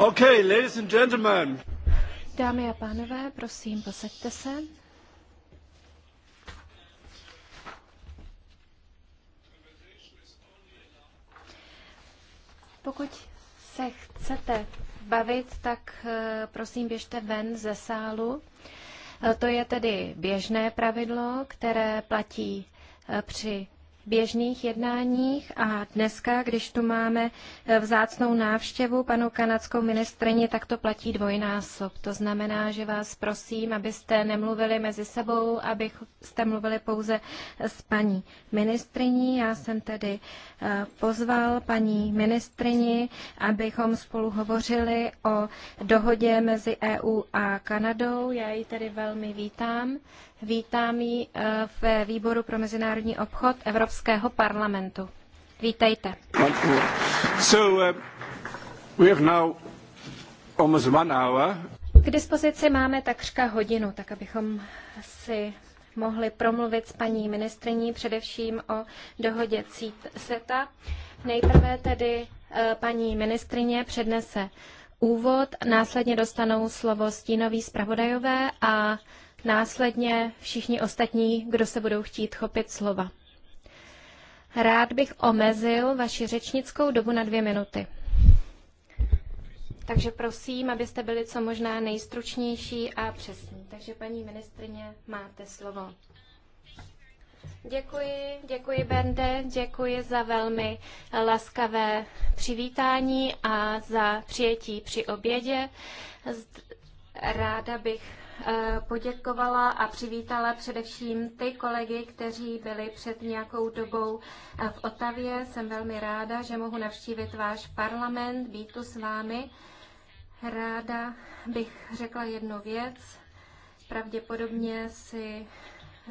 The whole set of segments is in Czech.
Okay, ladies and gentlemen. Dámy a pánové, prosím, posaďte se. Pokud se chcete bavit, tak eh, prosím běžte ven ze sálu. Eh, to je tedy běžné pravidlo, které platí eh, při běžných jednáních a dneska, když tu máme eh, vzácnou návštěvu panu kanadskou ministrině, tak to platí dvojnásob. To znamená, že vás prosím, abyste nemluvili mezi sebou, abyste mluvili pouze s paní ministriní. Já jsem tedy eh, pozval paní ministrini, abychom spolu hovořili o dohodě mezi EU a Kanadou. Já ji tedy velmi vítám. Vítám ji eh, ve výboru pro mezinárodní obchod Evropského parlamentu. Vítejte. So, uh, we have now almost one hour. K dispozici máme takřka hodinu, tak abychom si mohli promluvit s paní ministriní především o dohodě CETA. Nejprve tedy eh, paní ministrině přednese úvod, následně dostanou slovo stínoví zpravodajové a následně všichni ostatní, kdo se budou chtít chopit slova. Rád bych omezil vaši řečnickou dobu na dvě minuty. Takže prosím, abyste byli co možná nejstručnější a přesní. Takže paní ministrině, máte slovo. Děkuji, děkuji Bende, děkuji za velmi laskavé přivítání a za přijetí při obědě. Ráda bych Eh, poděkovala a přivítala především ty kolegy, kteří byli před nějakou dobou eh, v Otavě. Jsem velmi ráda, že mohu navštívit váš parlament, být tu s vámi. Ráda bych řekla jednu věc. Pravděpodobně si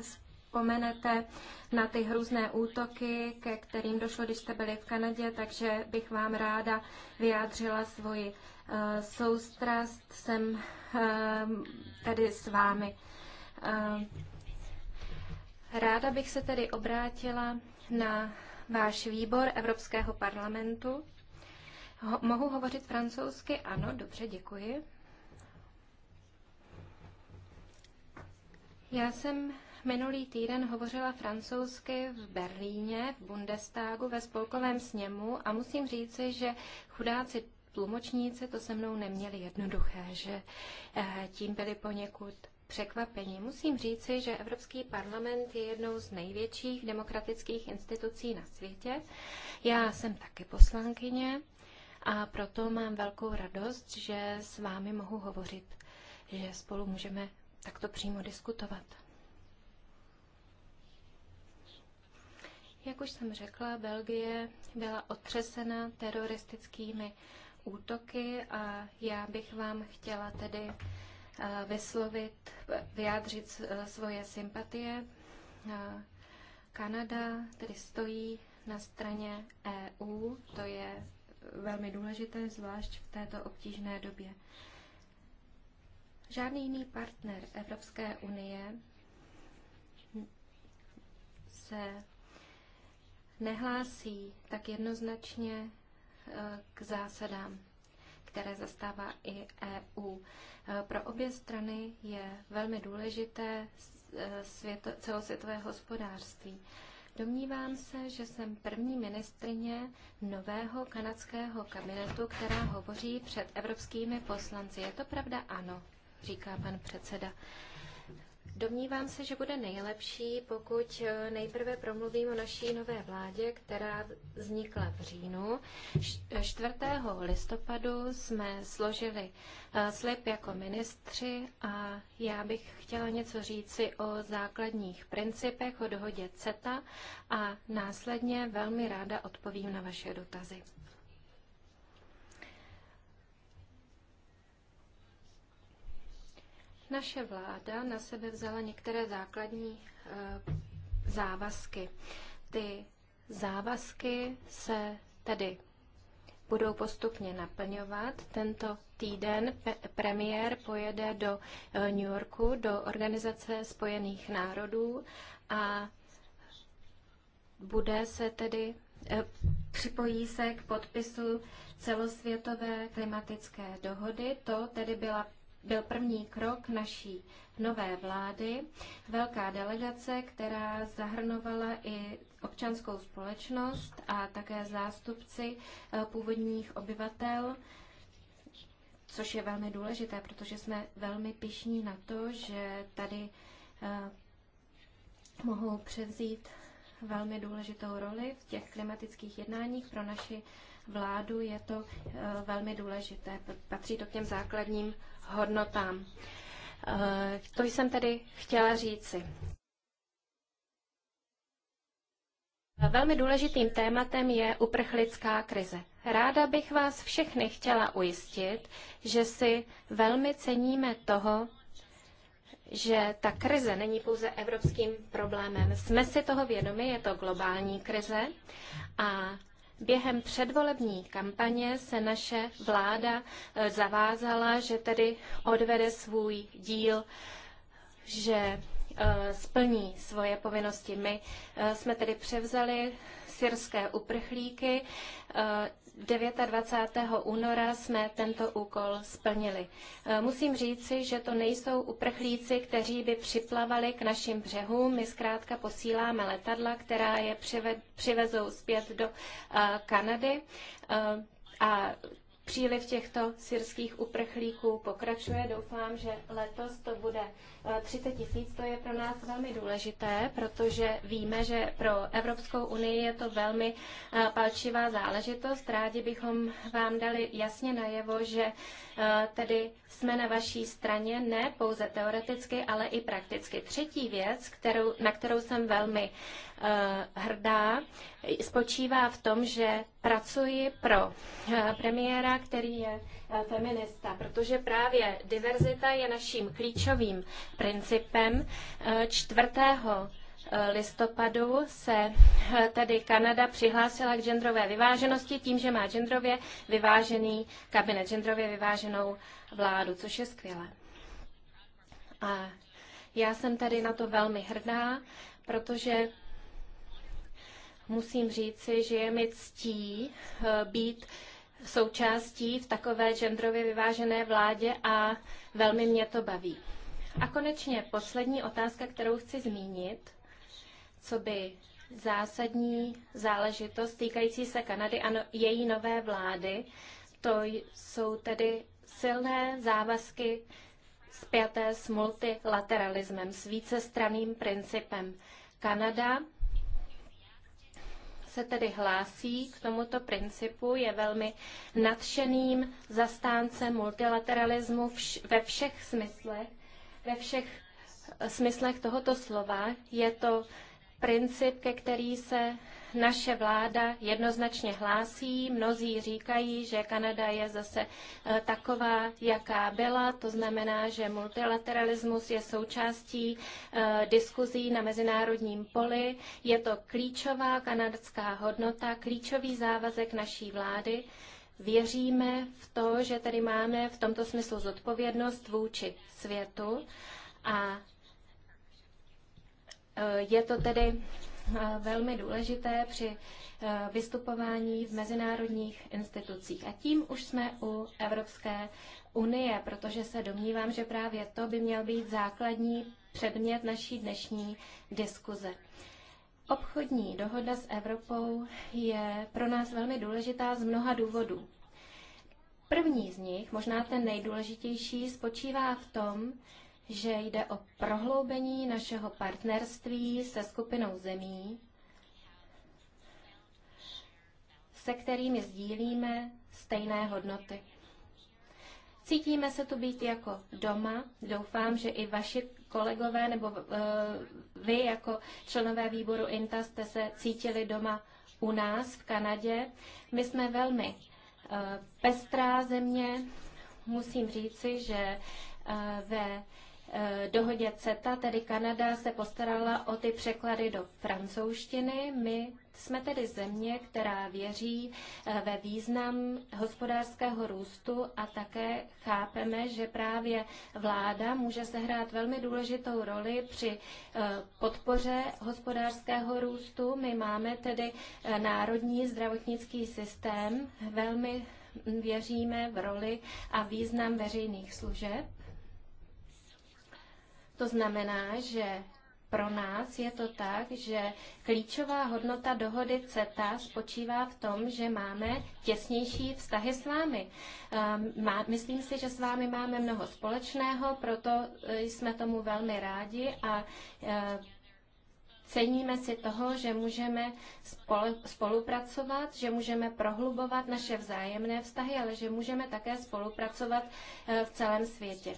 vzpomenete na ty hrůzné útoky, ke kterým došlo, když jste byli v Kanadě, takže bych vám ráda vyjádřila svoji soustrast jsem ehm, tady s vámi. Ehm, ráda bych se tedy obrátila na váš výbor Evropského parlamentu. Ho- mohu hovořit francouzsky? Ano, dobře, děkuji. Já jsem minulý týden hovořila francouzsky v Berlíně, v Bundestagu, ve spolkovém sněmu a musím říci, že chudáci tlumočníci to se mnou neměli jednoduché, že eh, tím byli poněkud překvapení. Musím říci, že Evropský parlament je jednou z největších demokratických institucí na světě. Já jsem taky poslankyně a proto mám velkou radost, že s vámi mohu hovořit, že spolu můžeme takto přímo diskutovat. Jak už jsem řekla, Belgie byla otřesena teroristickými útoky a já bych vám chtěla tedy eh, vyslovit, vyjádřit eh, svoje sympatie. Eh, Kanada tedy stojí na straně EU, to je velmi důležité, zvlášť v této obtížné době. Žádný jiný partner Evropské unie se nehlásí tak jednoznačně k zásadám, které zastává i EU. Pro obě strany je velmi důležité eh, světo, celosvětové hospodářství. Domnívám se, že jsem první ministrině nového kanadského kabinetu, která hovoří před evropskými poslanci. Je to pravda? Ano, říká pan předseda. Domnívám se, že bude nejlepší, pokud eh, nejprve promluvím o naší nové vládě, která vznikla v říjnu. 4. Eh, listopadu jsme složili eh, slib jako ministři a já bych chtěla něco říci o základních principech, o dohodě CETA a následně velmi ráda odpovím na vaše dotazy. Naše vláda na sebe vzala některé základní eh, závazky. Ty závazky se tedy budou postupně naplňovat. Tento týden premiér pojede do eh, New Yorku, do Organizace spojených národů a bude se tedy eh, připojí se k podpisu celosvětové klimatické dohody. To tedy byla byl první krok naší nové vlády, velká delegace, která zahrnovala i občanskou společnost a také zástupci eh, původních obyvatel, což je velmi důležité, protože jsme velmi pišní na to, že tady eh, mohou převzít velmi důležitou roli v těch klimatických jednáních pro naši vládu. Je to eh, velmi důležité, patří to k těm základním hodnotám. Eh, to jsem tedy chtěla říci. Velmi důležitým tématem je uprchlická krize. Ráda bych vás všechny chtěla ujistit, že si velmi ceníme toho, že ta krize není pouze evropským problémem. Jsme si toho vědomi, je to globální krize a Během předvolební kampaně se naše vláda eh, zavázala, že tedy odvede svůj díl, že eh, splní svoje povinnosti. My eh, jsme tedy převzali syrské uprchlíky, 29. února jsme tento úkol splnili. E, musím říci, že to nejsou uprchlíci, kteří by připlavali k našim břehům. My zkrátka posíláme letadla, která je přivezou zpět do e, Kanady. E, a Příliv těchto syrských uprchlíků pokračuje. Doufám, že letos to bude 30 eh, tisíc. To je pro nás velmi důležité, protože víme, že pro Evropskou unii je to velmi eh, palčivá záležitost. Rádi bychom vám dali jasně najevo, že eh, tedy jsme na vaší straně ne pouze teoreticky, ale i prakticky. Třetí věc, kterou, na kterou jsem velmi Eh, hrdá, spočívá v tom, že pracuji pro eh, premiéra, který je eh, feminista, protože právě diverzita je naším klíčovým principem. 4. listopadu se tedy Kanada přihlásila k genderové vyváženosti tím, že má genderově vyvážený kabinet, genderově vyváženou vládu, což je skvělé. A já jsem tady na to velmi hrdá, protože musím říci, že je mi ctí eh, být součástí v takové genderově vyvážené vládě a velmi mě to baví. A konečně poslední otázka, kterou chci zmínit, co by zásadní záležitost týkající se Kanady a no, její nové vlády, to jsou tedy silné závazky spjaté s multilateralismem, s vícestranným principem. Kanada se tedy hlásí k tomuto principu, je velmi nadšeným zastáncem multilateralismu ve všech smyslech, ve všech eh, smyslech tohoto slova. Je to princip, ke který se naše vláda jednoznačně hlásí. Mnozí říkají, že Kanada je zase eh, taková, jaká byla. To znamená, že multilateralismus je součástí eh, diskuzí na mezinárodním poli. Je to klíčová kanadská hodnota, klíčový závazek naší vlády. Věříme v to, že tady máme v tomto smyslu zodpovědnost vůči světu a eh, je to tedy velmi důležité při e, vystupování v mezinárodních institucích. A tím už jsme u Evropské unie, protože se domnívám, že právě to by měl být základní předmět naší dnešní diskuze. Obchodní dohoda s Evropou je pro nás velmi důležitá z mnoha důvodů. První z nich, možná ten nejdůležitější, spočívá v tom, že jde o prohloubení našeho partnerství se skupinou zemí, se kterými sdílíme stejné hodnoty. Cítíme se tu být jako doma. Doufám, že i vaši kolegové nebo eh, vy jako členové výboru INTA jste se cítili doma u nás v Kanadě. My jsme velmi eh, pestrá země. Musím říci, že eh, ve Eh, dohodě CETA, tedy Kanada se postarala o ty překlady do francouzštiny. My jsme tedy země, která věří eh, ve význam hospodářského růstu a také chápeme, že právě vláda může sehrát velmi důležitou roli při eh, podpoře hospodářského růstu. My máme tedy národní zdravotnický systém, velmi věříme v roli a význam veřejných služeb. To znamená, že pro nás je to tak, že klíčová hodnota dohody CETA spočívá v tom, že máme těsnější vztahy s vámi. Ehm, myslím si, že s vámi máme mnoho společného, proto e, jsme tomu velmi rádi a e, ceníme si toho, že můžeme spolupracovat, že můžeme prohlubovat naše vzájemné vztahy, ale že můžeme také spolupracovat e, v celém světě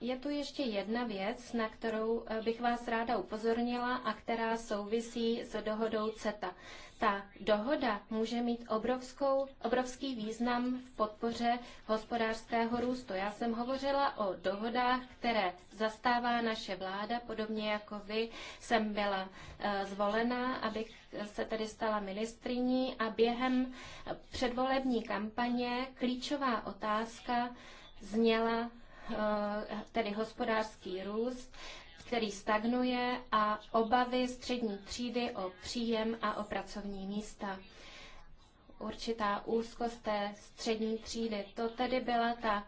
je tu ještě jedna věc, na kterou eh, bych vás ráda upozornila a která souvisí s dohodou CETA. Ta dohoda může mít obrovskou, obrovský význam v podpoře hospodářského růstu. Já jsem hovořila o dohodách, které zastává naše vláda, podobně jako vy jsem byla eh, zvolena, abych se tedy stala ministriní a během eh, předvolební kampaně klíčová otázka zněla Eh, tedy hospodářský růst, který stagnuje a obavy střední třídy o příjem a o pracovní místa. Určitá úzkost té střední třídy. To tedy byla ta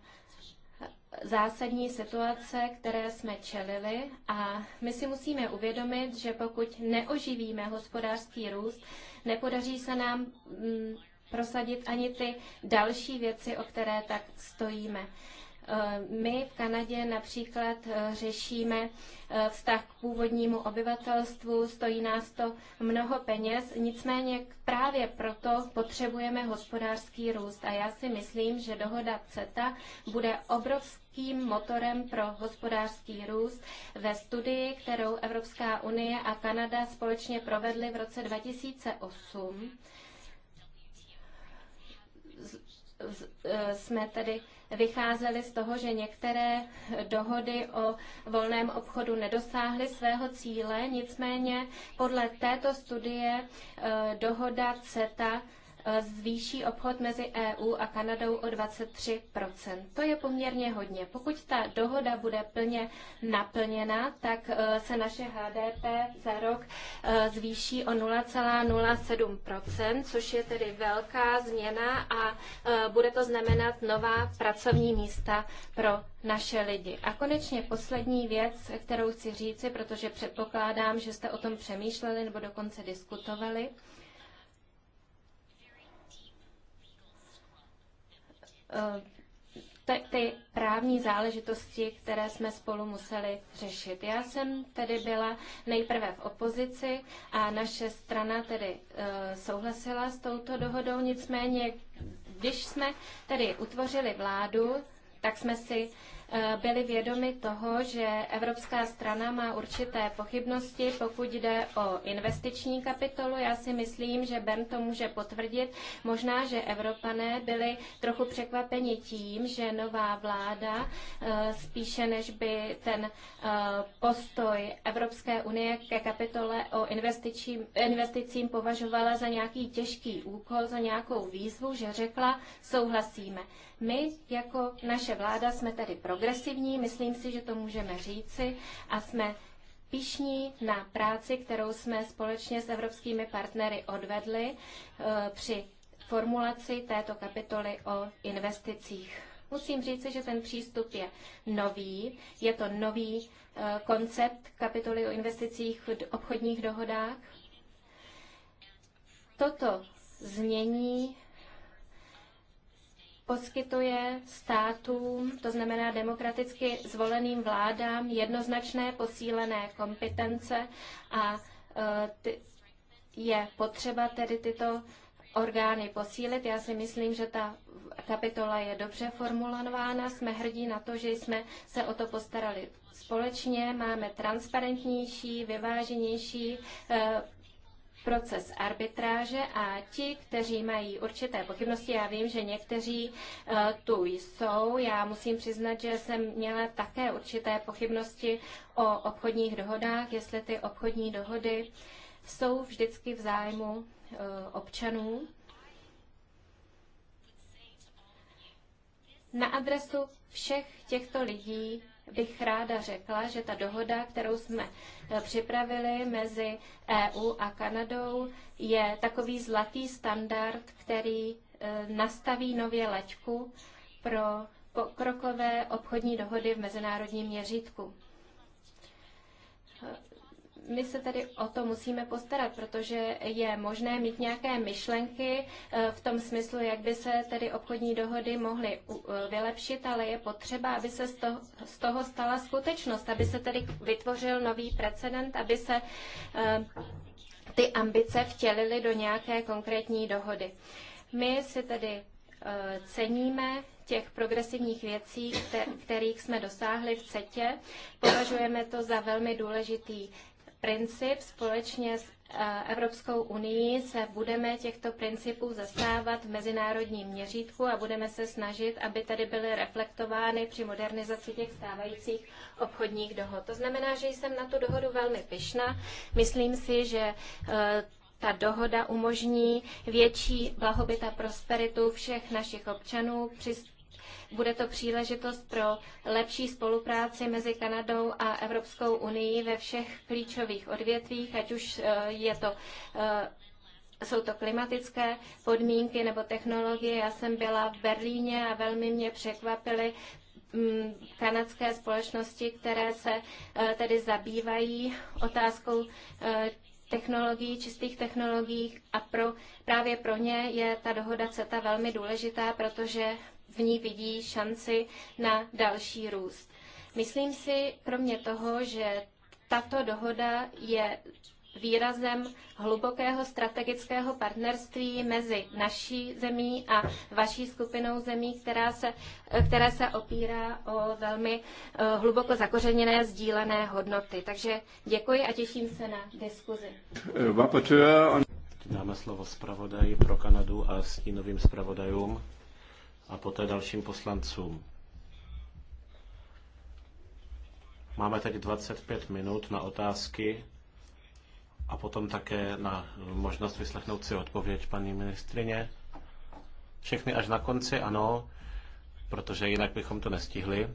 zásadní situace, které jsme čelili a my si musíme uvědomit, že pokud neoživíme hospodářský růst, nepodaří se nám mm, prosadit ani ty další věci, o které tak stojíme. Eh, my v Kanadě například eh, řešíme eh, vztah k původnímu obyvatelstvu, stojí nás to mnoho peněz, nicméně právě proto potřebujeme hospodářský růst a já si myslím, že dohoda CETA bude obrovským motorem pro hospodářský růst. Ve studii, kterou Evropská unie a Kanada společně provedly v roce 2008, jsme tedy vycházeli z toho, že některé dohody o volném obchodu nedosáhly svého cíle, nicméně podle této studie eh, dohoda CETA Eh, zvýší obchod mezi EU a Kanadou o 23 To je poměrně hodně. Pokud ta dohoda bude plně naplněna, tak eh, se naše HDP za rok eh, zvýší o 0,07 což je tedy velká změna a bude to znamenat nová pracovní místa pro naše lidi. A konečně poslední věc, kterou chci říci, protože předpokládám, že jste o tom přemýšleli nebo dokonce diskutovali. Eh, ty, ty právní záležitosti, které jsme spolu museli řešit. Já jsem tedy byla nejprve v opozici a naše strana tedy eh, souhlasila s touto dohodou, nicméně když jsme tedy utvořili vládu, tak jsme si Eh, byli vědomi toho, že Evropská strana má určité pochybnosti, pokud jde o investiční kapitolu. Já si myslím, že Ben to může potvrdit. Možná, že Evropané byli trochu překvapeni tím, že nová vláda eh, spíše než by ten eh, postoj Evropské unie ke kapitole o investicím, investicím považovala za nějaký těžký úkol, za nějakou výzvu, že řekla souhlasíme. My jako naše vláda jsme tedy progresivní, myslím si, že to můžeme říci a jsme pišní na práci, kterou jsme společně s evropskými partnery odvedli eh, při formulaci této kapitoly o investicích. Musím říci, že ten přístup je nový, je to nový eh, koncept kapitoly o investicích v obchodních dohodách. Toto změní poskytuje státům, to znamená demokraticky zvoleným vládám, jednoznačné posílené kompetence a e, je potřeba tedy tyto orgány posílit. Já si myslím, že ta kapitola je dobře formulována. Jsme hrdí na to, že jsme se o to postarali společně. Máme transparentnější, vyváženější e, proces arbitráže a ti, kteří mají určité pochybnosti, já vím, že někteří uh, tu jsou, já musím přiznat, že jsem měla také určité pochybnosti o obchodních dohodách, jestli ty obchodní dohody jsou vždycky v zájmu uh, občanů. Na adresu všech těchto lidí bych ráda řekla, že ta dohoda, kterou jsme eh, připravili mezi EU a Kanadou, je takový zlatý standard, který eh, nastaví nově laťku pro pokrokové obchodní dohody v mezinárodním měřítku my se tedy o to musíme postarat, protože je možné mít nějaké myšlenky eh, v tom smyslu, jak by se tedy obchodní dohody mohly eh, vylepšit, ale je potřeba, aby se z toho, z toho stala skutečnost, aby se tedy vytvořil nový precedent, aby se eh, ty ambice vtělily do nějaké konkrétní dohody. My si tedy ceníme těch progresivních věcí, kterých jsme dosáhli v CETě. Považujeme to za velmi důležitý princip společně s eh, Evropskou unii se budeme těchto principů zastávat v mezinárodním měřítku a budeme se snažit, aby tady byly reflektovány při modernizaci těch stávajících obchodních dohod. To znamená, že jsem na tu dohodu velmi pyšná. Myslím si, že eh, ta dohoda umožní větší blahobyt a prosperitu všech našich občanů, bude to příležitost pro lepší spolupráci mezi Kanadou a Evropskou unii ve všech klíčových odvětvích, ať už eh, je to eh, jsou to klimatické podmínky nebo technologie. Já jsem byla v Berlíně a velmi mě překvapily mm, kanadské společnosti, které se eh, tedy zabývají otázkou technologií, čistých technologií a pro, právě pro ně je ta dohoda CETA velmi důležitá, protože v ní vidí šanci na další růst. Myslím si, kromě toho, že tato dohoda je výrazem hlubokého strategického partnerství mezi naší zemí a vaší skupinou zemí, která se, které se opírá o velmi eh, hluboko zakořeněné sdílené hodnoty. Takže děkuji a těším se na diskuzi. Dáme slovo zpravodaji pro Kanadu a stínovým zpravodajům a poté dalším poslancům. Máme teď 25 minut na otázky a potom také na možnost vyslechnout si odpověď paní ministrině. Všechny až na konci, ano, protože jinak bychom to nestihli.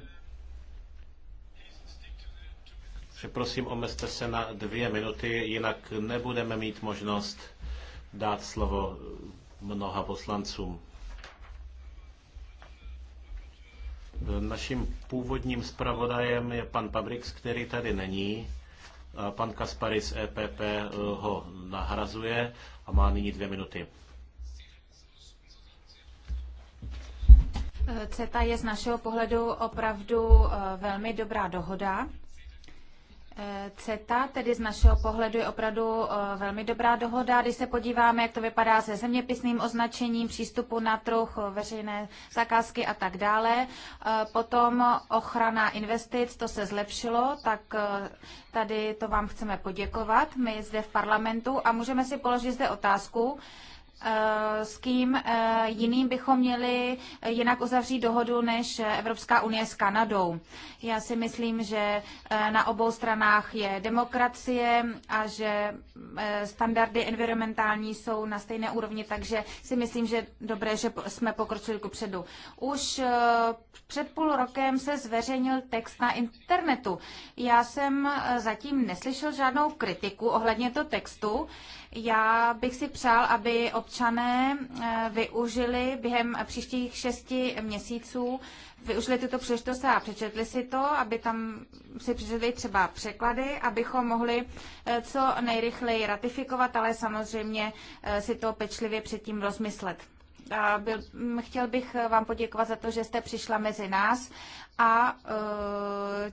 prosím, omezte se na dvě minuty, jinak nebudeme mít možnost dát slovo mnoha poslancům. Naším původním zpravodajem je pan Pabrix, který tady není. Pan Kaspary z EPP eh, ho nahrazuje a má nyní dvě minuty. Eh, CETA je z našeho pohledu opravdu eh, velmi dobrá dohoda. CETA tedy z našeho pohledu je opravdu eh, velmi dobrá dohoda. Když se podíváme, jak to vypadá se zeměpisným označením, přístupu na trh, eh, veřejné zakázky a tak dále. Eh, potom ochrana investic, to se zlepšilo, tak tady to vám chceme poděkovat. My zde v parlamentu a můžeme si položit zde otázku, Eh, s kým eh, jiným bychom měli jinak uzavřít dohodu než Evropská unie s Kanadou. Já si myslím, že eh, na obou stranách je demokracie a že standardy environmentální jsou na stejné úrovni, takže si myslím, že dobré, že jsme pokročili ku předu. Už před půl rokem se zveřejnil text na internetu. Já jsem zatím neslyšel žádnou kritiku ohledně toho textu. Já bych si přál, aby občané eh, využili během příštích šesti měsíců, využili tuto příležitosti a přečetli si to, aby tam si přečetli třeba překlady, abychom mohli eh, co nejrychleji ratifikovat, ale samozřejmě eh, si to pečlivě předtím rozmyslet. A byl, mm, chtěl bych vám poděkovat za to, že jste přišla mezi nás a uh,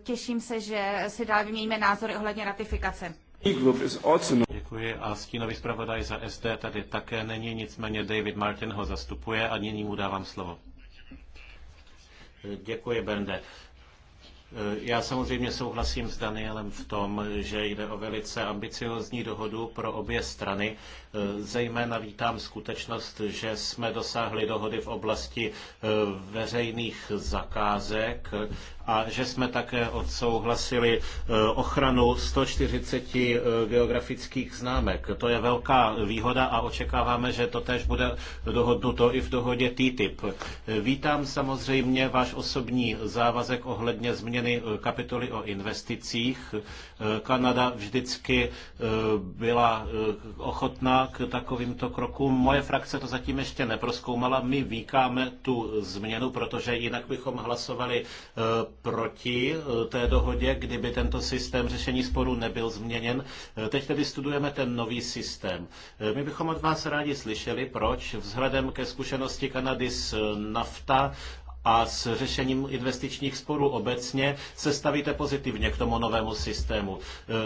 těším se, že si dále vyměníme názory ohledně ratifikace. Děkuji a stínový zpravodaj za SD tady také není, nicméně David Martin ho zastupuje a nyní mu dávám slovo. Děkuji, Bende. Já samozřejmě souhlasím s Danielem v tom, že jde o velice ambiciozní dohodu pro obě strany. Zejména vítám skutečnost, že jsme dosáhli dohody v oblasti veřejných zakázek a že jsme také odsouhlasili e, ochranu 140 e, geografických známek. To je velká výhoda a očekáváme, že to tež bude dohodnuto i v dohodě TTIP. E, vítám samozřejmě váš osobní závazek ohledně změny kapitoly o investicích. Kanada vždycky byla ochotná k takovýmto krokům. Moje frakce to zatím ještě neproskoumala. My víkáme tu změnu, protože jinak bychom hlasovali proti eh, té dohodě, kdyby tento systém řešení sporů nebyl změněn. Eh, teď tedy studujeme ten nový systém. Eh, my bychom od vás rádi slyšeli, proč vzhledem ke zkušenosti Kanady s NAFTA a s řešením investičních sporů obecně se stavíte pozitivně k tomu novému systému.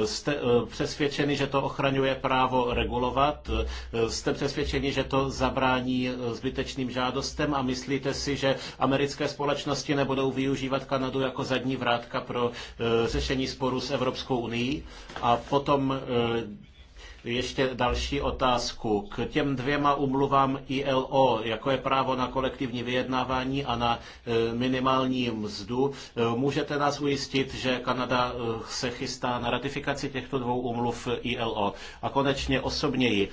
E, jste e, přesvědčeni, že to ochraňuje právo regulovat? E, jste přesvědčeni, že to zabrání zbytečným žádostem a myslíte si, že americké společnosti nebudou využívat Kanadu jako zadní vrátka pro řešení sporů s Evropskou unii? A potom ještě další otázku. K těm dvěma umluvám ILO, jako je právo na kolektivní vyjednávání a na e, minimální mzdu, e, můžete nás ujistit, že Kanada e, se chystá na ratifikaci těchto dvou umluv ILO. A konečně osobněji,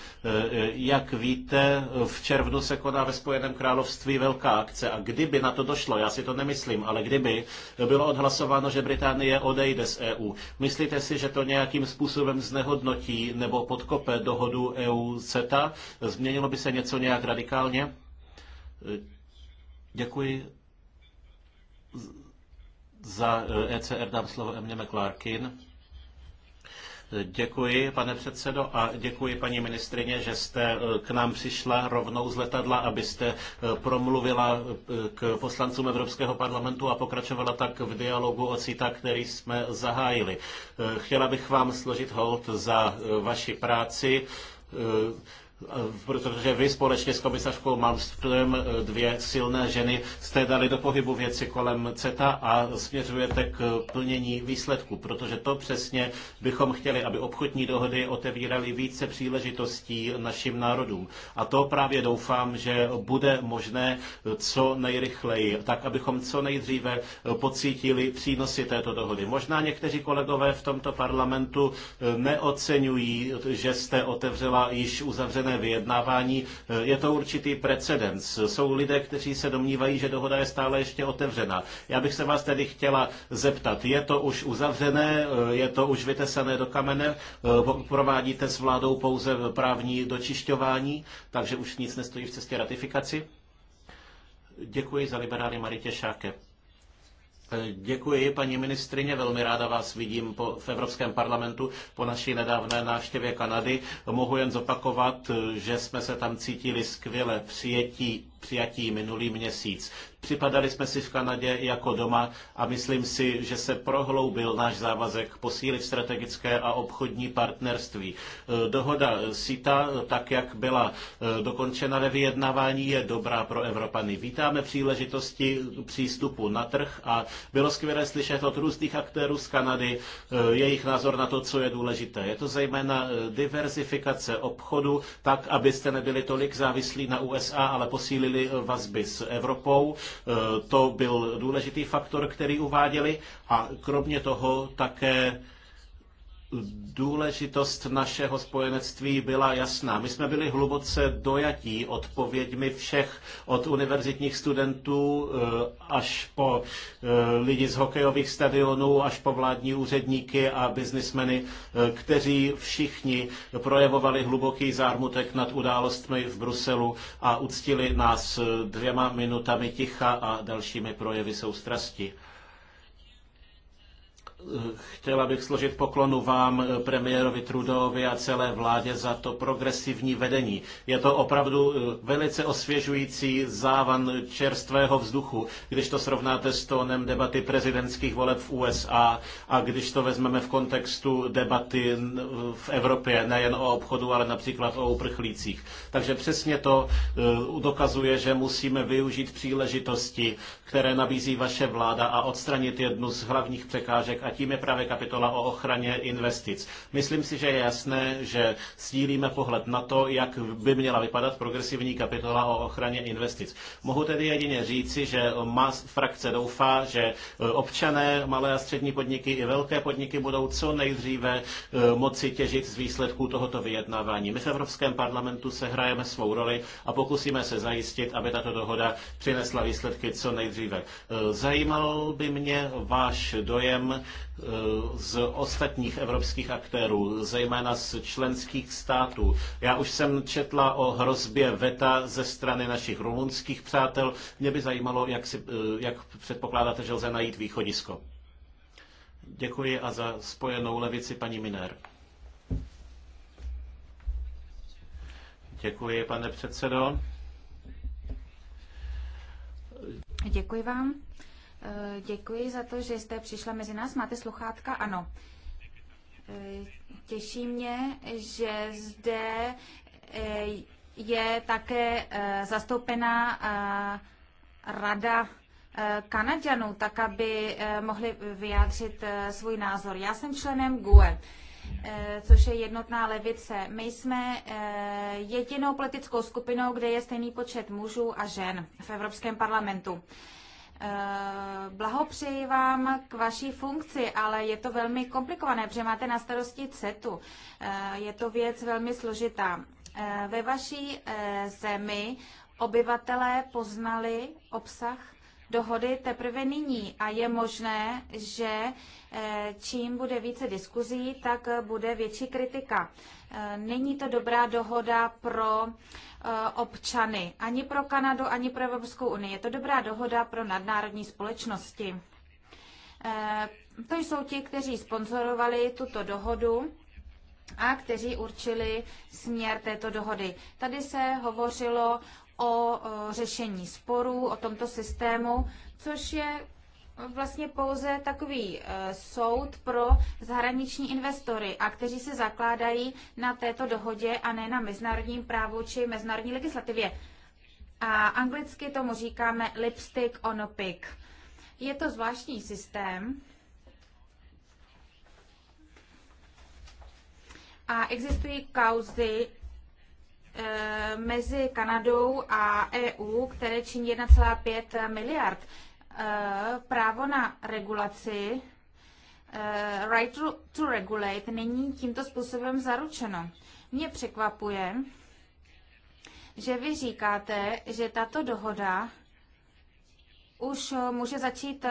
jak víte, v červnu se koná ve Spojeném království velká akce a kdyby na to došlo, já si to nemyslím, ale kdyby bylo odhlasováno, že Británie odejde z EU, myslíte si, že to nějakým způsobem znehodnotí nebo pod podkope dohodu EU-CETA? Změnilo by se něco nějak radikálně? Děkuji za ECR e dám slovo Emě McClarkin. Děkuji, pane předsedo, a děkuji, paní ministrině, že jste e, k nám přišla rovnou z letadla, abyste e, promluvila e, k poslancům Evropského parlamentu a pokračovala tak v dialogu o CITA, který jsme zahájili. Chtěla bych vám složit hold za vaši práci protože vy společně s komisařkou Malmström, eh, dvě silné ženy, jste dali do pohybu věci kolem CETA a směřujete k plnění výsledku, protože to přesně bychom chtěli, aby obchodní dohody otevíraly více příležitostí našim národům. A to právě doufám, že bude možné eh, co nejrychleji, tak abychom co nejdříve eh, pocítili přínosy této dohody. Možná někteří kolegové v tomto parlamentu neocenují, že jste otevřela již uzavřené mírové vyjednávání, eh, je to určitý precedens. Jsou lidé, kteří se domnívají, že dohoda je stále ještě otevřená. Já bych se vás tedy chtěla zeptat, je to už uzavřené, eh, je to už vytesané do kamene, eh, provádíte s vládou pouze právní dočišťování, takže už nic nestojí v cestě ratifikaci? Děkuji za liberály Maritě Šáke. Eh, děkuji, paní ministrině, velmi ráda vás vidím po, v Evropském parlamentu po naší nedávné návštěvě Kanady. Mohu jen zopakovat, eh, že jsme se tam cítili skvěle přijatí, přijatí minulý měsíc. Připadali jsme si v Kanadě jako doma a myslím si, že se prohloubil náš závazek posílit strategické a obchodní partnerství. E, dohoda SITA, tak jak byla e, dokončena ve vyjednávání, je dobrá pro Evropany. Vítáme příležitosti přístupu na trh a bylo skvělé slyšet od různých aktérů z Kanady e, jejich názor na to, co je důležité. Je to zejména diverzifikace obchodu, tak, abyste nebyli tolik závislí na USA, ale posílili posílili vazby s Evropou. Eh, to byl důležitý faktor, který uváděli. A kromě toho také důležitost našeho spojenectví byla jasná. My jsme byli hluboce dojatí odpověďmi všech, od univerzitních studentů eh, až po eh, lidi z hokejových stadionů, až po vládní úředníky a biznismeny, eh, kteří všichni projevovali hluboký zármutek nad událostmi v Bruselu a uctili nás dvěma minutami ticha a dalšími projevy soustrasti. Chtěla bych složit poklonu vám, eh, premiérovi Trudovi a celé vládě za to progresivní vedení. Je to opravdu eh, velice osvěžující závan čerstvého vzduchu, když to srovnáte s tónem debaty prezidentských voleb v USA a když to vezmeme v kontextu debaty v Evropě, nejen o obchodu, ale například o uprchlících. Takže přesně to eh, dokazuje, že musíme využít příležitosti, které nabízí vaše vláda a odstranit jednu z hlavních překážek a tím je právě kapitola o ochraně investic. Myslím si, že je jasné, že sdílíme pohled na to, jak by měla vypadat progresivní kapitola o ochraně investic. Mohu tedy jedině říci, že má frakce doufá, že e, občané, malé a střední podniky i velké podniky budou co nejdříve e, moci těžit z výsledků tohoto vyjednávání. My v Evropském parlamentu se hrajeme svou roli a pokusíme se zajistit, aby tato dohoda přinesla výsledky co nejdříve. E, zajímal by mě váš dojem Eh, z ostatních evropských aktérů, zejména z členských států. Já už jsem četla o hrozbě VETA ze strany našich rumunských přátel. Mě by zajímalo, jak, si, eh, jak předpokládáte, že lze najít východisko. Děkuji a za spojenou levici paní Minér. Děkuji, pane předsedo. Děkuji vám. Eh, děkuji za to, že jste přišla mezi nás. Máte sluchátka? Ano. Eh, těší mě, že zde eh, je také zastoupená rada Kanaďanů, tak aby mohli vyjádřit svůj názor. Já jsem členem GUE což je jednotná levice. My jsme jedinou politickou skupinou, kde je stejný počet mužů a žen v Evropském parlamentu. Eh, blahopřeji vám k vaší funkci, ale je to velmi komplikované, protože máte na starosti CETu. Eh, je to věc velmi složitá. Eh, ve vaší zemi obyvatelé poznali obsah dohody teprve nyní a je možné, že čím bude více diskuzí, tak bude větší kritika. Není to dobrá dohoda pro Eh, občany, ani pro Kanadu, ani pro Evropskou unii. Je to dobrá dohoda pro nadnárodní společnosti. Eh, to jsou ti, kteří sponzorovali tuto dohodu a kteří určili směr této dohody. Tady se hovořilo o řešení sporů, o tomto systému, což je vlastně pouze takový eh, soud pro zahraniční investory a kteří se zakládají na této dohodě a ne na mezinárodním právu či mezinárodní legislativě. A anglicky tomu říkáme lipstick on a pig. Je to zvláštní systém a existují kauzy eh, mezi Kanadou a EU, které činí 1,5 miliard. Eh, právo na regulaci, eh, right to, to regulate, není tímto způsobem zaručeno. Mě překvapuje, že vy říkáte, že tato dohoda už eh, může začít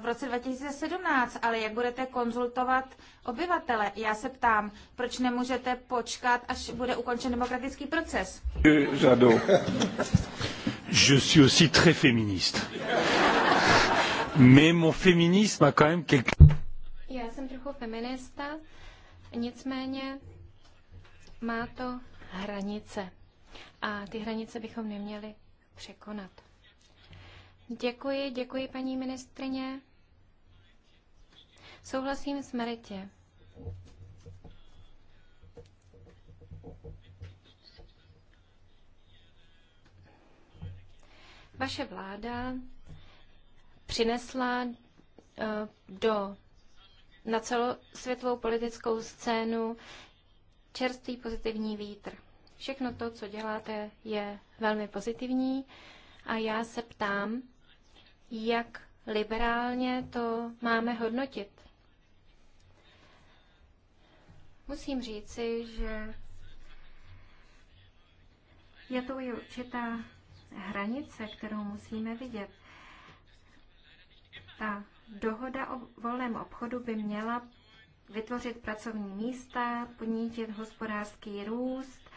v roce 2017, ale jak budete konzultovat obyvatele? Já se ptám, proč nemůžete počkat, až bude ukončen demokratický proces? Žadu je suis aussi très féministe. Mais mon féminisme a quand même quelque... Já jsem trochu feminista, nicméně má to hranice. A ty hranice bychom neměli překonat. Děkuji, děkuji paní ministrině. Souhlasím s Maritě. Vaše vláda přinesla eh, do, na celosvětovou politickou scénu čerstvý pozitivní vítr. Všechno to, co děláte, je velmi pozitivní a já se ptám, jak liberálně to máme hodnotit. Musím říci, že je to i určitá hranice, kterou musíme vidět. Ta dohoda o volném obchodu by měla vytvořit pracovní místa, podnítit hospodářský růst.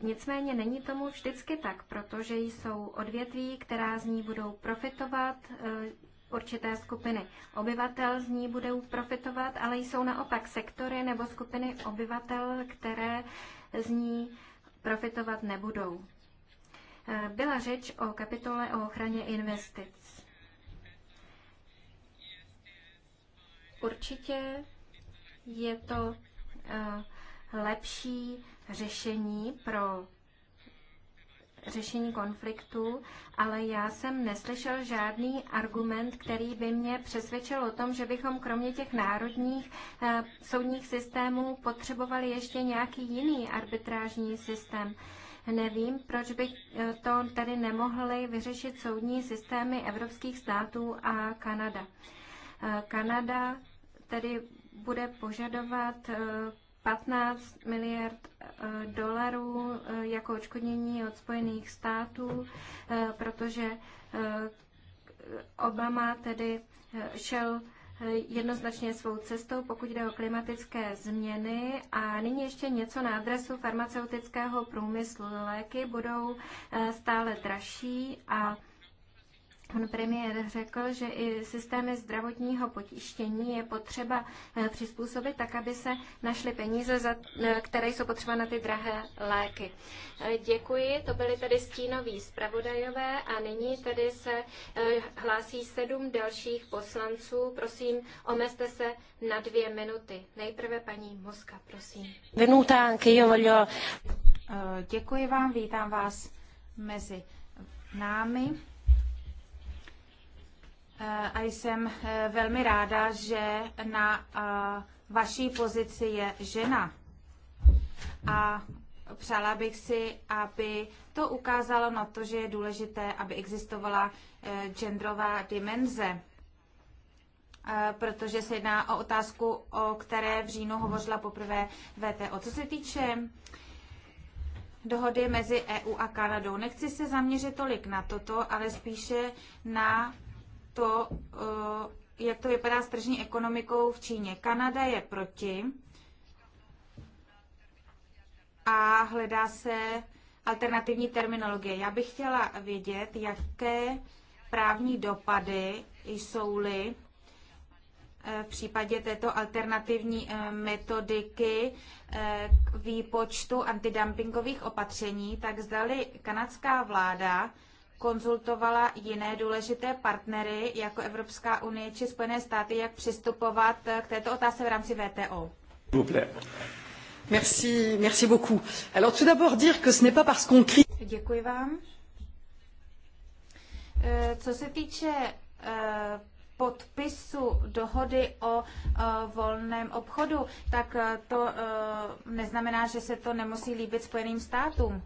Nicméně není tomu vždycky tak, protože jsou odvětví, která z ní budou profitovat, eh, určité skupiny obyvatel z ní budou profitovat, ale jsou naopak sektory nebo skupiny obyvatel, které z ní profitovat nebudou. Eh, byla řeč o kapitole o ochraně investic. Určitě je to eh, lepší řešení pro řešení konfliktu, ale já jsem neslyšel žádný argument, který by mě přesvědčil o tom, že bychom kromě těch národních eh, soudních systémů potřebovali ještě nějaký jiný arbitrážní systém. Nevím, proč by eh, to tady nemohly vyřešit soudní systémy evropských států a Kanada. Eh, Kanada tedy bude požadovat 15 eh, miliard dolarů jako očkodnění od Spojených států, protože Obama tedy šel jednoznačně svou cestou, pokud jde o klimatické změny. A nyní ještě něco na adresu farmaceutického průmyslu. Léky budou eh, stále dražší a Pan premiér řekl, že i systémy zdravotního potištění je potřeba eh, přizpůsobit tak, aby se našly peníze, eh, které jsou potřeba na ty drahé léky. Eh, děkuji, to byly tedy stínoví zpravodajové a nyní tedy se hlásí sedm dalších poslanců. Prosím, omezte se na dvě minuty. Nejprve paní Moska, prosím. Venuta, Děkuji vám, vítám vás mezi námi a jsem eh, velmi ráda, že na vaší pozici je žena. A přála bych si, aby to ukázalo na to, že je důležité, aby existovala eh, genderová dimenze eh, protože se jedná o otázku, o které v říjnu hovořila poprvé VTO. Co se týče dohody mezi EU a Kanadou, nechci se zaměřit tolik na toto, ale spíše na to, eh, jak to vypadá s tržní ekonomikou v Číně. Kanada je proti a hledá se alternativní terminologie. Já bych chtěla vědět, jaké právní dopady jsou-li eh, v případě této alternativní eh, metodiky k výpočtu antidumpingových opatření, tak zdali kanadská vláda konzultovala jiné důležité partnery, jako Evropská unie či Spojené státy, jak přistupovat eh, k této otázce v rámci VTO? Merci, merci beaucoup. Alors tout d'abord dire que ce n'est pas parce qu'on crie... Děkuji vám. Eh, co se týče eh, podpisu dohody o volném obchodu, tak to neznamená, že se to nemusí líbit Spojeným státům.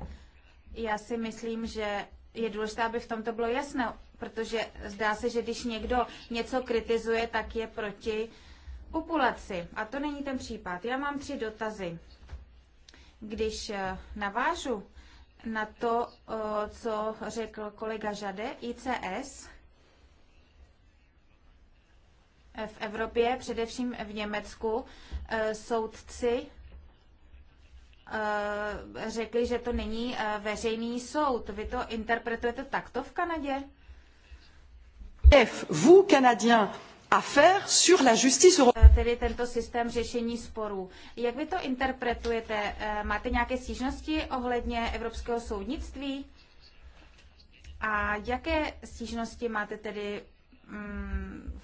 Já si myslím, že je důležité, aby v tom to bylo jasné, protože zdá se, že když někdo něco kritizuje, tak je proti populaci. A to není ten případ. Já mám tři dotazy. Když eh, navážu na to, eh, co řekl kolega Žade, ICS eh, v Evropě, především v Německu, soudci Eh, řekli, že to není eh, veřejný soud. Vy to interpretujete takto v Kanadě? Vous, Canadiens, à faire sur la justice eh, Tedy tento systém řešení sporů. Jak vy to interpretujete? Máte nějaké stížnosti ohledně Evropského soudnictví? A jaké stížnosti máte tedy mm,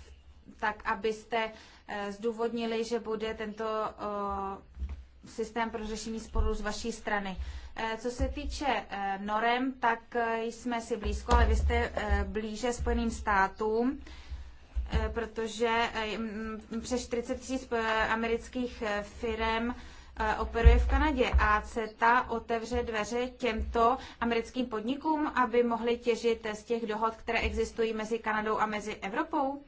tak, abyste zdůvodnili, že bude tento systém pro řešení sporů z vaší strany. Eh, co se týče eh, norem, tak eh, jsme si blízko, ale vy jste blíže Spojeným státům, protože mm, přes 40 tisíc amerických firm operuje v Kanadě a CETA otevře dveře těmto americkým podnikům, aby mohli těžit z těch dohod, které existují mezi Kanadou a mezi Evropou?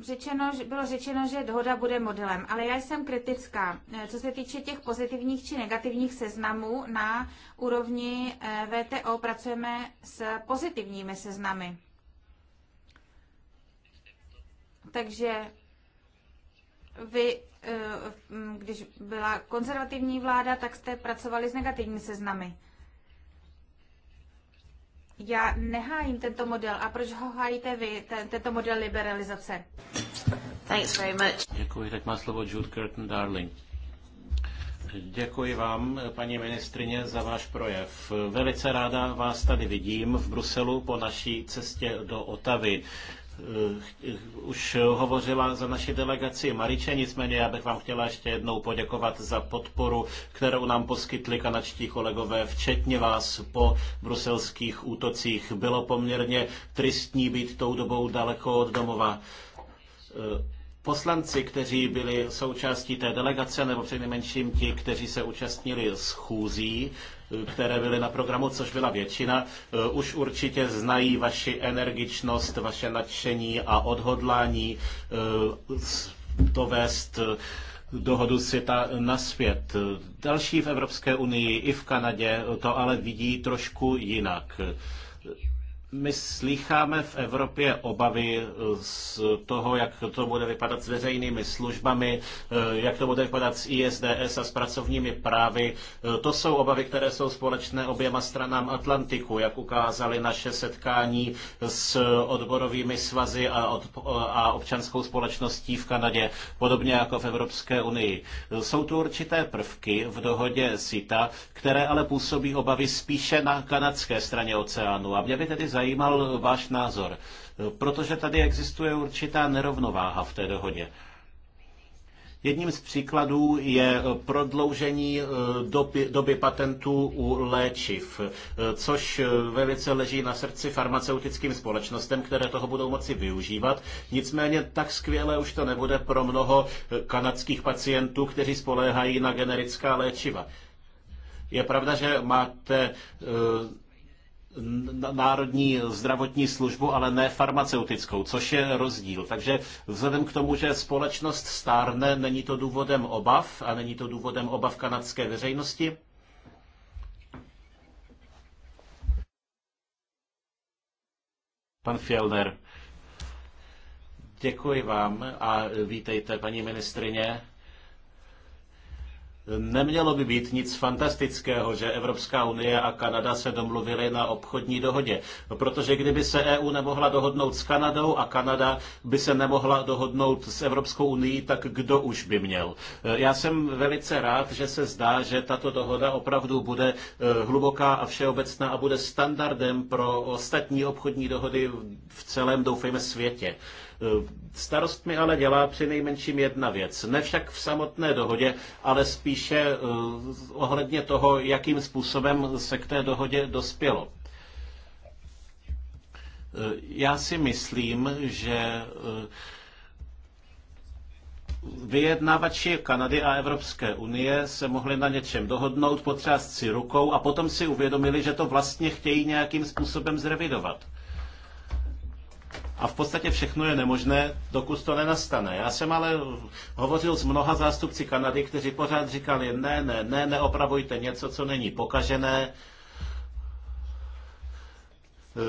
řečeno, bylo řečeno, že dohoda bude modelem, ale já jsem kritická, eh, co se týče těch pozitivních či negativních seznamů na úrovni eh, VTO pracujeme s pozitivními seznamy. Takže vy, eh, když byla konzervativní vláda, tak jste pracovali s negativními seznamy. Já nehájím tento model. A proč ho hájíte vy, ten, tento model liberalizace? Thanks very much. Děkuji, tak má slovo Jude Curtin Darling. Děkuji vám, paní ministrině, za váš projev. Velice ráda vás tady vidím v Bruselu po naší cestě do Otavy. Eh, eh, už hovořila za naši delegaci Mariče, nicméně já bych vám chtěla ještě jednou poděkovat za podporu, kterou nám poskytli kanadští kolegové, včetně vás po bruselských útocích. Bylo poměrně tristní být tou dobou daleko od domova. Eh, poslanci, kteří byli součástí té delegace, nebo přinejmenším ti, kteří se účastnili schůzí, které byly na programu, což byla většina, eh, už určitě znají vaši energičnost, vaše nadšení a odhodlání eh, dovést eh, dohodu světa naspět. Další v Evropské unii i v Kanadě to ale vidí trošku jinak. My slycháme v Evropě obavy eh, z toho, jak to bude vypadat s veřejnými službami, eh, jak to bude vypadat s ISDS a s pracovními právy. Eh, to jsou obavy, které jsou společné oběma stranám Atlantiku, jak ukázali naše setkání s odborovými svazy a, od, a občanskou společností v Kanadě, podobně jako v Evropské unii. Jsou tu určité prvky v dohodě SITA, které ale působí obavy spíše na kanadské straně oceánu. A mě by tedy zajímal váš názor, protože tady existuje určitá nerovnováha v té dohodě. Jedním z příkladů je prodloužení eh, doby, doby patentů u léčiv, eh, což eh, velice leží na srdci farmaceutickým společnostem, které toho budou moci využívat. Nicméně tak skvěle už to nebude pro mnoho kanadských pacientů, kteří spoléhají na generická léčiva. Je pravda, že máte národní zdravotní službu, ale ne farmaceutickou, což je rozdíl. Takže vzhledem k tomu, že společnost stárne, není to důvodem obav a není to důvodem obav kanadské veřejnosti? Pan Fjellner. Děkuji vám a vítejte, paní ministrině. Nemělo by být nic fantastického, že Evropská unie a Kanada se domluvily na obchodní dohodě, protože kdyby se EU nemohla dohodnout s Kanadou a Kanada by se nemohla dohodnout s Evropskou unii, tak kdo už by měl? Já jsem velice rád, že se zdá, že tato dohoda opravdu bude eh, hluboká a všeobecná a bude standardem pro ostatní obchodní dohody v celém, doufejme, světě. Eh, starost mi ale dělá při nejmenším jedna věc. Ne však v samotné dohodě, ale spíše eh, ohledně toho, jakým způsobem se k té dohodě dospělo. Eh, já si myslím, že vyjednávači Kanady a Evropské unie se mohli na něčem dohodnout, potřást si rukou a potom si uvědomili, že to vlastně chtějí nějakým způsobem zrevidovat. A v podstatě všechno je nemožné, dokud to nenastane. Já jsem ale hovořil s mnoha zástupci Kanady, kteří pořád říkali, ne, ne, ne, neopravujte něco, co není pokažené,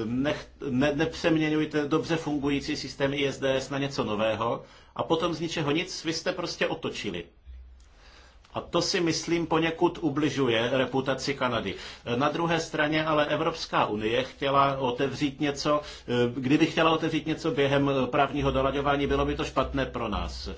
nech, ne, nepřeměňujte dobře fungující systém ISDS na něco nového a potom z ničeho nic vy jste prostě otočili. A to si myslím poněkud ubližuje reputaci Kanady. Na druhé straně ale Evropská unie chtěla otevřít něco, eh, kdyby chtěla otevřít něco během eh, právního dolaďování, bylo by to špatné pro nás.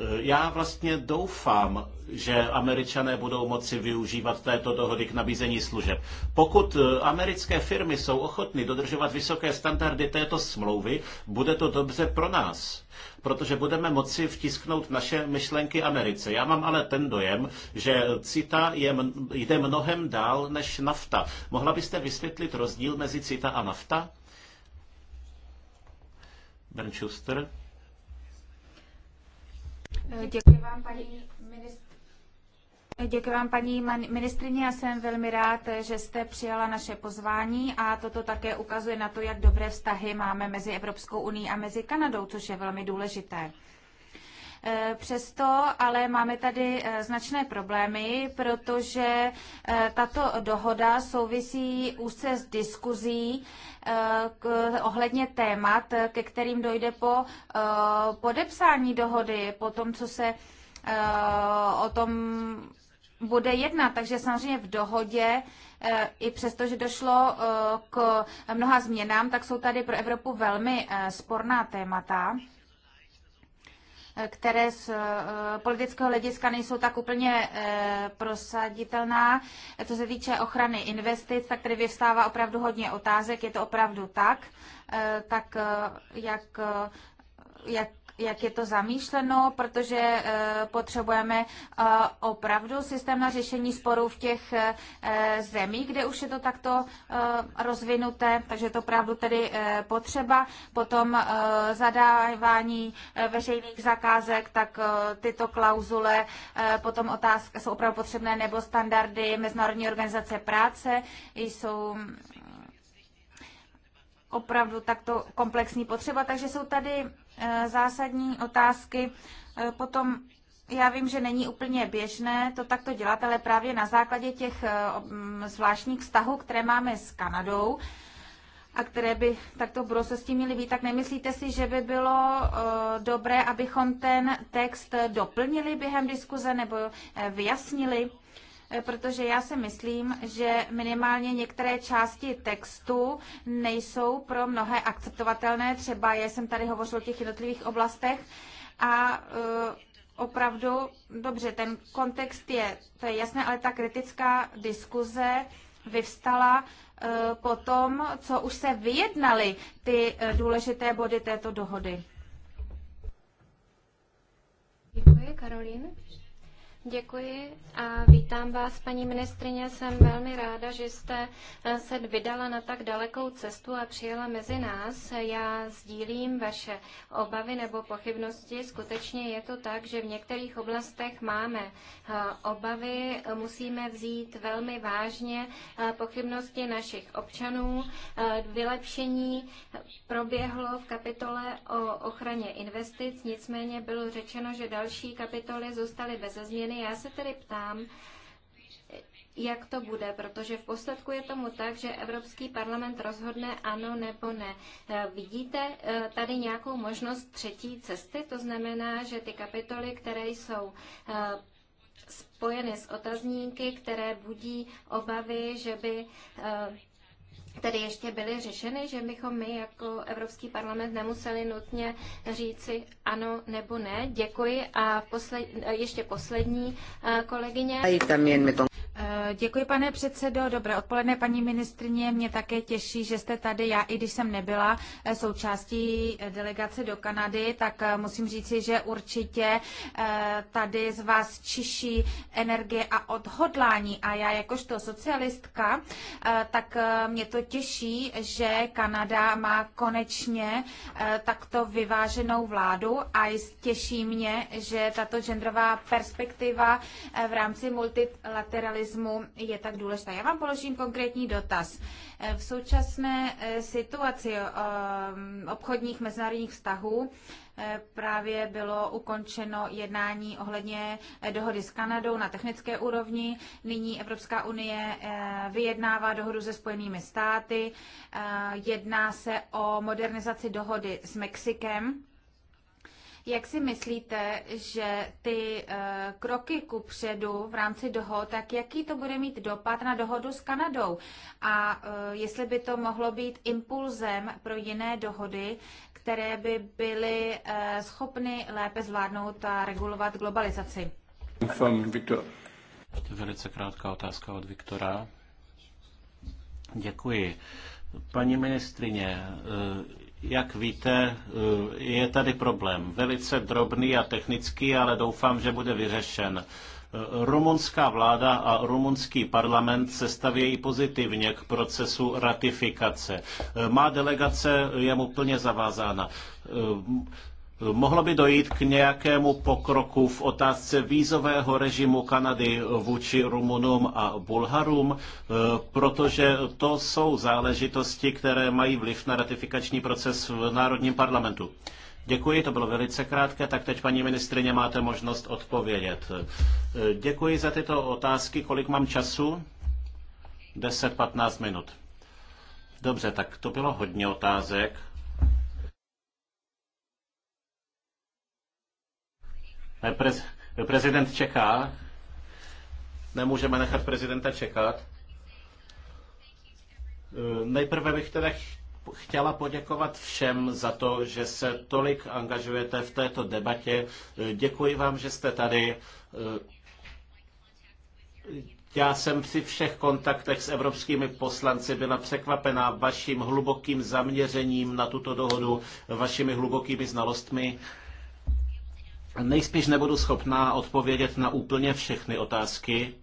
Eh, já vlastně doufám, že američané budou moci využívat této dohody k nabízení služeb. Pokud eh, americké firmy jsou ochotny dodržovat vysoké standardy této smlouvy, bude to dobře pro nás, protože budeme moci vtisknout naše myšlenky Americe. Já mám ale ten dojem, že CITA je, jde mnohem dál než NAFTA. Mohla byste vysvětlit rozdíl mezi CITA a NAFTA? Ben Schuster. Děkuji vám, paní ministr. Děkuji vám, paní ministrině. Já jsem velmi rád, že jste přijala naše pozvání a toto také ukazuje na to, jak dobré vztahy máme mezi Evropskou unii a mezi Kanadou, což je velmi důležité. E, přesto ale máme tady e, značné problémy, protože e, tato dohoda souvisí úzce s diskuzí k, ohledně témat, ke kterým dojde po podepsání dohody, po tom, co se o tom bude jednat, takže samozřejmě v dohodě, i přesto, že došlo k mnoha změnám, tak jsou tady pro Evropu velmi sporná témata které z eh, politického hlediska nejsou tak úplně eh, prosaditelná. Co se týče ochrany investic, tak tady vyvstává opravdu hodně otázek. Je to opravdu tak, eh, tak jak, jak jak je to zamýšleno, protože eh, potřebujeme eh, opravdu systém na řešení sporů v těch eh, zemích, kde už je to takto rozvinuté, takže to opravdu tedy potřeba. Potom zadávání veřejných zakázek, tak tyto klauzule, potom otázka, jsou opravdu potřebné nebo standardy Mezinárodní organizace práce jsou opravdu takto komplexní potřeba. Takže jsou tady eh, zásadní otázky. Eh, potom já vím, že není úplně běžné to takto dělat, ale právě na základě těch eh, mm, zvláštních vztahů, které máme s Kanadou, a které by takto v budoucnosti měly být, tak nemyslíte si, že by bylo dobré, abychom ten text doplnili během diskuze nebo vyjasnili? Eh, protože já si myslím, že minimálně některé části textu nejsou pro mnohé akceptovatelné. Třeba já jsem tady hovořil o těch jednotlivých oblastech a eh, opravdu, dobře, ten kontext je, to je jasné, ale ta kritická diskuze vyvstala eh, po tom, co už se vyjednali ty důležité body této dohody. Děkuji, Karolín. Děkuji a vítám vás, paní ministrině. Jsem velmi ráda, že jste eh, se vydala na tak dalekou cestu a přijela mezi nás. Já sdílím vaše obavy nebo pochybnosti. Skutečně je to tak, že v některých oblastech máme eh, obavy, musíme vzít velmi vážně eh, pochybnosti našich občanů. Vylepšení proběhlo v kapitole o ochraně investic, nicméně bylo řečeno, že další kapitoly zůstaly bez změny změny. Já se tedy ptám, jak to bude, protože v posledku je tomu tak, že Evropský parlament rozhodne ano nebo ne. Eh, vidíte eh, tady nějakou možnost třetí cesty? To znamená, že ty kapitoly, které jsou eh, spojeny s otazníky, které budí obavy, že by tedy ještě byly řešeny, že bychom my jako Evropský parlament nemuseli nutně říci ano nebo ne. Děkuji a posled, ještě poslední eh, kolegyně. Eh, děkuji, pane předsedo. Dobré odpoledne, paní ministrině. Mě také těší, že jste tady. Já, i když jsem nebyla eh, součástí delegace do Kanady, tak musím říci, že určitě tady z vás čiší energie a odhodlání. A já jakožto socialistka, tak mě to těší, že Kanada má konečně eh, takto vyváženou vládu a těší mě, že tato genderová perspektiva eh, v rámci multilateralismu je tak důležitá. Já vám položím konkrétní dotaz. V současné eh, situaci eh, obchodních mezinárodních vztahů eh, právě bylo ukončeno jednání ohledně dohody s Kanadou na technické úrovni. Nyní Evropská unie vyjednává dohodu se Spojenými státy. Jedná se o modernizaci dohody s Mexikem jak si myslíte, že ty eh, kroky ku předu v rámci dohod, tak jaký to bude mít dopad na dohodu s Kanadou? A eh, jestli by to mohlo být impulzem pro jiné dohody, které by byly eh, schopny lépe zvládnout a regulovat globalizaci? From Viktor. Velice krátká otázka od Viktora. Děkuji. Paní ministrině, jak víte, eh, je tady problém. Velice drobný a technický, ale doufám, že bude vyřešen. Eh, rumunská vláda a rumunský parlament se stavějí pozitivně k procesu ratifikace. Eh, má delegace je mu plně zavázána. Mohlo by dojít k nějakému pokroku v otázce vízového režimu Kanady vůči Rumunům a Bulharům, eh, protože to jsou záležitosti, které mají vliv na ratifikační proces v Národním parlamentu. Děkuji, to bylo velice krátké, tak teď paní ministrině máte možnost odpovědět. Eh, děkuji za tyto otázky. Kolik mám času? 10-15 minut. Dobře, tak to bylo hodně otázek. Prez, prezident čeká. Nemůžeme nechat prezidenta čekat. E, nejprve bych teda chtěla poděkovat všem za to, že se tolik angažujete v této debatě. E, děkuji vám, že jste tady. E, já jsem při všech kontaktech s evropskými poslanci byla překvapená vaším hlubokým zaměřením na tuto dohodu, vašimi hlubokými znalostmi. Nejspíš nebudu schopná odpovědět na úplně všechny otázky,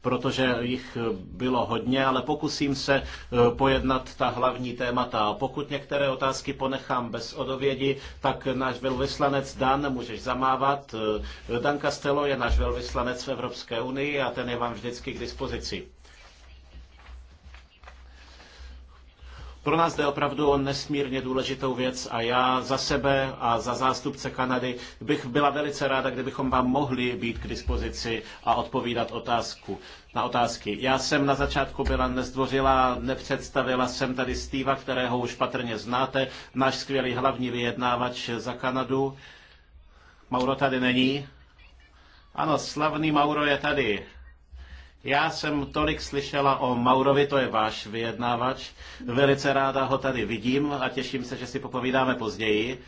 protože jich eh, bylo hodně, ale pokusím se eh, pojednat ta hlavní témata. Pokud některé otázky ponechám bez odovědi, tak náš velvyslanec Dan, můžeš zamávat. Eh, Dan Castello je náš velvyslanec v Evropské unii a ten je vám vždycky k dispozici. Pro nás jde opravdu o nesmírně důležitou věc a já za sebe a za zástupce Kanady bych byla velice ráda, kdybychom vám mohli být k dispozici a odpovídat otázku na otázky. Já jsem na začátku byla nezdvořila, nepředstavila jsem tady Steva, kterého už patrně znáte, náš skvělý hlavní vyjednávač za Kanadu. Mauro tady není. Ano, slavný Mauro je tady. Já jsem tolik slyšela o Maurovi, to je váš vyjednávač. Velice ráda ho tady vidím a těším se, že si popovídáme později.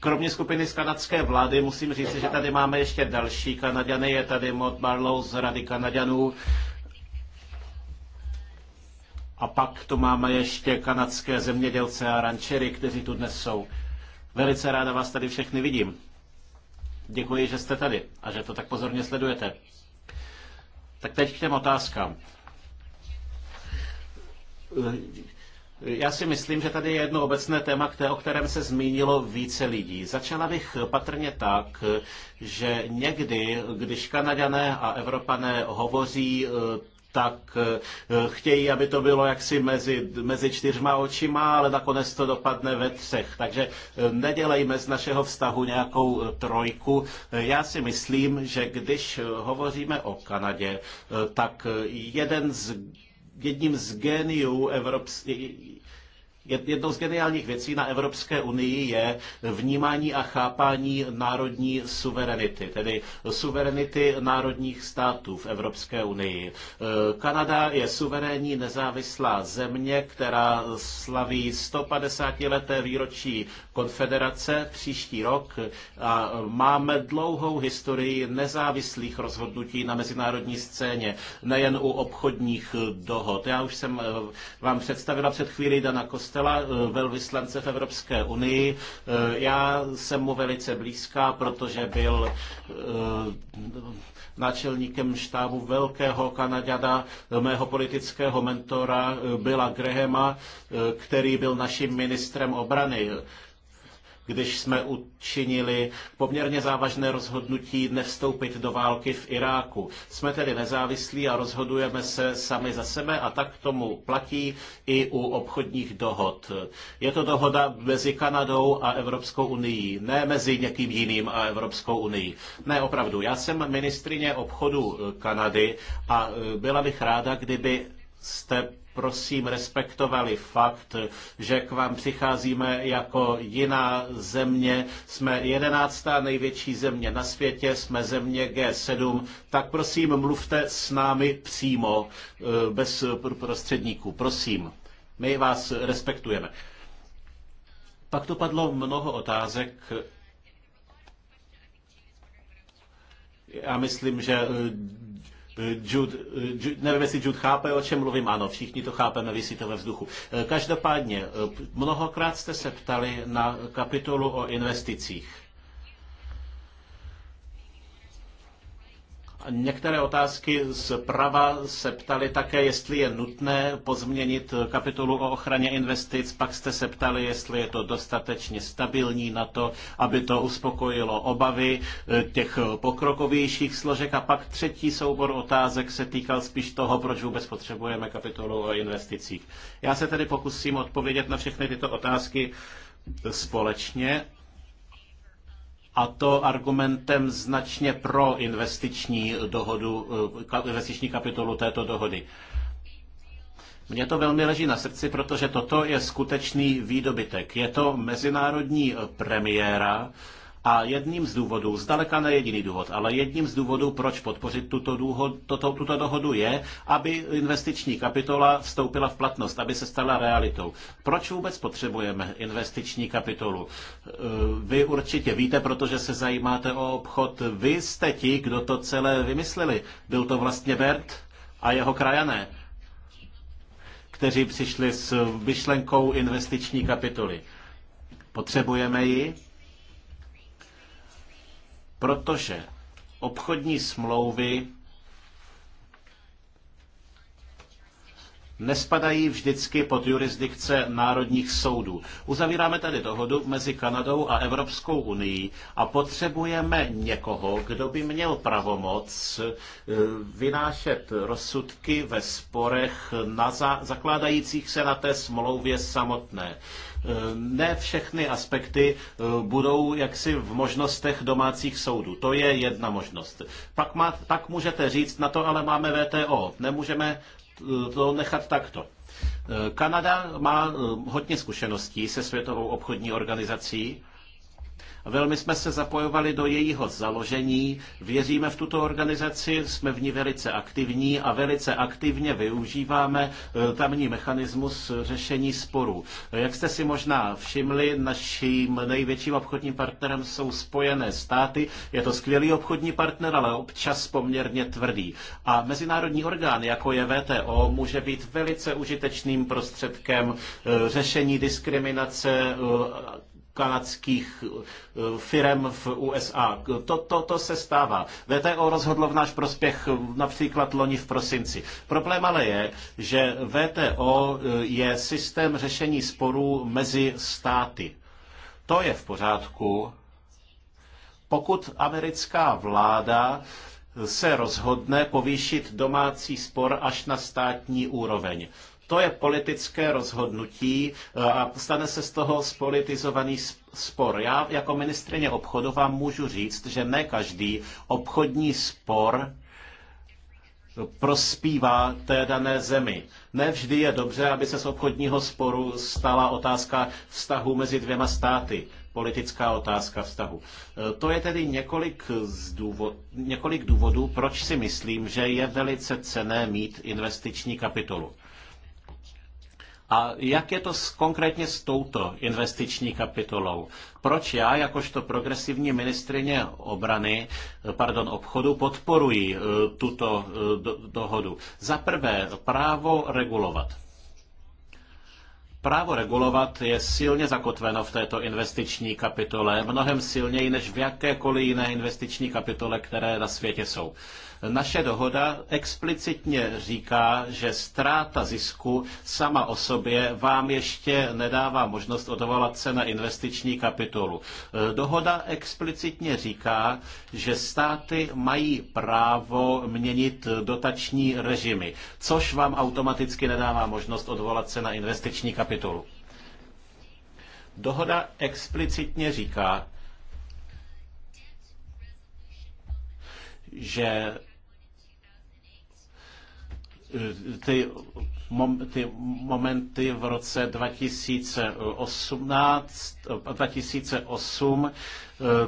Kromě skupiny z kanadské vlády musím říct, že tady máme ještě další Kanaďany. Je tady Mod Barlow z Rady Kanaďanů. A pak tu máme ještě kanadské zemědělce a rančery, kteří tu dnes jsou. Velice ráda vás tady všechny vidím. Děkuji, že jste tady a že to tak pozorně sledujete. Tak teď k těm otázkám. Já si myslím, že tady je jedno obecné téma, o kterém se zmínilo více lidí. Začala bych patrně tak, že někdy, když Kanaďané a Evropané hovoří eh, tak eh, eh, chtějí, aby to bylo jaksi mezi, mezi čtyřma očima, ale nakonec to dopadne ve třech. Takže eh, nedělejme z našeho vztahu nějakou trojku. Já si myslím, že když hovoříme o Kanadě, tak jeden z jedním z géniů Evropské Jednou z geniálních věcí na Evropské unii je vnímání a chápání národní suverenity, tedy suverenity národních států v Evropské unii. E, Kanada je suverénní nezávislá země, která slaví 150 leté výročí konfederace příští rok a máme dlouhou historii nezávislých rozhodnutí na mezinárodní scéně, nejen u obchodních dohod. Já už jsem e, vám představila před chvílí Dana Kostel, Kostela, eh, velvyslance v Evropské unii. Eh, já jsem mu velice blízká, protože byl eh, náčelníkem štábu velkého Kanaďada, mého politického mentora Byla Grahama, který byl naším ministrem obrany když jsme učinili poměrně závažné rozhodnutí nevstoupit do války v Iráku. Jsme tedy nezávislí a rozhodujeme se sami za sebe a tak tomu platí i u obchodních dohod. Je to dohoda mezi Kanadou a Evropskou unii, ne mezi někým jiným a Evropskou unii. Ne, opravdu, já jsem ministrině obchodu Kanady a byla bych ráda, kdyby jste prosím respektovali fakt, že k vám přicházíme jako jiná země. Jsme jedenáctá největší země na světě, jsme země G7, tak prosím mluvte s námi přímo, eh, bez prostředníků. Prosím, my vás respektujeme. Pak to padlo mnoho otázek. Já myslím, že Eh, Jude, eh, Jude, nevím, jestli Jude chápe, o čem mluvím. Ano, všichni to chápeme, vysí to ve vzduchu. Eh, každopádně, mnohokrát jste se ptali na kapitolu o investicích. Některé otázky zprava se ptali také, jestli je nutné pozměnit kapitolu o ochraně investic, pak jste se ptali, jestli je to dostatečně stabilní na to, aby to uspokojilo obavy eh, těch pokrokovějších složek a pak třetí soubor otázek se týkal spíš toho, proč vůbec potřebujeme kapitolu o investicích. Já se tedy pokusím odpovědět na všechny tyto otázky společně a to argumentem značně pro investiční dohodu, eh, investiční kapitolu této dohody. Mně to velmi leží na srdci, protože toto je skutečný výdobytek. Je to mezinárodní premiéra, a jedním z důvodů, zdaleka ne jediný důvod, ale jedním z důvodů, proč podpořit tuto, důhod, toto, tuto dohodu je, aby investiční kapitola vstoupila v platnost, aby se stala realitou. Proč vůbec potřebujeme investiční kapitolu? E, vy určitě víte, protože se zajímáte o obchod. Vy jste ti, kdo to celé vymysleli. Byl to vlastně Bert a jeho krajané, kteří přišli s myšlenkou investiční kapitoly. Potřebujeme ji, protože obchodní smlouvy nespadají vždycky pod jurisdikce národních soudů. Uzavíráme tady dohodu mezi Kanadou a Evropskou unii a potřebujeme někoho, kdo by měl pravomoc eh, vynášet rozsudky ve sporech na za- zakládajících se na té smlouvě samotné. Eh, ne všechny aspekty eh, budou jaksi v možnostech domácích soudů. To je jedna možnost. Pak, má, pak můžete říct, na to ale máme VTO. Nemůžeme to nechat takto. Eh, Kanada má hodně zkušeností se Světovou obchodní organizací Velmi jsme se zapojovali do jejího založení, věříme v tuto organizaci, jsme v ní velice aktivní a velice aktivně využíváme eh, tamní mechanismus řešení sporů. Jak jste si možná všimli, naším největším obchodním partnerem jsou Spojené státy. Je to skvělý obchodní partner, ale občas poměrně tvrdý. A mezinárodní orgán, jako je VTO, může být velice užitečným prostředkem eh, řešení diskriminace eh, kanadských eh, firm v USA. To, to, to se stává. VTO rozhodlo v náš prospěch eh, například loni v prosinci. Problém ale je, že VTO eh, je systém řešení sporů mezi státy. To je v pořádku, pokud americká vláda se rozhodne povýšit domácí spor až na státní úroveň. To je politické rozhodnutí eh, a stane se z toho spolitizovaný spor. Já jako ministrině obchodu vám můžu říct, že ne každý obchodní spor prospívá té dané zemi. Nevždy je dobře, aby se z obchodního sporu stala otázka vztahu mezi dvěma státy politická otázka vztahu. Eh, to je tedy několik, důvod, několik důvodů, proč si myslím, že je velice cené mít investiční kapitolu. A jak je to konkrétně s touto investiční kapitolou? Proč já, jakožto progresivní ministrině obrany, eh, pardon, obchodu, podporuji eh, tuto eh, dohodu? Za prvé, právo regulovat. Právo regulovat je silně zakotveno v této investiční kapitole, mnohem silněji než v jakékoliv jiné investiční kapitole, které na světě jsou. Naše dohoda explicitně říká, že ztráta zisku sama o sobě vám ještě nedává možnost odvolat se na investiční kapitolu. E, dohoda explicitně říká, že státy mají právo měnit dotační režimy, což vám automaticky nedává možnost odvolat se na investiční kapitolu. Dohoda explicitně říká, že ty, mom, ty momenty v roce 2018, 2008, eh, eh,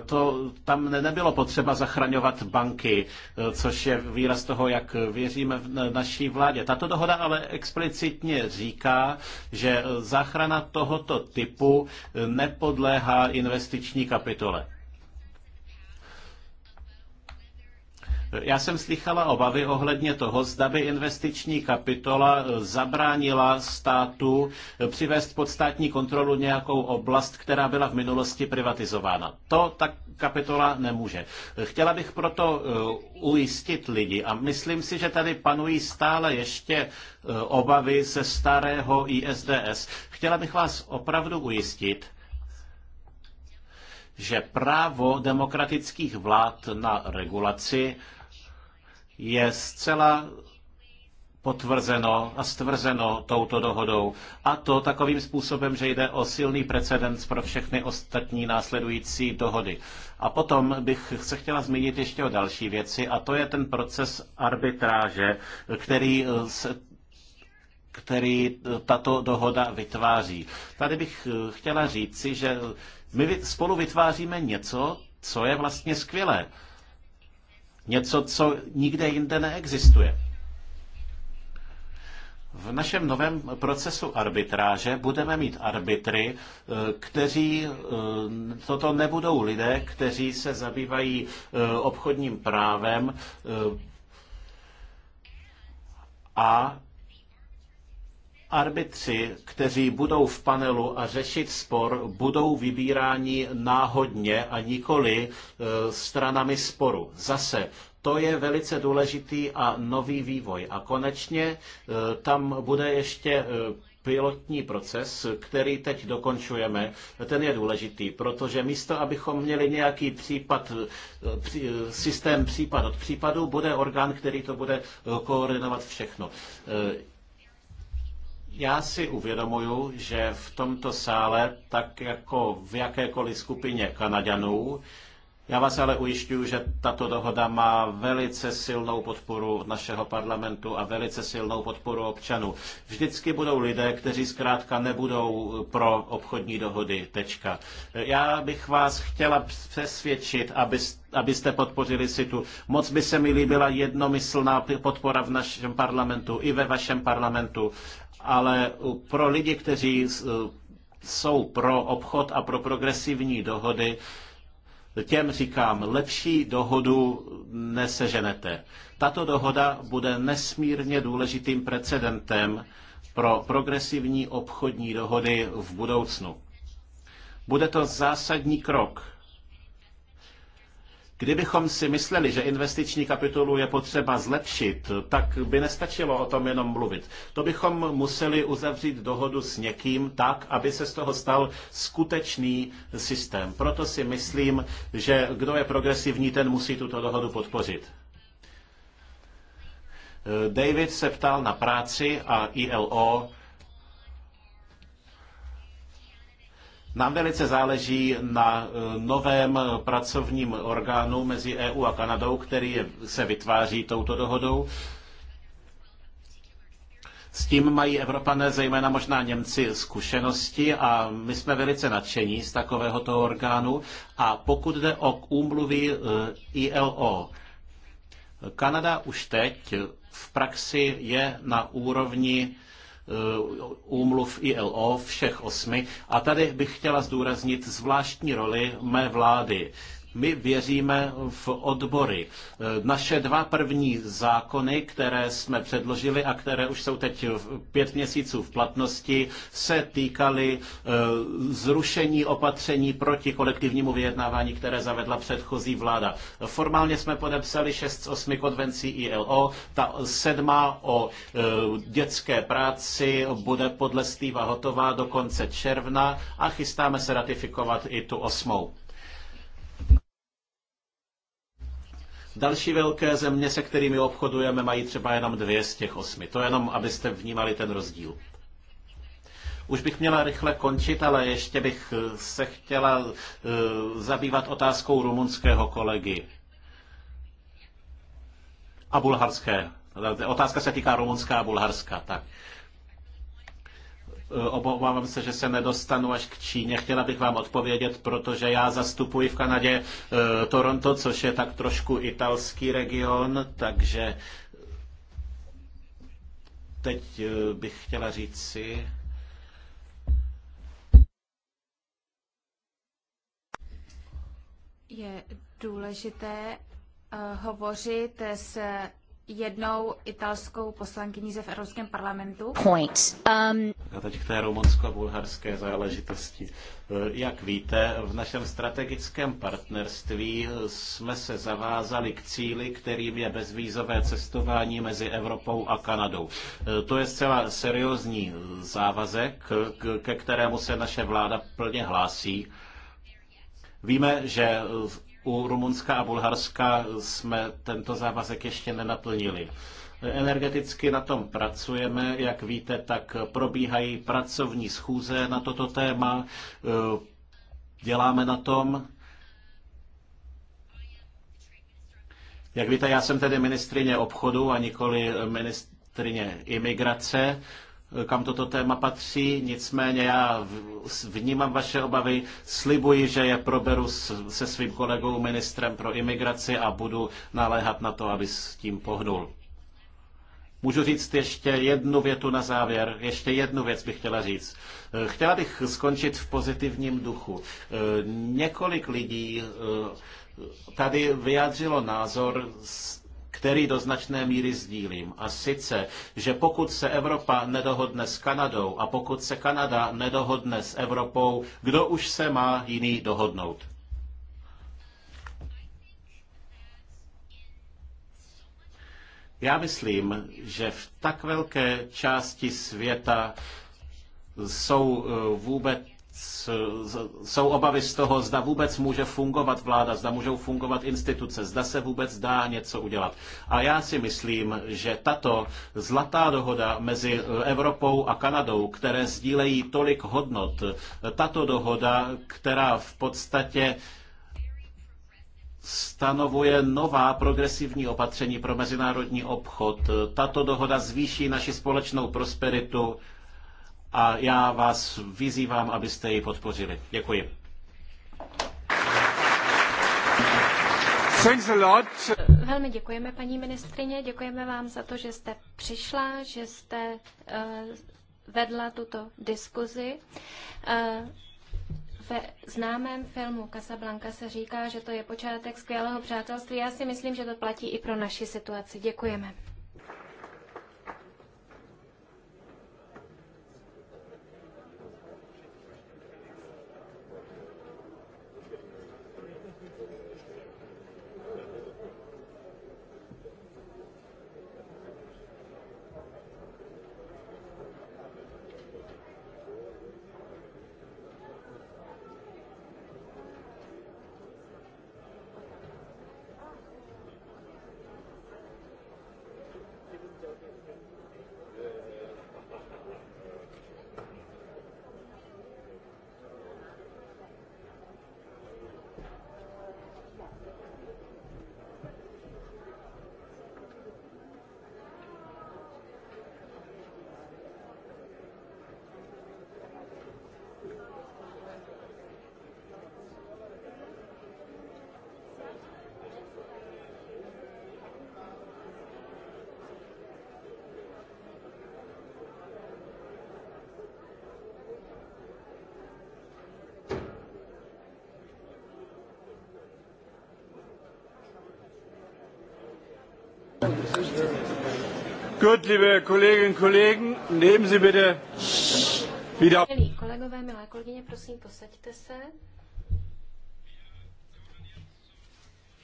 to, tam nebylo potřeba zachraňovat banky, eh, což je výraz toho, jak věříme v naší vládě. Tato dohoda ale explicitně říká, že záchrana tohoto typu nepodléhá investiční kapitole. Já jsem slychala obavy ohledně toho, zda by investiční kapitola eh, zabránila státu eh, přivést pod státní kontrolu nějakou oblast, která byla v minulosti privatizována. To ta kapitola nemůže. Chtěla bych proto eh, ujistit lidi a myslím si, že tady panují stále ještě obavy ze starého ISDS. Chtěla bych vás opravdu ujistit, že právo demokratických vlád na regulaci je zcela potvrzeno a stvrzeno touto dohodou. A to takovým způsobem, že jde o silný precedens pro všechny ostatní následující dohody. A potom bych se chtěla zmínit ještě o další věci, a to je ten proces arbitráže, který eh, se který eh, tato dohoda vytváří. Tady bych eh, chtěla říci, že my spolu vytváříme něco, co je vlastně skvělé. Něco, co nikde jinde neexistuje. V našem novém procesu arbitráže budeme mít arbitry, eh, kteří eh, toto nebudou lidé, kteří se zabývají eh, obchodním právem a Arbitři, kteří budou v panelu a řešit spor, budou vybíráni náhodně a nikoli e, stranami sporu. Zase, to je velice důležitý a nový vývoj. A konečně e, tam bude ještě e, pilotní proces, který teď dokončujeme, ten je důležitý, protože místo, abychom měli nějaký případ, systém případ od případu, bude orgán, který to bude koordinovat všechno. Já si uvědomuju, že v tomto sále, tak jako v jakékoliv skupině Kanaďanů, já vás ale ujišťuju, že tato dohoda má velice silnou podporu našeho parlamentu a velice silnou podporu občanů. Vždycky budou lidé, kteří zkrátka nebudou pro obchodní dohody. Tečka. Já bych vás chtěla přesvědčit, abyste abyste podpořili tu. Moc by se mi líbila jednomyslná podpora v našem parlamentu, i ve vašem parlamentu ale pro lidi, kteří jsou pro obchod a pro progresivní dohody, těm říkám, lepší dohodu neseženete. Tato dohoda bude nesmírně důležitým precedentem pro progresivní obchodní dohody v budoucnu. Bude to zásadní krok Kdybychom si mysleli, že investiční kapitolu je potřeba zlepšit, tak by nestačilo o tom jenom mluvit. To bychom museli uzavřít dohodu s někým tak, aby se z toho stal skutečný systém. Proto si myslím, že kdo je progresivní, ten musí tuto dohodu podpořit. David se ptal na práci a ILO Nám velice záleží na e, novém e, pracovním orgánu mezi EU a Kanadou, který se vytváří touto dohodou. S tím mají Evropané, zejména možná Němci, zkušenosti a my jsme velice nadšení z takovéhoto orgánu. A pokud jde o úmluvy e, ILO, Kanada už teď v praxi je na úrovni Eh, úmluv ILO, všech osmi. A tady bych chtěla zdůraznit zvláštní roli mé vlády, my věříme v odbory. Naše dva první zákony, které jsme předložili a které už jsou teď pět měsíců v platnosti, se týkaly e, zrušení opatření proti kolektivnímu vyjednávání, které zavedla předchozí vláda. Formálně jsme podepsali šest z osmi konvencí ILO, ta sedma o e, dětské práci bude podle Stýva hotová do konce června a chystáme se ratifikovat i tu osmou. Další velké země, se kterými obchodujeme, mají třeba jenom dvě z těch osmi. To jenom, abyste vnímali ten rozdíl. Už bych měla rychle končit, ale ještě bych eh, se chtěla uh, zabývat otázkou rumunského kolegy a bulharské. Eh, otázka se týká rumunská a bulharská, Tak. Eh, obávám se, že se nedostanu až k Číně. Chtěla bych vám odpovědět, protože já zastupuji v Kanadě eh, Toronto, což je tak trošku italský region, takže teď eh, bych chtěla říct si... Je důležité hovořit s jednou italskou poslankyní ze v Evropském parlamentu. Point. Um... A teď k té rumunsko-bulharské záležitosti. Jak víte, v našem strategickém partnerství jsme se zavázali k cíli, kterým je bezvízové cestování mezi Evropou a Kanadou. To je zcela seriózní závazek, ke kterému se naše vláda plně hlásí. Víme, že u Rumunska a Bulharska jsme tento závazek ještě nenaplnili. Energeticky na tom pracujeme, jak víte, tak probíhají pracovní schůze na toto téma, eh, děláme na tom. Jak víte, já jsem tedy ministrině obchodu a nikoli ministrině imigrace kam toto téma patří, nicméně já vnímám vaše obavy, slibuji, že je proberu se svým kolegou ministrem pro imigraci a budu naléhat na to, aby s tím pohnul. Můžu říct ještě jednu větu na závěr, ještě jednu věc bych chtěla říct. Eh, chtěla bych skončit v pozitivním duchu. Eh, několik lidí eh, tady vyjádřilo názor, který do značné míry sdílím. A sice, že pokud se Evropa nedohodne s Kanadou a pokud se Kanada nedohodne s Evropou, kdo už se má jiný dohodnout? Já myslím, že v tak velké části světa jsou eh, vůbec jsou obavy z toho, zda vůbec může fungovat vláda, zda můžou fungovat instituce, zda se vůbec dá něco udělat. A já si myslím, že tato zlatá dohoda mezi Evropou a Kanadou, které sdílejí tolik hodnot, tato dohoda, která v podstatě stanovuje nová progresivní opatření pro mezinárodní obchod. Tato dohoda zvýší naši společnou prosperitu a já vás vyzývám, abyste ji podpořili. Děkuji. Velmi děkujeme, paní ministrině, děkujeme vám za to, že jste přišla, že jste uh, vedla tuto diskuzi. Uh, ve známém filmu Casablanca se říká, že to je počátek skvělého přátelství. Já si myslím, že to platí i pro naši situaci. Děkujeme. Gut, liebe Kolleginnen und Kollegen, nehmen Sie bitte wieder. Milí kolegové, milé kolegyně, prosím, posaďte se.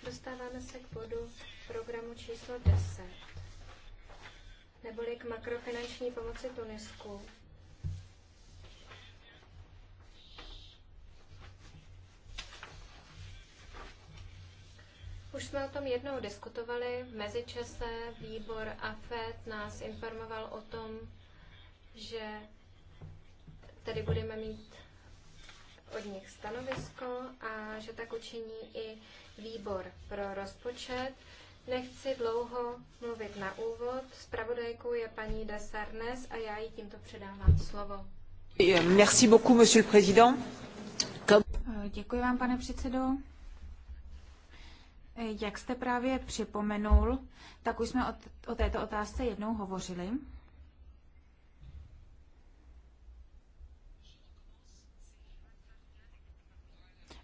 Dostáváme se k bodu programu číslo 10, neboli k makrofinanční pomoci Tunisku jednou diskutovali. Mezičase výbor AFET nás informoval o tom, že tady budeme mít od nich stanovisko a že tak učiní i výbor pro rozpočet. Nechci dlouho mluvit na úvod. Spravodajkou je paní Desarnes a já jí tímto předávám slovo. Merci beaucoup, monsieur le président. Děkuji vám, pane předsedo. Jak jste právě připomenul, tak už jsme o, o této otázce jednou hovořili.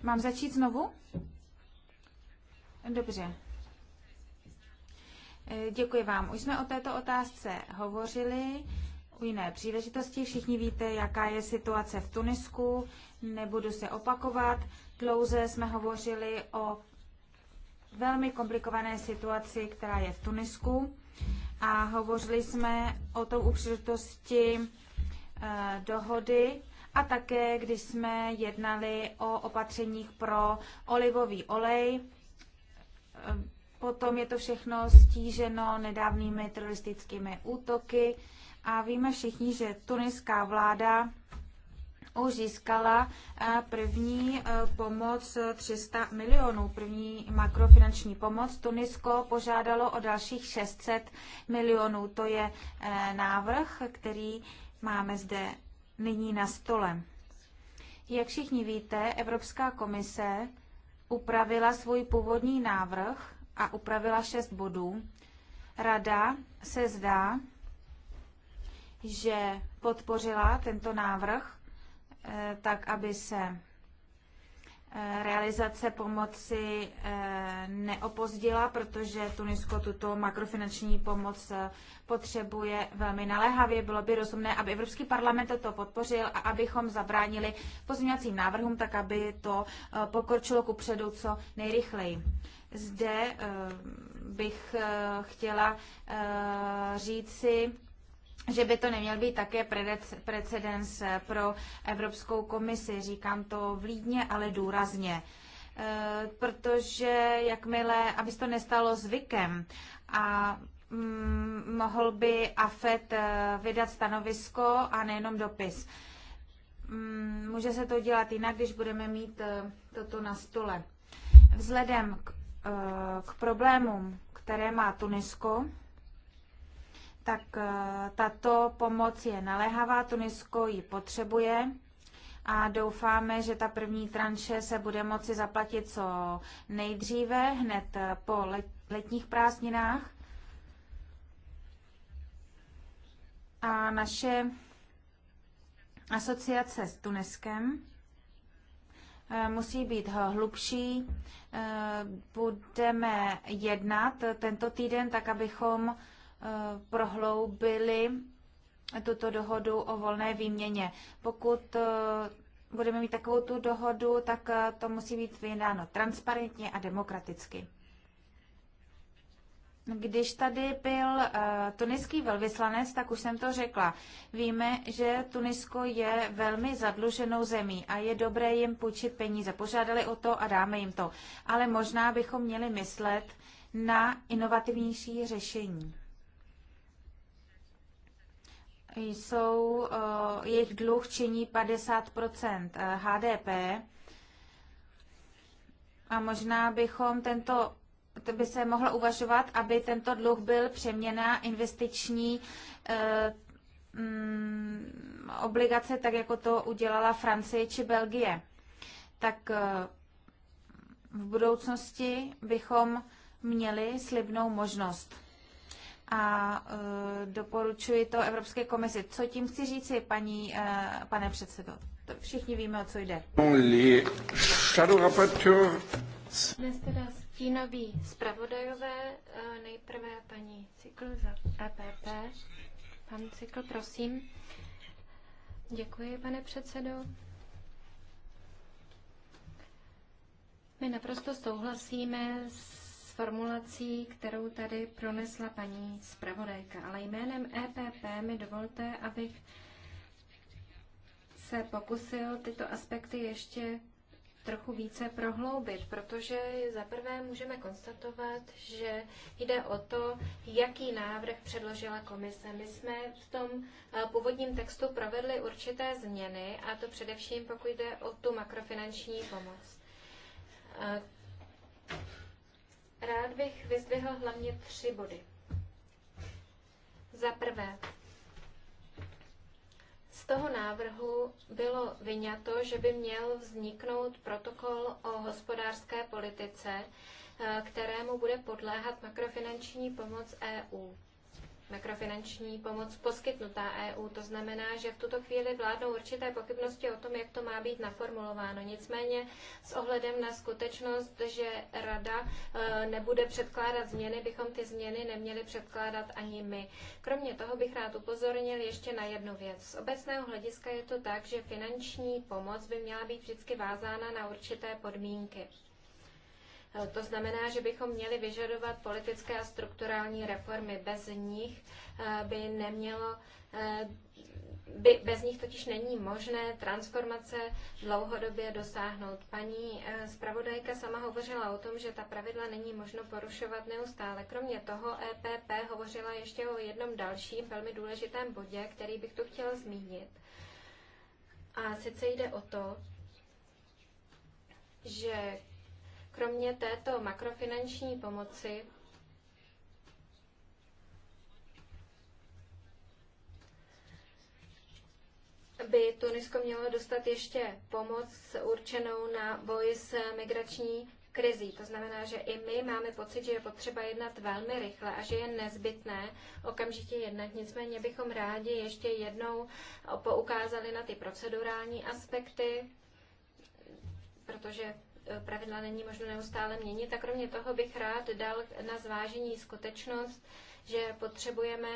Mám začít znovu? Dobře. E, děkuji vám. Už jsme o této otázce hovořili u jiné příležitosti. Všichni víte, jaká je situace v Tunisku. Nebudu se opakovat. Dlouze jsme hovořili o velmi komplikované situaci, která je v Tunisku. A hovořili jsme o tom u příležitosti eh, dohody a také, když jsme jednali o opatřeních pro olivový olej. Eh, potom je to všechno stíženo nedávnými teroristickými útoky a víme všichni, že tuniská vláda už získala eh, první eh, pomoc 300 eh, milionů, první makrofinanční pomoc. Tunisko požádalo o dalších 600 milionů. To je návrh, který máme zde nyní na stole. Jak všichni víte, Evropská komise upravila svůj původní návrh a upravila šest bodů. Rada se zdá, že podpořila tento návrh Eh, tak aby se eh, realizace pomoci eh, neopozdila, protože Tunisko tuto makrofinanční pomoc potřebuje velmi naléhavě. Bylo by rozumné, aby Evropský parlament to podpořil a abychom zabránili pozměňovacím návrhům, tak aby to pokročilo ku předu co nejrychleji. Zde bych chtěla říci, že by to neměl být také precedens eh, pro Evropskou komisi. Říkám to vlídně, ale důrazně. Eh, protože jakmile, aby se to nestalo zvykem a mm, mohl by AFET eh, vydat stanovisko a nejenom dopis. Mm, může se to dělat jinak, když budeme mít toto na stole. Vzhledem k, k problémům, které má Tunisko, tak eh, tato pomoc je naléhavá, Tunisko ji potřebuje a doufáme, že ta první tranše se bude moci zaplatit co nejdříve, hned eh, po letních prázdninách. A naše asociace s Tuniskem eh, musí být hlubší. Budeme jednat tento týden tak, abychom prohloubili tuto dohodu o volné výměně. Pokud eh, budeme mít takovou tu dohodu, tak eh, to musí být vyjednáno transparentně a demokraticky. Když tady byl uh, tuniský velvyslanec, tak už jsem to řekla. Víme, že Tunisko je velmi zadluženou zemí a je dobré jim půjčit peníze. Požádali o to a dáme jim to. Ale možná bychom měli myslet na inovativnější řešení jsou, eh, jejich dluh činí 50 eh, HDP a možná bychom tento to by se mohlo uvažovat, aby tento dluh byl přeměna investiční eh, mm, obligace, tak jako to udělala Francie či Belgie. Tak eh, v budoucnosti bychom měli slibnou možnost a e, doporučuji to Evropské komisi. Co tím chci říci, paní, e, pane předsedo? To všichni víme, o co jde. Dnes teda stínoví zpravodajové, e, nejprve paní Cykl za EPP. Pan Cykl, prosím. Děkuji, pane předsedo. My naprosto souhlasíme s formulací, kterou tady pronesla paní zpravodajka, ale jménem EPP mi dovolte, abych se pokusil tyto aspekty ještě trochu více prohloubit, protože za prvé můžeme konstatovat, že jde o to, jaký návrh předložila komise. My jsme v tom eh, původním textu provedli určité změny, a to především pokud jde o tu makrofinanční pomoc. Eh, Rád bych vyzdvihl hlavně tři body. Za prvé, z toho návrhu bylo vyňato, že by měl vzniknout protokol o hospodářské politice, eh, kterému bude podléhat makrofinanční pomoc EU makrofinanční pomoc poskytnutá EU. To znamená, že v tuto chvíli vládnou určité pochybnosti o tom, jak to má být naformulováno. Nicméně s ohledem na skutečnost, že Rada e, nebude předkládat změny, bychom ty změny neměli předkládat ani my. Kromě toho bych rád upozornil ještě na jednu věc. Z obecného hlediska je to tak, že finanční pomoc by měla být vždycky vázána na určité podmínky. Eh, to znamená, že bychom měli vyžadovat politické a strukturální reformy. Bez nich eh, by nemělo eh, by, bez nich totiž není možné transformace dlouhodobě dosáhnout. Paní zpravodajka sama hovořila o tom, že ta pravidla není možno porušovat neustále. Kromě toho EPP hovořila ještě o jednom dalším velmi důležitém bodě, který bych tu chtěla zmínit. A sice jde o to, že Kromě této makrofinanční pomoci by Tunisko mělo dostat ještě pomoc určenou na boj s migrační krizí. To znamená, že i my máme pocit, že je potřeba jednat velmi rychle a že je nezbytné okamžitě jednat. Nicméně bychom rádi ještě jednou poukázali na ty procedurální aspekty, protože Eh, pravidla není možno neustále měnit. A kromě toho bych rád dal na zvážení skutečnost, že potřebujeme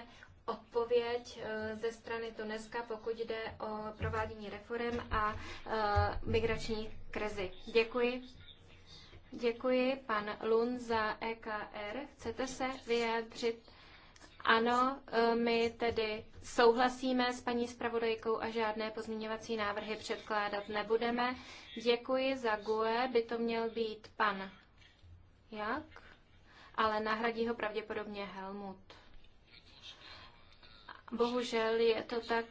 odpověď eh, ze strany Tuneska, pokud jde o provádění reform a eh, migrační krizi. Děkuji. Děkuji, pan Lun za EKR. Chcete se vyjádřit? Ano, eh, my tedy souhlasíme s paní zpravodajkou a žádné pozměňovací návrhy předkládat nebudeme. Děkuji za GUE, by to měl být pan Jak? Ale nahradí ho pravděpodobně Helmut. Bohužel je to tak.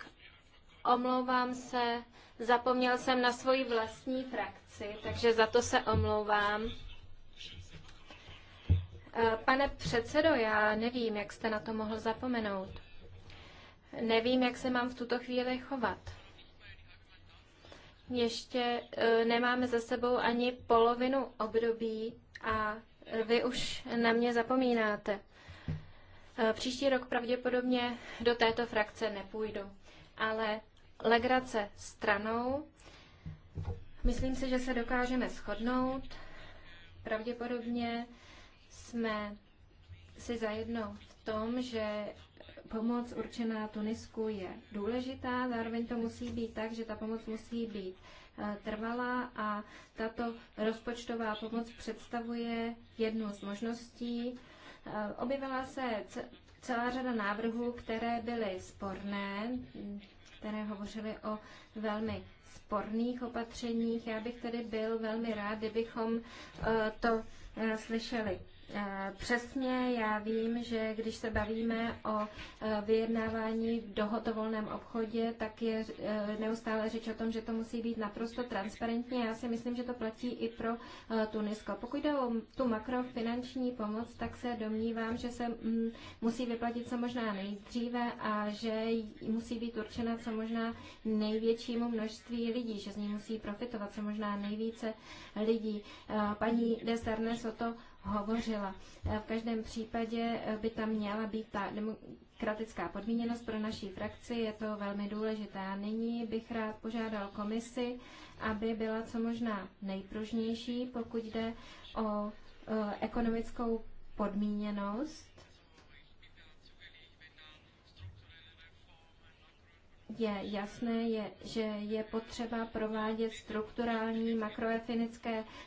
Omlouvám se, zapomněl jsem na svoji vlastní frakci, takže za to se omlouvám. Eh, pane předsedo, já nevím, jak jste na to mohl zapomenout. Nevím, jak se mám v tuto chvíli chovat. Ještě eh, nemáme za sebou ani polovinu období a vy už na mě zapomínáte. Eh, příští rok pravděpodobně do této frakce nepůjdu, ale legrace stranou, myslím si, že se dokážeme shodnout. Pravděpodobně jsme si zajedno v tom, že pomoc určená Tunisku je důležitá, zároveň to musí být tak, že ta pomoc musí být eh, trvalá a tato rozpočtová pomoc představuje jednu z možností. Eh, objevila se celá řada návrhů, které byly sporné, které hovořily o velmi sporných opatřeních. Já bych tedy byl velmi rád, kdybychom eh, to slyšeli Eh, přesně já vím, že když se bavíme o eh, vyjednávání v dohotovolném obchodě, tak je eh, neustále řeč o tom, že to musí být naprosto transparentní. Já si myslím, že to platí i pro Tunisko. Pokud jde o tu makrofinanční pomoc, tak se domnívám, že se mm, musí vyplatit co možná nejdříve a že musí být určena co možná největšímu množství lidí, že z ní musí profitovat co možná nejvíce lidí. Paní Desarnes o to hovořila. E, v každém případě e, by tam měla být ta demokratická podmíněnost pro naší frakci, je to velmi důležité. A nyní bych rád požádal komisi, aby byla co možná nejpružnější, pokud jde o e, ekonomickou podmíněnost je jasné, je, že je potřeba provádět strukturální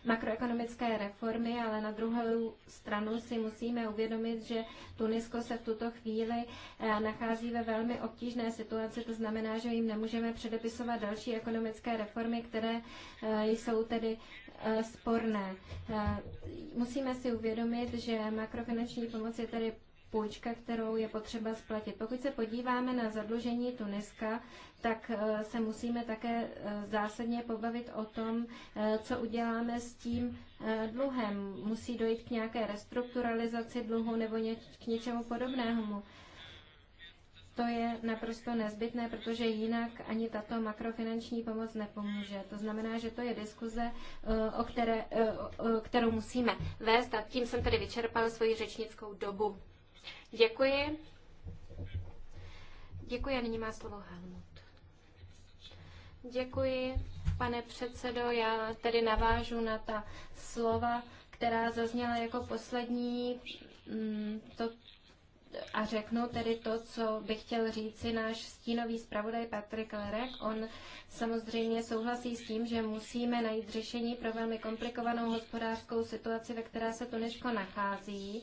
makroekonomické reformy, ale na druhou stranu si musíme uvědomit, že Tunisko se v tuto chvíli eh, nachází ve velmi obtížné situaci. To znamená, že jim nemůžeme předepisovat další ekonomické reformy, které eh, jsou tedy eh, sporné. Musíme si uvědomit, že makrofinanční pomoc je tedy půjčka, kterou je potřeba splatit. Pokud se podíváme na zadlužení Tuniska, tak eh, se musíme také eh, zásadně pobavit o tom, eh, co uděláme s tím dluhem. Musí dojít k nějaké restrukturalizaci dluhu nebo k něčemu podobnému. To je naprosto nezbytné, protože jinak ani tato makrofinanční pomoc nepomůže. To znamená, že to je diskuze, o které, kterou musíme vést a tím jsem tedy vyčerpal svoji řečnickou dobu. Děkuji. Děkuji a nyní má slovo Helmut. Děkuji, pane předsedo. Já tedy navážu na ta slova, která zazněla jako poslední. Mm, to, a řeknu tedy to, co bych chtěl říci náš stínový zpravodaj Patrik Lerek. On samozřejmě souhlasí s tím, že musíme najít řešení pro velmi komplikovanou hospodářskou situaci, ve které se Tunisko nachází.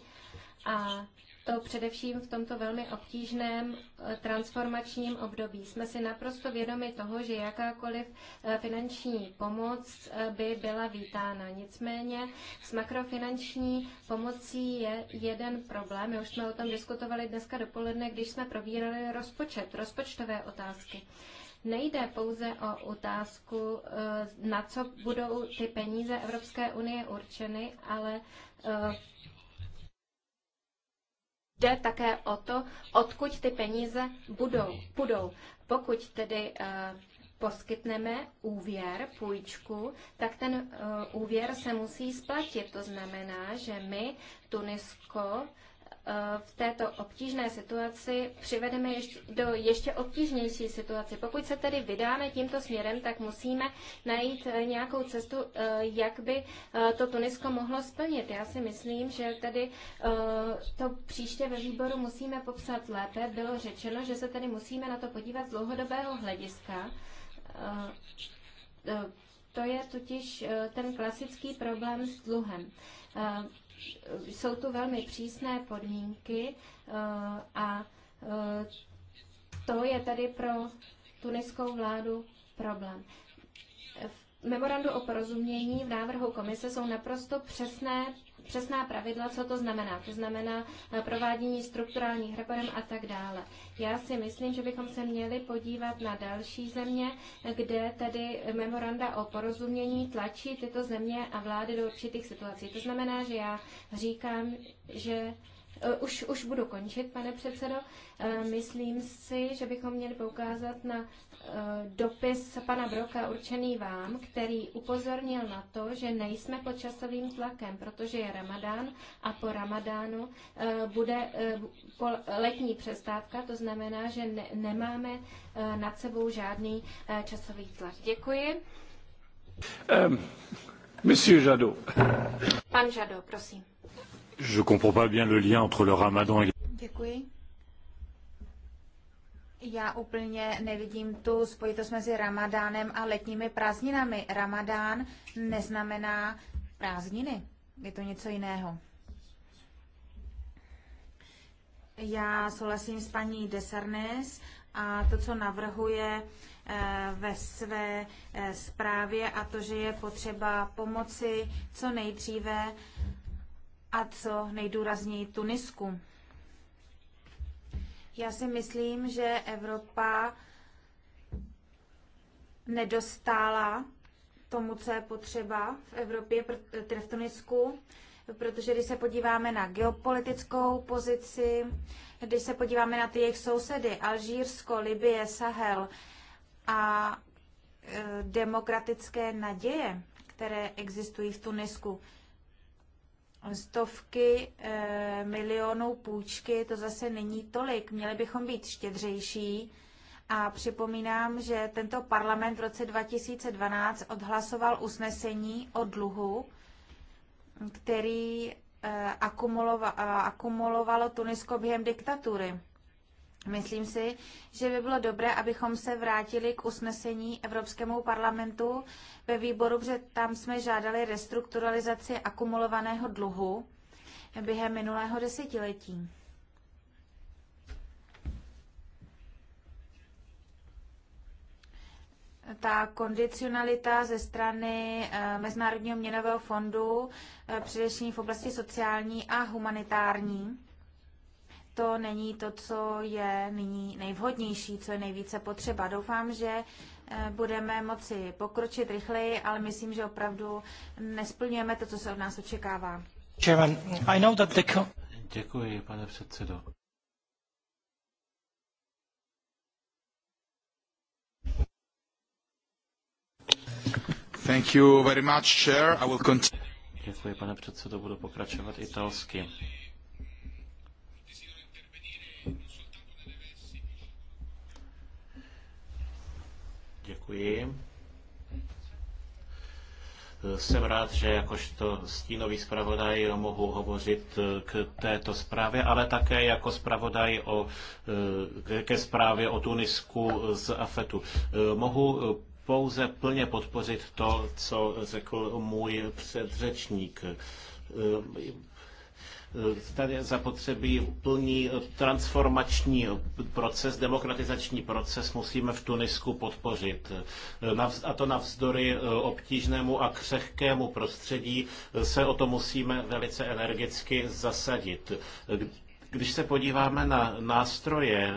A to především v tomto velmi obtížném eh, transformačním období. Jsme si naprosto vědomi toho, že jakákoliv eh, finanční pomoc eh, by byla vítána. Nicméně s makrofinanční pomocí je jeden problém. My už jsme o tom diskutovali dneska dopoledne, když jsme probírali rozpočet, rozpočtové otázky nejde pouze o otázku, na co budou ty peníze Evropské unie určeny, ale jde také o to, odkud ty peníze budou, budou. Pokud tedy eh, poskytneme úvěr, půjčku, tak ten eh, úvěr se musí splatit. To znamená, že my Tunisko Eh, v této obtížné situaci přivedeme ještě do ještě obtížnější situaci. Pokud se tedy vydáme tímto směrem, tak musíme najít eh, nějakou cestu, eh, jak by to Tunisko mohlo splnit. Já si myslím, že tedy to příště ve výboru musíme popsat lépe. Bylo řečeno, že se tedy musíme na to podívat z dlouhodobého hlediska. To je totiž ten klasický problém s dluhem jsou tu velmi přísné podmínky eh, a eh, to je tady pro tuniskou vládu problém. V memorandu o porozumění v návrhu komise jsou naprosto přesné přesná pravidla, co to znamená. To znamená eh, provádění strukturálních reform a tak dále. Já si myslím, že bychom se měli podívat na další země, kde tedy memoranda o porozumění tlačí tyto země a vlády do určitých situací. To znamená, že já říkám, že Eh, už, už budu končit, pane předsedo. Eh, myslím si, že bychom měli poukázat na eh, dopis pana Broka určený vám, který upozornil na to, že nejsme pod časovým tlakem, protože je ramadán a po ramadánu bude letní přestávka, to znamená, že ne, nemáme nad sebou žádný časový tlak. Děkuji. Um, monsieur Jadot. Pan Žado, prosím. Je comprends pas bien le lien entre le ramadan et... Děkuji. Já úplně nevidím tu spojitost mezi ramadánem a letními prázdninami. Ramadán neznamená prázdniny. Je to něco jiného. Já souhlasím s paní Desarnes a to, co navrhuje eh, ve své eh, zprávě a to, že je potřeba pomoci co nejdříve a co nejdůrazněji Tunisku. Já si myslím, že Evropa nedostála tomu, co je potřeba v Evropě, tedy v Tunisku, protože když se podíváme na geopolitickou pozici, když se podíváme na ty jejich sousedy, Alžírsko, Libie, Sahel a e, demokratické naděje, které existují v Tunisku, stovky e, milionů půjčky, to zase není tolik. Měli bychom být štědřejší. A připomínám, že tento parlament v roce 2012 odhlasoval usnesení o dluhu, který eh, eh, akumulovalo Tunisko během diktatury. Myslím si, že by bylo dobré, abychom se vrátili k usnesení Evropskému parlamentu ve výboru, protože tam jsme žádali restrukturalizaci akumulovaného dluhu během minulého desetiletí. ta kondicionalita ze strany eh, Mezinárodního měnového fondu, eh, především v oblasti sociální a humanitární to není to, co je nyní nejvhodnější, co je nejvíce potřeba. Doufám, že eh, budeme moci pokročit rychleji, ale myslím, že opravdu nesplňujeme to, co se od nás očekává. Chairman, I know that the... Děkuji, pane předsedo. Thank you very much, Chair. I will continue. Děkuji, pane předsedo, budu pokračovat italsky. Děkuji. Jsem rád, že jakožto stínový zpravodaj mohu hovořit k této zprávě, ale také jako zpravodaj o, e, ke zprávě o Tunisku z AFETu. E, mohu pouze plně podpořit to, co řekl můj předřečník e, Eh, tady zapotřebí úplný eh, transformační eh, proces, demokratizační proces musíme v Tunisku podpořit. A to navzdory obtížnému a křehkému prostředí se o to musíme velice energicky zasadit. Když se podíváme na nástroje,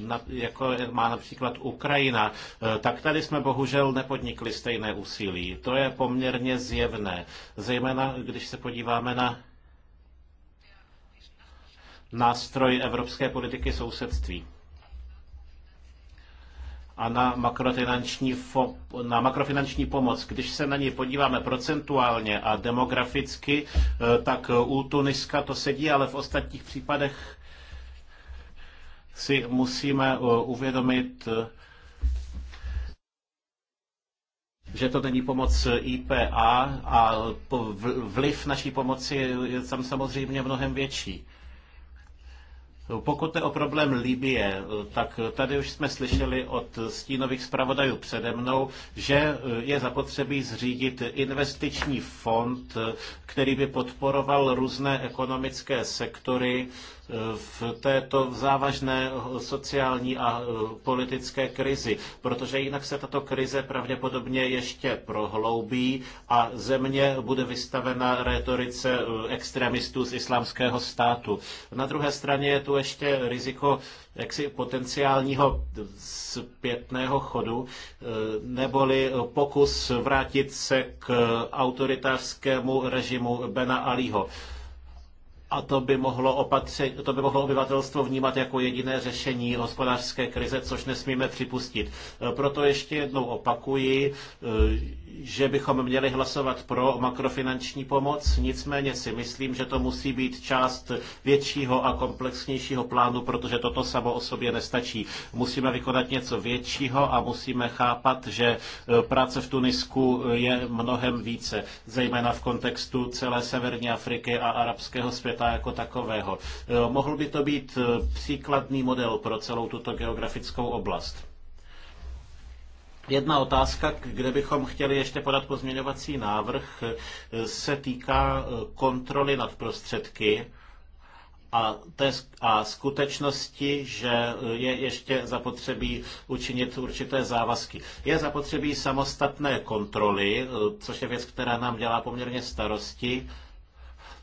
na, jako má například Ukrajina, tak tady jsme bohužel nepodnikli stejné úsilí. To je poměrně zjevné, zejména když se podíváme na nástroj evropské politiky sousedství. A na, makrofinanční fo, na makrofinanční pomoc, když se na ní podíváme procentuálně a demograficky, eh, tak eh, u Tuniska to sedí, ale v ostatních případech si musíme eh, uvědomit, že to není pomoc IPA a vliv naší pomoci je tam samozřejmě mnohem větší. Pokud je o problém Libie, tak tady už jsme slyšeli od stínových zpravodajů přede mnou, že je zapotřebí zřídit investiční fond, který by podporoval různé ekonomické sektory, v této závažné sociální a e, politické krizi, protože jinak se tato krize pravděpodobně ještě prohloubí a země bude vystavena retorice e, extremistů z islámského státu. Na druhé straně je tu ještě riziko jaksi potenciálního zpětného chodu, e, neboli pokus vrátit se k autoritářskému režimu Bena Aliho. A to by, mohlo opatře, to by mohlo obyvatelstvo vnímat jako jediné řešení hospodářské krize, což nesmíme připustit. E, proto ještě jednou opakuji, e, že bychom měli hlasovat pro makrofinanční pomoc, nicméně si myslím, že to musí být část většího a komplexnějšího plánu, protože toto samo o sobě nestačí. Musíme vykonat něco většího a musíme chápat, že e, práce v Tunisku e, je mnohem více, zejména v kontextu celé Severní Afriky a arabského světa jako takového. E, mohl by to být příkladný model pro celou tuto geografickou oblast. Jedna otázka, kde bychom chtěli ještě podat pozměňovací návrh, eh, se týká eh, kontroly nad prostředky a, té, a skutečnosti, že eh, je ještě zapotřebí učinit určité závazky. Je zapotřebí samostatné kontroly, což je věc, která nám dělá poměrně starosti.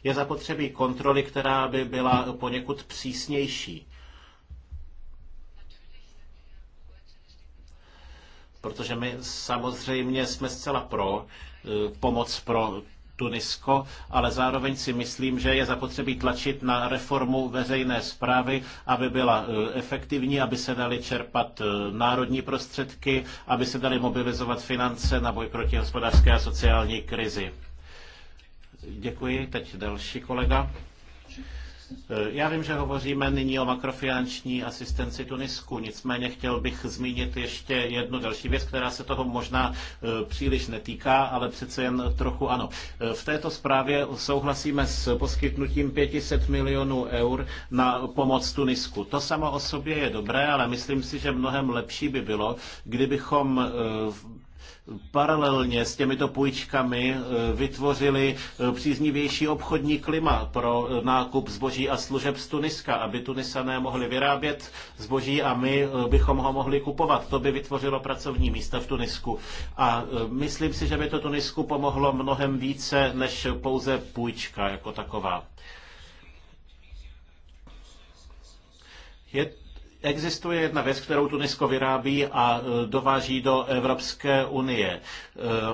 Je zapotřebí kontroly, která by byla poněkud přísnější protože my samozřejmě jsme zcela pro eh, pomoc pro Tunisko, ale zároveň si myslím, že je zapotřebí tlačit na reformu veřejné zprávy, aby byla eh, efektivní, aby se daly čerpat eh, národní prostředky, aby se daly mobilizovat finance na boj proti hospodářské a sociální krizi. Děkuji. Teď další kolega. Eh, já vím, že hovoříme nyní o makrofinanční asistenci Tunisku, nicméně chtěl bych zmínit ještě jednu další věc, která se toho možná eh, příliš netýká, ale přece jen trochu ano. Eh, v této zprávě souhlasíme s poskytnutím 500 milionů eur na pomoc Tunisku. To samo o sobě je dobré, ale myslím si, že mnohem lepší by bylo, kdybychom paralelně s těmito půjčkami eh, vytvořili eh, příznivější obchodní klima pro eh, nákup zboží a služeb z Tuniska, aby Tunisané mohli vyrábět zboží a my bychom ho mohli kupovat. To by vytvořilo pracovní místa v Tunisku. A myslím si, že by to Tunisku pomohlo mnohem více než pouze půjčka jako taková. Je Existuje jedna věc, kterou Tunisko vyrábí a e, dováží do Evropské unie. E,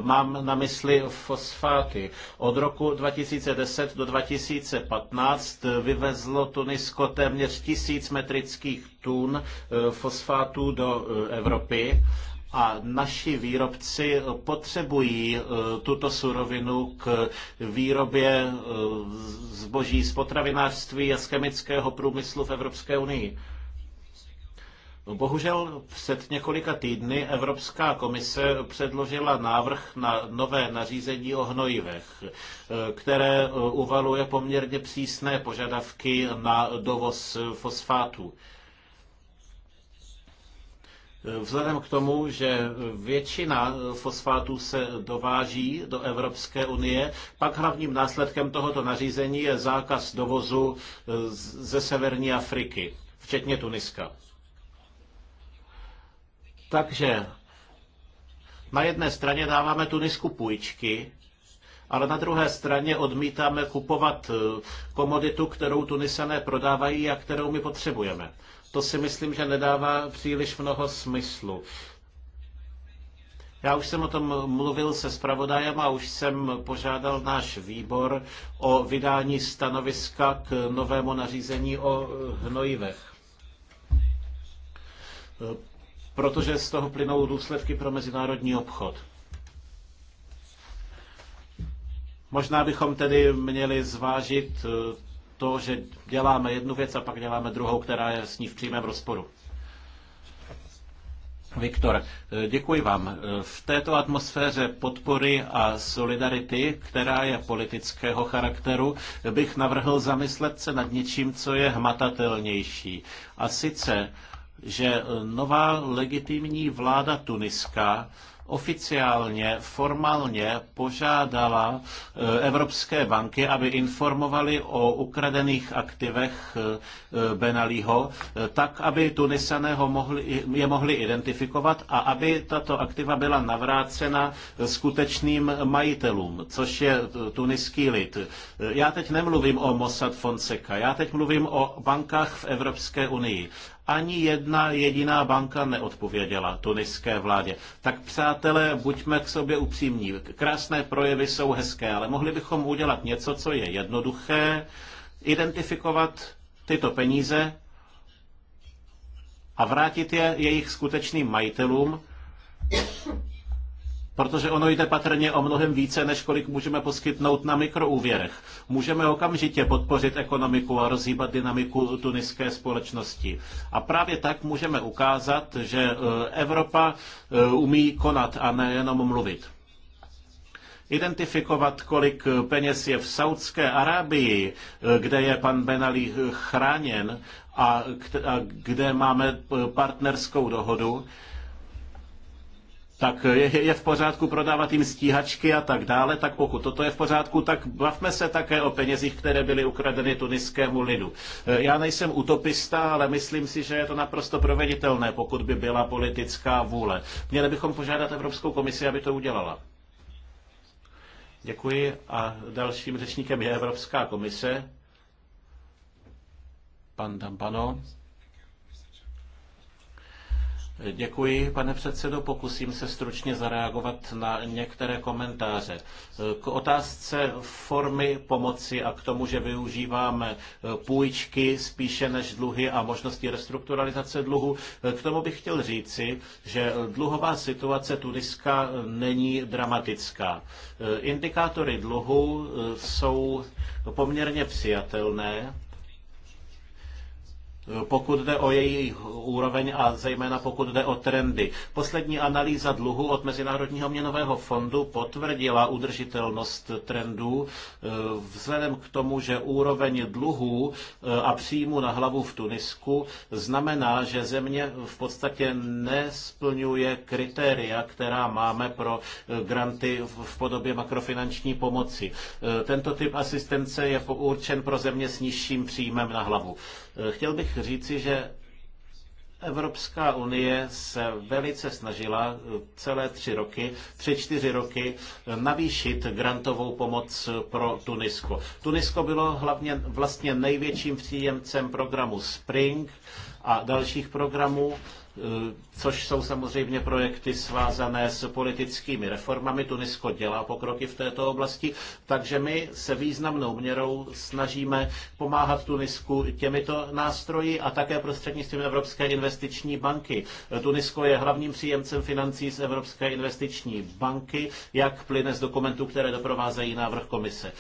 mám na mysli fosfáty. Od roku 2010 do 2015 vyvezlo Tunisko téměř tisíc metrických tun e, fosfátů do Evropy a naši výrobci potřebují tuto surovinu k výrobě zboží z potravinářství a z chemického průmyslu v Evropské unii. Bohužel před několika týdny Evropská komise předložila návrh na nové nařízení o hnojivech, eh, které eh, uvaluje poměrně přísné požadavky na dovoz eh, fosfátů. Vzhledem k tomu, že většina fosfátů se dováží do Evropské unie, pak hlavním následkem tohoto nařízení je zákaz dovozu ze severní Afriky, včetně Tuniska. Takže na jedné straně dáváme Tunisku půjčky, ale na druhé straně odmítáme kupovat eh, komoditu, kterou Tunisané prodávají a kterou my potřebujeme. To si myslím, že nedává příliš mnoho smyslu. Já už jsem o tom mluvil se zpravodajem a už jsem požádal náš výbor o vydání stanoviska k novému nařízení o eh, hnojivech. Eh, protože z toho plynou důsledky pro mezinárodní obchod. Možná bychom tedy měli zvážit eh, to, že děláme jednu věc a pak děláme druhou, která je s ní v přímém rozporu. Viktor, eh, děkuji vám. Eh, v této atmosféře podpory a solidarity, která je politického charakteru, bych navrhl zamyslet se nad něčím, co je hmatatelnější. A sice že nová legitimní vláda Tuniska oficiálně, formálně požádala eh, evropské banky, aby informovali o ukradených aktivech eh, Benalího, eh, tak, aby Tunisané ho mohli, je mohli identifikovat a aby tato aktiva byla navrácena skutečným majitelům, což je tuniský lid. Já teď nemluvím o Mossad Fonseca, já teď mluvím o bankách v Evropské unii ani jedna jediná banka neodpověděla tuniské vládě. Tak přátelé, buďme k sobě upřímní. Krásné projevy jsou hezké, ale mohli bychom udělat něco, co je jednoduché, identifikovat tyto peníze a vrátit je jejich skutečným majitelům Protože ono jde patrně o mnohem více, než kolik můžeme poskytnout na mikroúvěrech. Můžeme okamžitě podpořit ekonomiku a rozhýbat dynamiku tuniské společnosti. A právě tak můžeme ukázat, že e, Evropa e, umí konat a nejenom mluvit identifikovat, kolik peněz je v Saudské Arábii, e, kde je pan Ben Ali chráněn a kde máme partnerskou dohodu, tak je, je v pořádku prodávat jim stíhačky a tak dále, tak pokud toto je v pořádku, tak bavme se také o penězích, které byly ukradeny tuniskému lidu. E, já nejsem utopista, ale myslím si, že je to naprosto proveditelné, pokud by byla politická vůle. Měli bychom požádat Evropskou komisi, aby to udělala. Děkuji a dalším řečníkem je Evropská komise. Pan Dampano. Děkuji, pane předsedo. Pokusím se stručně zareagovat na některé komentáře. K otázce formy pomoci a k tomu, že využíváme půjčky spíše než dluhy a možnosti restrukturalizace dluhu, k tomu bych chtěl říci, že dluhová situace Tuniska není dramatická. Indikátory dluhu jsou poměrně přijatelné pokud jde o její úroveň a zejména pokud jde o trendy. Poslední analýza dluhu od Mezinárodního měnového fondu potvrdila udržitelnost trendů e, vzhledem k tomu, že úroveň dluhů e, a příjmu na hlavu v Tunisku znamená, že země v podstatě nesplňuje kritéria, která máme pro e, granty v podobě makrofinanční pomoci. Tento typ asistence je určen pro země s nižším příjmem na hlavu. Chtěl bych říci, že Evropská unie se velice snažila eh, celé tři roky, tři, čtyři roky eh, navýšit grantovou pomoc pro Tunisko. Tunisko bylo hlavně vlastně největším příjemcem programu Spring a dalších programů eh, což jsou samozřejmě projekty svázané s politickými reformami. Tunisko dělá pokroky v této oblasti, takže my se významnou měrou snažíme pomáhat Tunisku těmito nástroji a také prostřednictvím Evropské investiční banky. Tunisko je hlavním příjemcem financí z Evropské investiční banky, jak plyne z dokumentů, které doprovázejí návrh komise.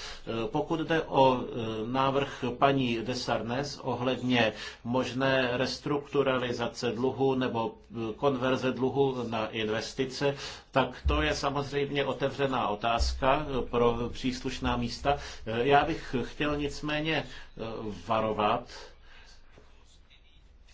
Pokud jde o e, návrh paní Desarnes ohledně možné restrukturalizace dluhu nebo e, konverze dluhu na investice, tak to je samozřejmě otevřená otázka pro příslušná místa. Já bych chtěl nicméně varovat,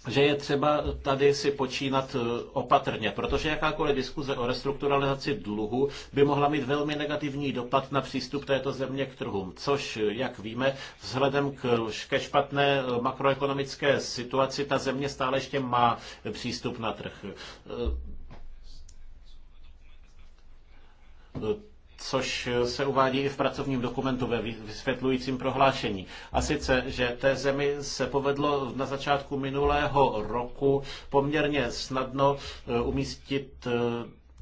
že je třeba tady si počínat eh, opatrně, protože jakákoliv diskuze o restrukturalizaci dluhu by mohla mít velmi negativní dopad na přístup této země k trhům, což, eh, jak víme, vzhledem k, eh, ke špatné makroekonomické situaci ta země stále ještě má přístup na trh což se uvádí i v pracovním dokumentu ve vysvětlujícím prohlášení. A sice, že té zemi se povedlo na začátku minulého roku poměrně snadno eh, umístit eh,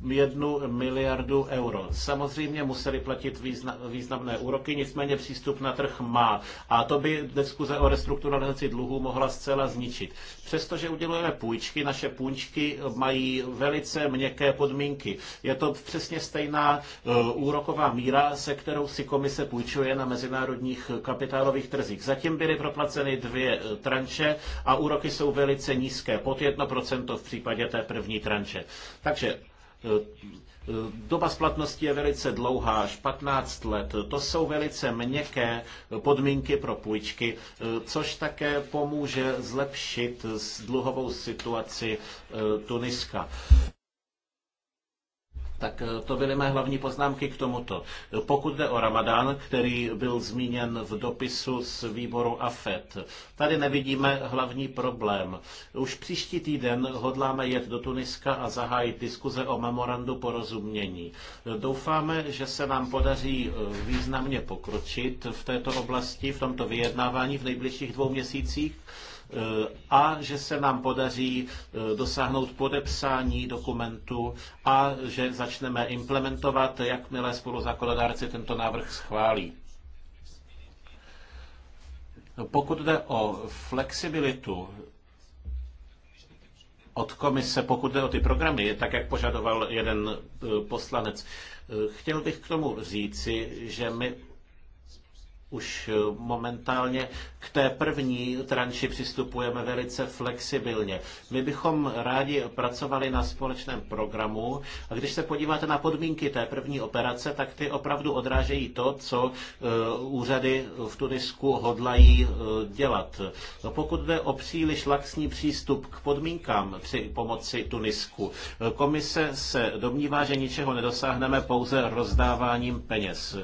jednu miliardu euro. Samozřejmě museli platit významné úroky, nicméně přístup na trh má. A to by diskuze o restrukturalizaci dluhu mohla zcela zničit. Přestože udělujeme půjčky, naše půjčky mají velice měkké podmínky. Je to přesně stejná e, úroková míra, se kterou si komise půjčuje na mezinárodních kapitálových trzích. Zatím byly proplaceny dvě e, tranše a úroky jsou velice nízké, pod 1% v případě té první tranše. Takže Eh, doba splatnosti je velice dlouhá, až 15 let. To jsou velice měkké podmínky pro půjčky, eh, což také pomůže zlepšit dluhovou situaci eh, Tuniska. Tak eh, to byly mé hlavní poznámky k tomuto. Pokud jde o Ramadán, který byl zmíněn v dopisu z výboru AFET, tady nevidíme hlavní problém. Už příští týden hodláme jet do Tuniska a zahájit diskuze o memorandu porozumění. Doufáme, že se nám podaří eh, významně pokročit v této oblasti, v tomto vyjednávání v nejbližších dvou měsících. Eh, a že se nám podaří eh, dosáhnout podepsání dokumentu a že začneme implementovat, jakmile spoluzákonodárci tento návrh schválí. Pokud jde o flexibilitu od komise, pokud jde o ty programy, tak jak požadoval jeden eh, poslanec, chtěl bych k tomu říci, že my už eh, momentálně k té první tranši přistupujeme velice flexibilně. My bychom rádi pracovali na společném programu a když se podíváte na podmínky té první operace, tak ty opravdu odrážejí to, co eh, úřady v Tunisku hodlají eh, dělat. No, pokud jde o příliš laxní přístup k podmínkám při pomoci Tunisku, komise se domnívá, že ničeho nedosáhneme pouze rozdáváním peněz.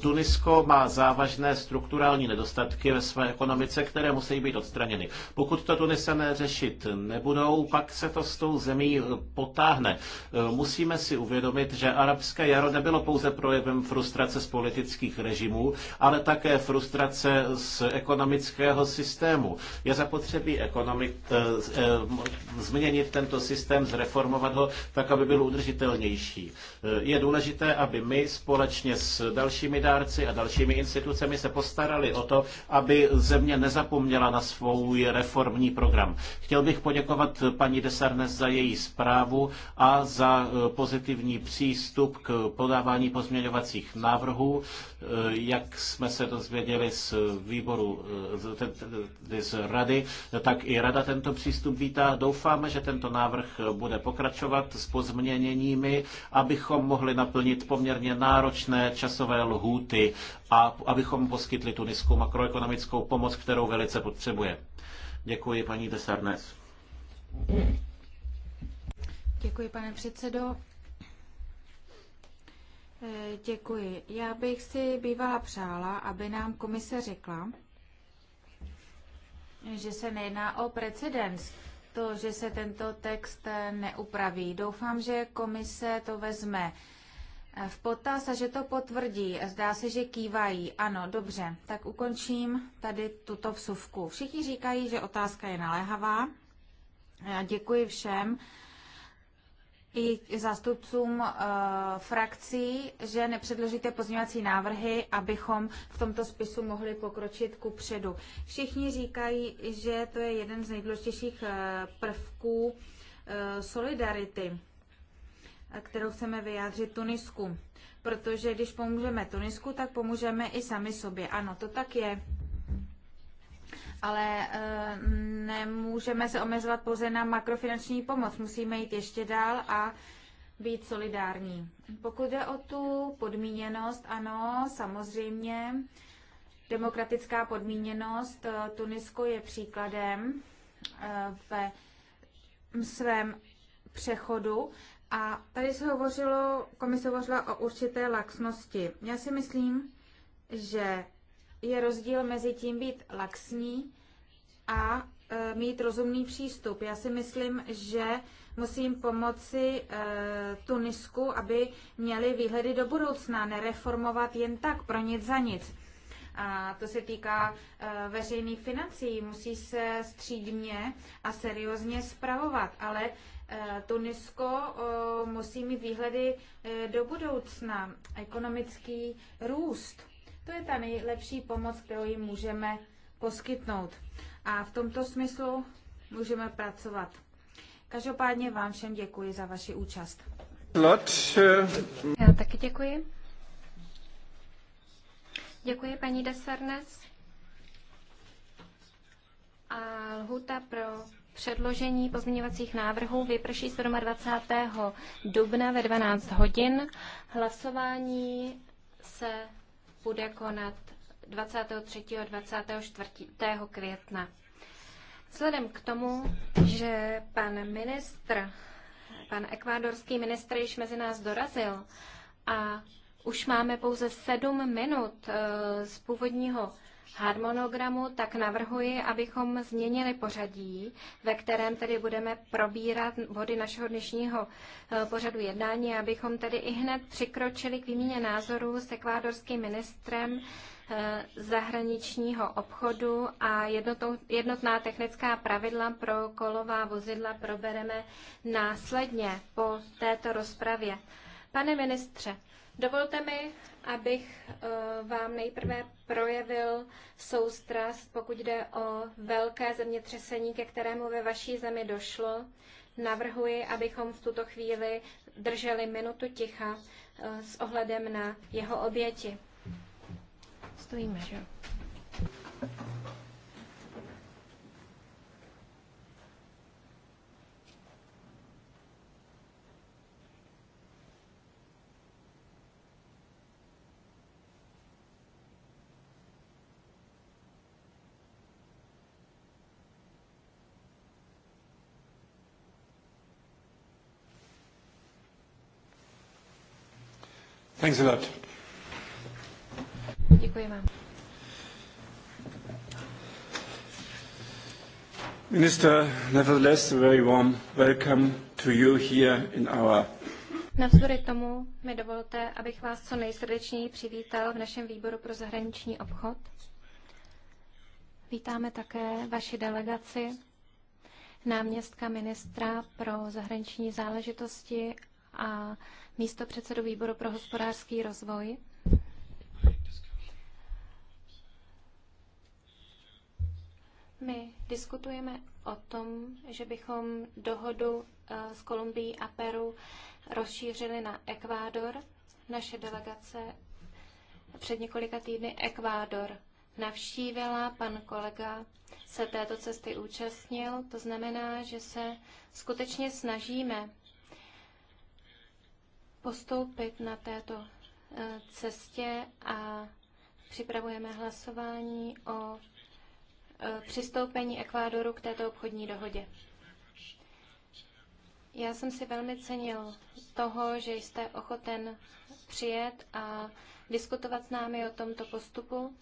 Tunisko má závažné závažné strukturální nedostatky ve své ekonomice, které musí být odstraněny. Pokud to Tunisané řešit nebudou, pak se to s tou zemí eh, potáhne. Eh, musíme si uvědomit, že arabské jaro nebylo pouze projevem frustrace z politických režimů, ale také frustrace z ekonomického systému. Je zapotřebí ekonomik, eh, změnit tento systém, zreformovat ho tak, aby byl udržitelnější. Je důležité, aby my společně s dalšími dárci a dalšími institucemi institucemi se postarali o to, aby země nezapomněla na svůj reformní program. Chtěl bych poděkovat paní Desarnes za její zprávu a za eh, pozitivní přístup k podávání pozměňovacích návrhů. Eh, jak jsme se dozvěděli z výboru, eh, z rady, tak i rada tento přístup vítá. Doufáme, že tento návrh bude pokračovat s pozměněními, abychom mohli naplnit poměrně náročné časové lhůty a abychom poskytli Tunisku makroekonomickou pomoc, kterou velice potřebuje. Děkuji, paní Desarnes. Děkuji, pane předsedo. Eh, děkuji. Já bych si bývala přála, aby nám komise řekla, že se nejedná o precedens, to, že se tento text neupraví. Doufám, že komise to vezme v potaz a že to potvrdí. Zdá se, že kývají. Ano, dobře, tak ukončím tady tuto vsuvku. Všichni říkají, že otázka je naléhavá. Já děkuji všem i zástupcům e, frakcí, že nepředložíte pozměňovací návrhy, abychom v tomto spisu mohli pokročit ku předu. Všichni říkají, že to je jeden z nejdůležitějších eh, prvků e, solidarity kterou chceme vyjádřit Tunisku. Protože když pomůžeme Tunisku, tak pomůžeme i sami sobě. Ano, to tak je. Ale e, nemůžeme se omezovat pouze na makrofinanční pomoc. Musíme jít ještě dál a být solidární. Pokud jde o tu podmíněnost, ano, samozřejmě, demokratická podmíněnost. Eh, Tunisko je příkladem eh, ve svém přechodu a tady se hovořilo, komise hovořila o určité laxnosti. Já si myslím, že je rozdíl mezi tím být laxní a e, mít rozumný přístup. Já si myslím, že musím pomoci e, Tunisku, aby měli výhledy do budoucna, nereformovat jen tak pro nic za nic. A to se týká e, veřejných financí, musí se střídně a seriózně spravovat, ale Eh, Tunisko eh, musí mít výhledy eh, do budoucna, ekonomický růst. To je ta nejlepší pomoc, kterou jim můžeme poskytnout. A v tomto smyslu můžeme pracovat. Každopádně vám všem děkuji za vaši účast. Já taky děkuji. Děkuji, paní Desarnes. A lhuta pro předložení pozměňovacích návrhů vyprší 27. dubna ve 12 hodin. Hlasování se bude konat 23. a 24. května. Vzhledem k tomu, že pan ministr, pan ekvádorský ministr již mezi nás dorazil a už máme pouze sedm minut eh, z původního harmonogramu, tak navrhuji, abychom změnili pořadí, ve kterém tedy budeme probírat body našeho dnešního eh, pořadu jednání, abychom tedy i hned přikročili k výměně názorů s ekvádorským ministrem eh, zahraničního obchodu a jednotná technická pravidla pro kolová vozidla probereme následně po této rozpravě. Pane ministře, Dovolte mi, abych eh, vám nejprve projevil soustrast, pokud jde o velké zemětřesení, ke kterému ve vaší zemi došlo. Navrhuji, abychom v tuto chvíli drželi minutu ticha eh, s ohledem na jeho oběti. Stojíme, že? Thanks a lot. Děkuji vám. Minister, nevertheless, a very warm welcome to you here in our Navzdory tomu mi dovolte, abych vás co nejsrdečněji přivítal v našem výboru pro zahraniční obchod. Vítáme také vaši delegaci, náměstka ministra pro zahraniční záležitosti a místo předsedu výboru pro hospodářský rozvoj. My diskutujeme o tom, že bychom dohodu eh, s Kolumbií a Peru rozšířili na Ekvádor. Naše delegace před několika týdny Ekvádor navštívila, pan kolega se této cesty účastnil. To znamená, že se skutečně snažíme postoupit na této eh, cestě a připravujeme hlasování o eh, přistoupení Ekvádoru k této obchodní dohodě. Já jsem si velmi cenil toho, že jste ochoten přijet a diskutovat s námi o tomto postupu.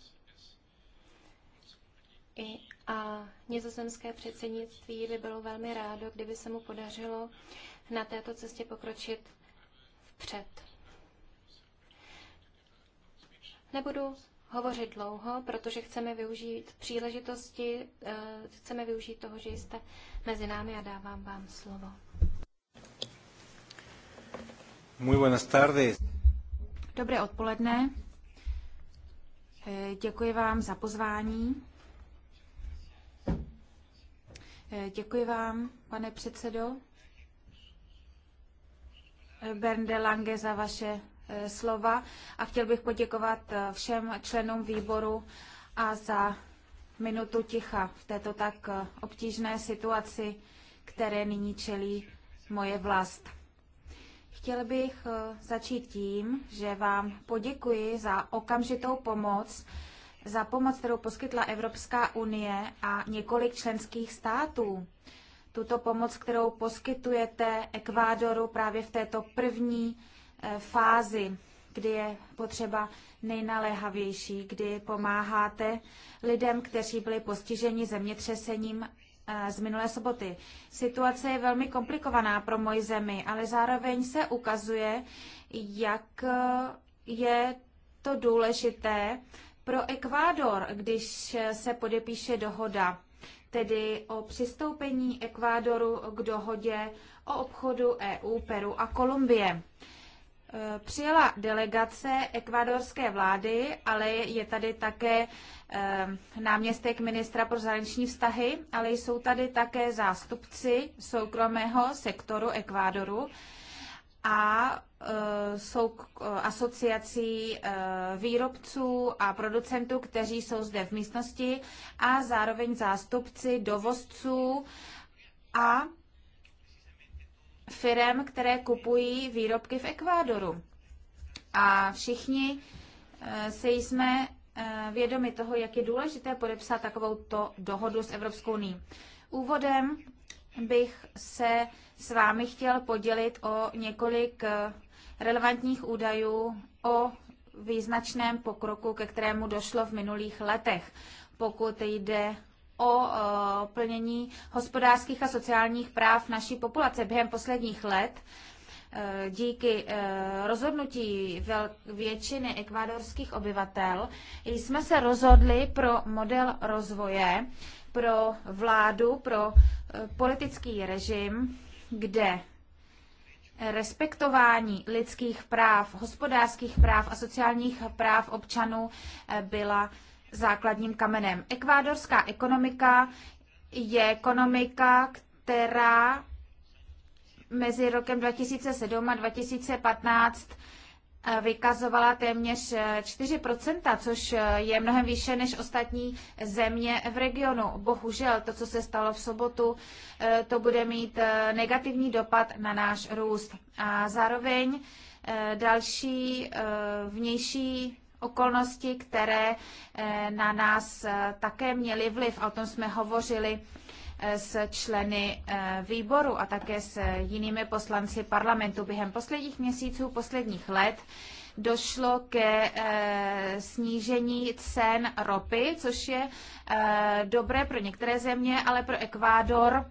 I a nizozemské předsednictví by bylo velmi rádo, kdyby se mu podařilo na této cestě pokročit vpřed. Nebudu hovořit dlouho, protože chceme využít příležitosti, eh, chceme využít toho, že jste mezi námi a dávám vám slovo. Muy buenas tardes. Dobré odpoledne. Eh, děkuji vám za pozvání. Eh, děkuji vám, pane předsedo. Bernde Lange za vaše eh, slova a chtěl bych poděkovat eh, všem členům výboru a za minutu ticha v této tak eh, obtížné situaci, které nyní čelí moje vlast. Chtěl bych začít tím, že vám poděkuji za okamžitou pomoc, za pomoc, kterou poskytla Evropská unie a několik členských států tuto pomoc, kterou poskytujete Ekvádoru právě v této první eh, fázi, kdy je potřeba nejnaléhavější, kdy pomáháte lidem, kteří byli postiženi zemětřesením eh, z minulé soboty. Situace je velmi komplikovaná pro moji zemi, ale zároveň se ukazuje, jak eh, je to důležité pro Ekvádor, když se podepíše dohoda tedy o přistoupení Ekvádoru k dohodě o obchodu EU, Peru a Kolumbie. E, přijela delegace ekvádorské vlády, ale je tady také e, náměstek ministra pro zahraniční vztahy, ale jsou tady také zástupci soukromého sektoru Ekvádoru a Eh, jsou asociací eh, výrobců a producentů, kteří jsou zde v místnosti a zároveň zástupci dovozců a firem, které kupují výrobky v Ekvádoru. A všichni eh, se jsme vědomi toho, jak je důležité podepsat takovouto dohodu s Evropskou unii. Úvodem bych se s vámi chtěl podělit o několik relevantních údajů o význačném pokroku, ke kterému došlo v minulých letech, pokud jde o e, plnění hospodářských a sociálních práv naší populace během posledních let. E, díky e, rozhodnutí většiny ekvádorských obyvatel jsme se rozhodli pro model rozvoje, pro vládu, pro politický režim, kde respektování lidských práv, hospodářských práv a sociálních práv občanů eh, byla základním kamenem. Ekvádorská ekonomika je ekonomika, která mezi rokem 2007 a 2015 vykazovala téměř 4%, eh, což eh, je mnohem výše než ostatní země v regionu. Bohužel to, co se stalo v sobotu, eh, to bude mít negativní dopad na náš růst. A zároveň další vnější okolnosti, které na nás také měly vliv, a o tom jsme hovořili s členy eh, výboru a také s jinými poslanci parlamentu. Během posledních měsíců, posledních let došlo ke eh, snížení cen ropy, což je eh, dobré pro některé země, ale pro Ekvádor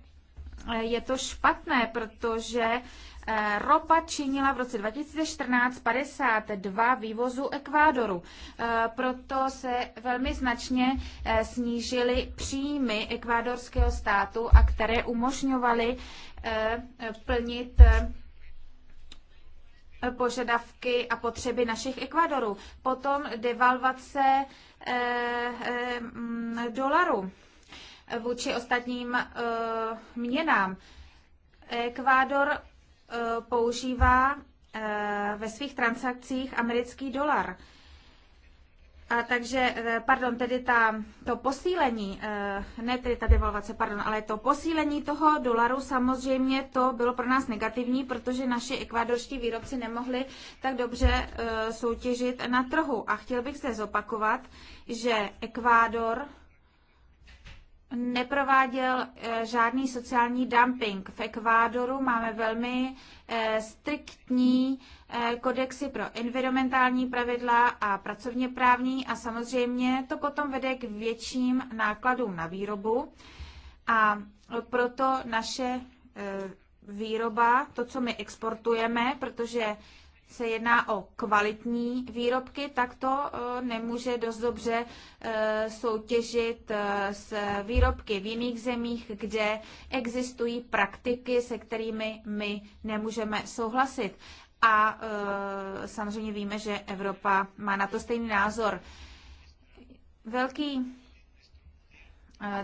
je to špatné, protože Eh, ropa činila v roce 2014 52 vývozů Ekvádoru. Eh, proto se velmi značně eh, snížily příjmy ekvádorského státu a které umožňovaly plnit požadavky a potřeby našich Ekvádorů. Potom devalvace mm, dolaru vůči ostatním měnám. Ekvádor Eh, používá eh, ve svých transakcích americký dolar. A takže, eh, pardon, tedy ta, to posílení, ne tedy ta devalvace, pardon, ale to posílení toho dolaru samozřejmě to bylo pro nás negativní, protože naši ekvádorští výrobci nemohli tak dobře soutěžit na trhu. A chtěl bych se zopakovat, že Ekvádor neprováděl eh, žádný sociální dumping. V Ekvádoru máme velmi eh, striktní eh, kodexy pro environmentální pravidla a pracovně právní a samozřejmě to potom vede k větším nákladům na výrobu a proto naše výroba, to, co my exportujeme, protože se jedná o kvalitní výrobky, tak to e, nemůže dost dobře e, soutěžit e, s výrobky v jiných zemích, kde existují praktiky, se kterými my nemůžeme souhlasit. A samozřejmě víme, že Evropa má na to stejný názor. Velký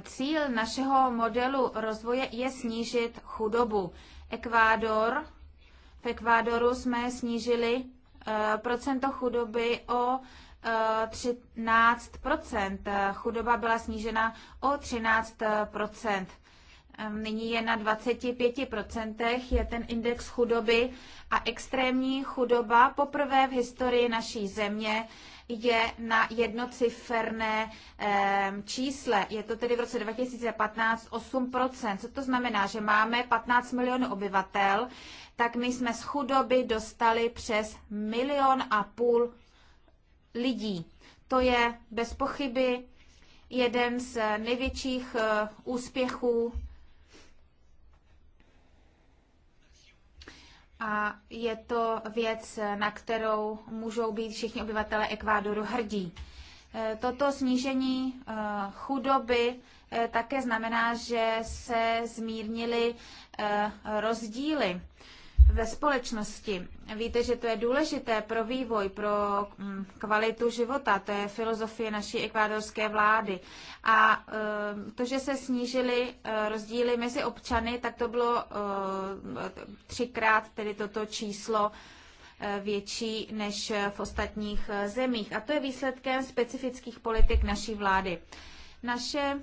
cíl našeho modelu rozvoje je snížit chudobu. Ekvádor v Ekvádoru jsme snížili eh, procento chudoby o 13 eh, Chudoba byla snížena o 13 Nyní je na 25 je ten index chudoby a extrémní chudoba poprvé v historii naší země je na jednociferné čísle. Je to tedy v roce 2015 8%. Co to znamená, že máme 15 milionů obyvatel, tak my jsme z chudoby dostali přes milion a půl lidí. To je bez pochyby jeden z největších eh, úspěchů a je to věc, na kterou můžou být všichni obyvatelé Ekvádoru hrdí. E, toto snížení e, chudoby e, také znamená, že se zmírnily rozdíly ve společnosti. Víte, že to je důležité pro vývoj, pro mm, kvalitu života, to je filozofie naší ekvádorské vlády. A ehm, to, že se snížily e, rozdíly mezi občany, tak to bylo e, třikrát tedy toto číslo e, větší než v ostatních zemích. A to je výsledkem specifických politik naší vlády. Naše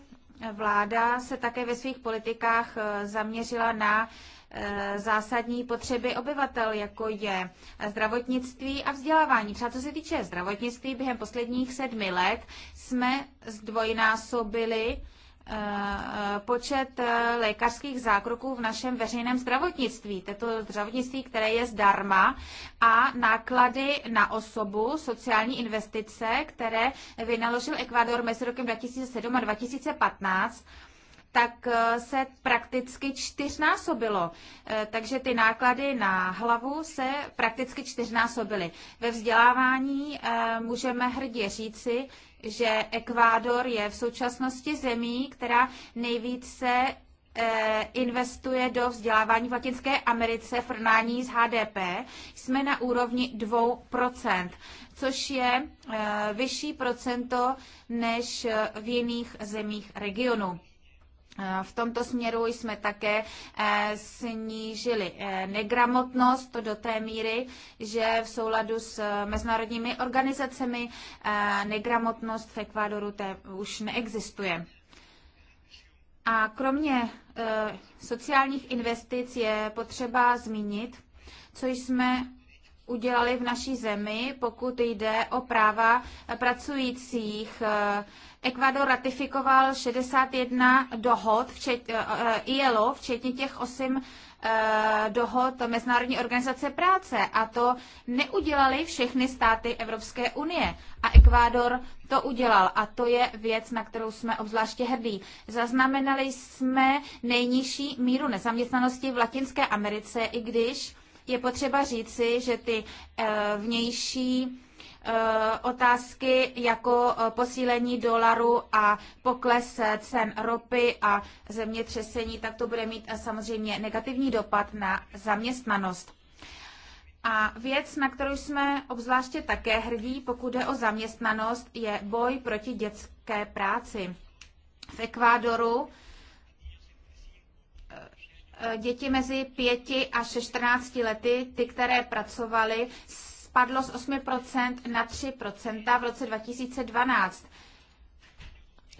vláda se také ve svých politikách zaměřila na Eh, zásadní potřeby obyvatel, jako je zdravotnictví a vzdělávání. Třeba co se týče zdravotnictví, během posledních sedmi let jsme zdvojnásobili eh, eh, počet lékařských zákroků v našem veřejném zdravotnictví. Tato zdravotnictví, které je zdarma a náklady na osobu, sociální investice, které vynaložil Ekvador mezi rokem 2007 a 2015 tak eh, se prakticky čtyřnásobilo. Eh, takže ty náklady na hlavu se prakticky čtyřnásobily. Ve vzdělávání eh, můžeme hrdě říci, že Ekvádor je v současnosti zemí, která nejvíce investuje do vzdělávání v Latinské Americe v rovnání s HDP, jsme na úrovni 2%, což je vyšší procento než v jiných zemích regionu. V tomto směru jsme také eh, snížili eh, negramotnost to do té míry, že v souladu s eh, mezinárodními organizacemi negramotnost v Ekvádoru už neexistuje. A kromě sociálních investic je potřeba zmínit, co jsme udělali v naší zemi, pokud jde o práva pracujících. Ekvador ratifikoval 61 dohod, včet, eh, eh, ILO, včetně těch 8 eh, dohod Mezinárodní organizace práce a to neudělali všechny státy Evropské unie. A Ekvádor to udělal a to je věc, na kterou jsme obzvláště hrdí. Zaznamenali jsme nejnižší míru nezaměstnanosti v Latinské Americe, i když je potřeba říci, že ty eh, vnější eh, otázky jako eh, posílení dolaru a pokles cen ropy a zemětřesení, tak to bude mít samozřejmě negativní dopad na zaměstnanost. A věc, na kterou jsme obzvláště také hrdí, pokud jde o zaměstnanost, je boj proti dětské práci. V Ekvádoru Eh, děti mezi 5 a 14 lety, ty, které pracovaly, spadlo z 8% na 3% v roce 2012.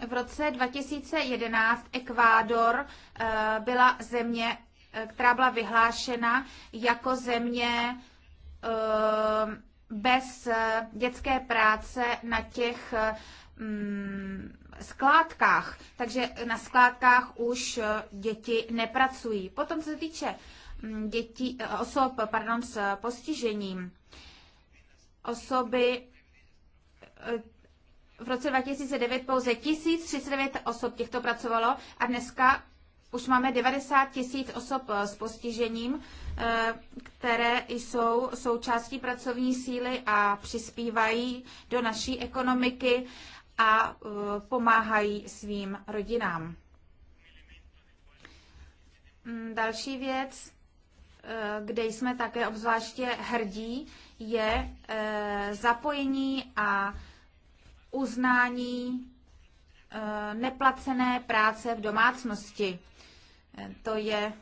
V roce 2011 Ekvádor eh, byla země, eh, která byla vyhlášena jako země bez dětské práce na těch mm, skládkách, takže na skládkách už eh, děti nepracují. Potom se týče mm, dětí, eh, osob pardon, s postižením, osoby eh, v roce 2009 pouze 1039 osob těchto pracovalo a dneska už máme 90 tisíc osob s postižením, které jsou součástí pracovní síly a přispívají do naší ekonomiky a e, pomáhají svým rodinám. Mm, další věc, e, kde jsme také obzvláště hrdí, je e, zapojení a uznání neplacené práce v domácnosti. To je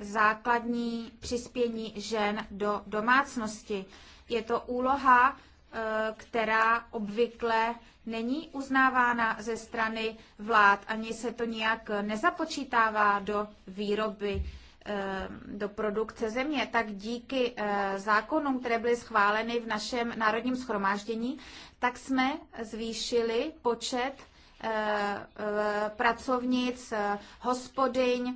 základní přispění žen do domácnosti. Je to úloha, Eh, která obvykle není uznávána ze strany vlád, ani se to nijak nezapočítává do výroby, eh, do produkce země, tak díky eh, zákonům, které byly schváleny v našem národním schromáždění, tak jsme zvýšili počet pracovnic, hospodyň,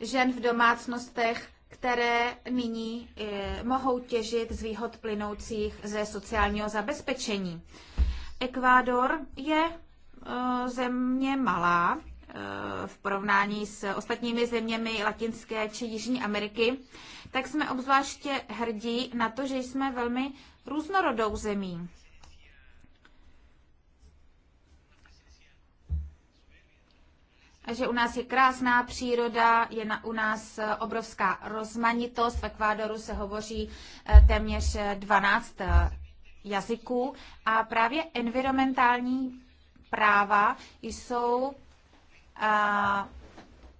žen v domácnostech které nyní eh, mohou těžit z výhod plynoucích ze sociálního zabezpečení. Ekvádor je eh, země malá eh, v porovnání s ostatními zeměmi Latinské či Jižní Ameriky, tak jsme obzvláště hrdí na to, že jsme velmi různorodou zemí. že u nás je krásná příroda, je na, u nás eh, obrovská rozmanitost. V Ekvádoru se hovoří eh, téměř 12 eh, jazyků a právě environmentální práva jsou a,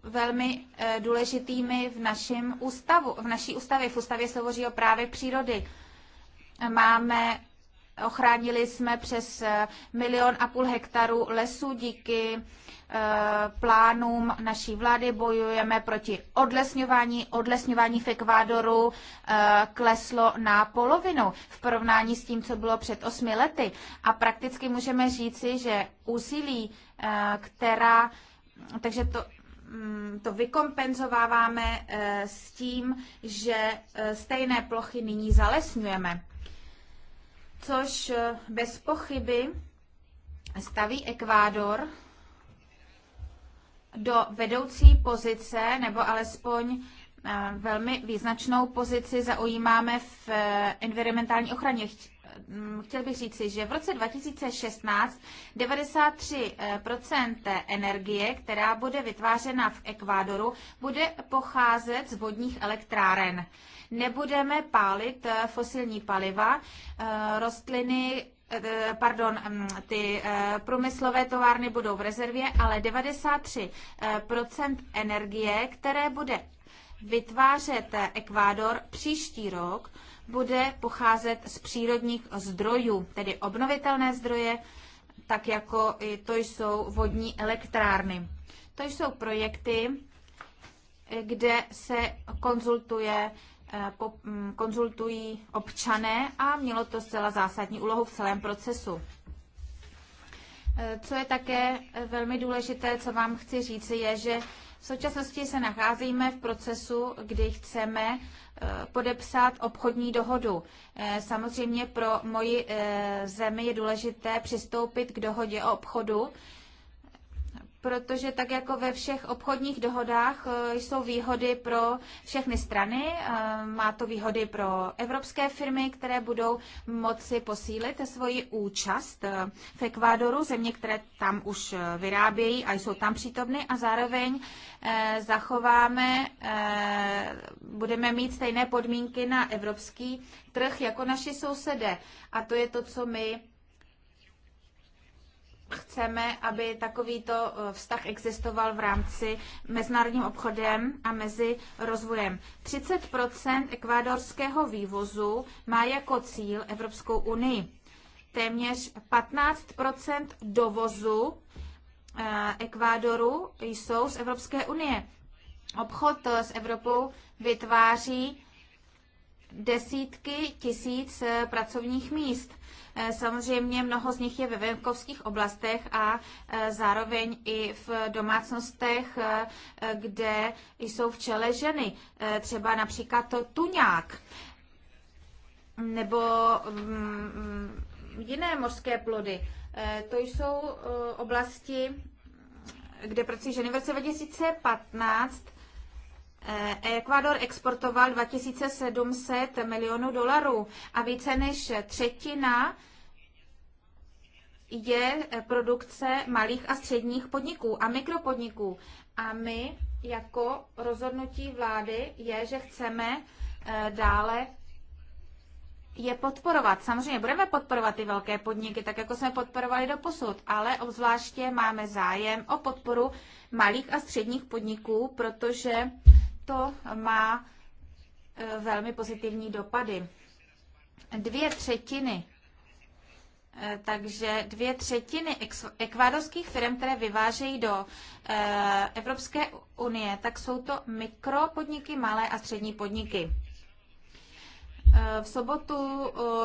velmi důležitými v našem ústavu, v naší ústavě. V ústavě se hovoří o právě přírody. Máme Ochránili jsme přes eh, milion a půl hektarů lesů díky eh, plánům naší vlády. Bojujeme proti odlesňování. Odlesňování v Ekvádoru eh, kleslo na polovinu v porovnání s tím, co bylo před osmi lety. A prakticky můžeme říci, že úsilí, která. Takže to, mm, to vykompenzováváme s tím, že stejné plochy nyní zalesňujeme což eh, bez pochyby staví Ekvádor do vedoucí pozice, nebo alespoň eh, velmi význačnou pozici zaujímáme v eh, environmentální ochraně. Mm, chtěl bych říci, že v roce 2016 93% energie, která bude vytvářena v Ekvádoru, bude pocházet z vodních elektráren nebudeme pálit eh, fosilní paliva, eh, rostliny, eh, pardon, mm, ty průmyslové továrny budou v rezervě, ale 93% energie, které bude vytvářet Ekvádor příští rok, bude pocházet z přírodních zdrojů, tedy obnovitelné zdroje, tak jako i to jsou vodní elektrárny. To jsou projekty, kde se konzultuje Eh, mm, konzultují občané a mělo to zcela zásadní úlohu v celém procesu. Eh, co je také eh, velmi důležité, co vám chci říct, je, že v současnosti se nacházíme v procesu, kdy chceme podepsat obchodní dohodu. Samozřejmě pro moji zemi je důležité přistoupit k dohodě o obchodu, protože tak jako ve všech obchodních dohodách eh, jsou výhody pro všechny strany. Eh, má to výhody pro evropské firmy, které budou moci posílit svoji účast eh, v Ekvádoru, země, které tam už vyrábějí a jsou tam přítomny a zároveň zachováme, budeme mít stejné podmínky na evropský trh jako naši sousedé. A to je to, co my chceme, aby takovýto eh, vztah existoval v rámci mezinárodním obchodem a mezi rozvojem. 30 ekvádorského vývozu má jako cíl Evropskou unii. Téměř 15 dovozu eh, Ekvádoru jsou z Evropské unie. Obchod eh, s Evropou vytváří desítky tisíc pracovních míst Eh, samozřejmě mnoho z nich je ve venkovských oblastech a eh, zároveň i v domácnostech, eh, kde jsou v čele ženy. Třeba například to tuňák nebo mm, jiné mořské plody. To jsou oblasti, kde pracují ženy v roce 2015 Ekvador eh, exportoval 2700 milionů dolarů a více než třetina je produkce malých a středních podniků a mikropodniků. A my jako rozhodnutí vlády je, že chceme eh, dále je podporovat. Samozřejmě budeme podporovat ty velké podniky, tak jako jsme podporovali do posud, ale obzvláště máme zájem o podporu malých a středních podniků, protože to má e, velmi pozitivní dopady. Dvě třetiny e, takže dvě třetiny ekvádorských firm, které vyvážejí do e, Evropské unie, tak jsou to mikropodniky, malé a střední podniky. V sobotu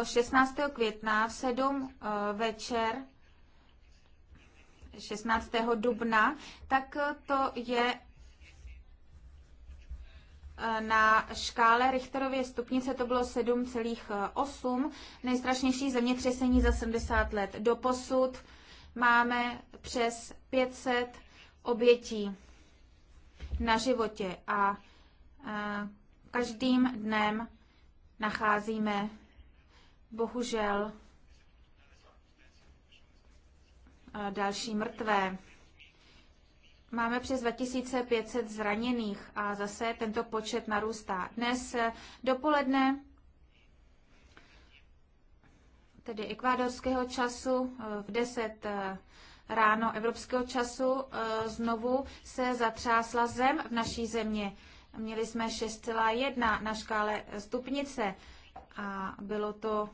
16. května v 7 večer 16. dubna, tak to je Eh, na škále Richterově stupnice to bylo 7,8, nejstrašnější zemětřesení za 70 let. Doposud máme přes 500 obětí na životě a eh, každým dnem nacházíme bohužel eh, další mrtvé. Máme přes 2500 zraněných a zase tento počet narůstá. Dnes eh, dopoledne, tedy ekvádorského času eh, v 10 eh, ráno evropského času, znovu se zatřásla zem v naší země. Měli jsme 6,1 na škále stupnice a bylo to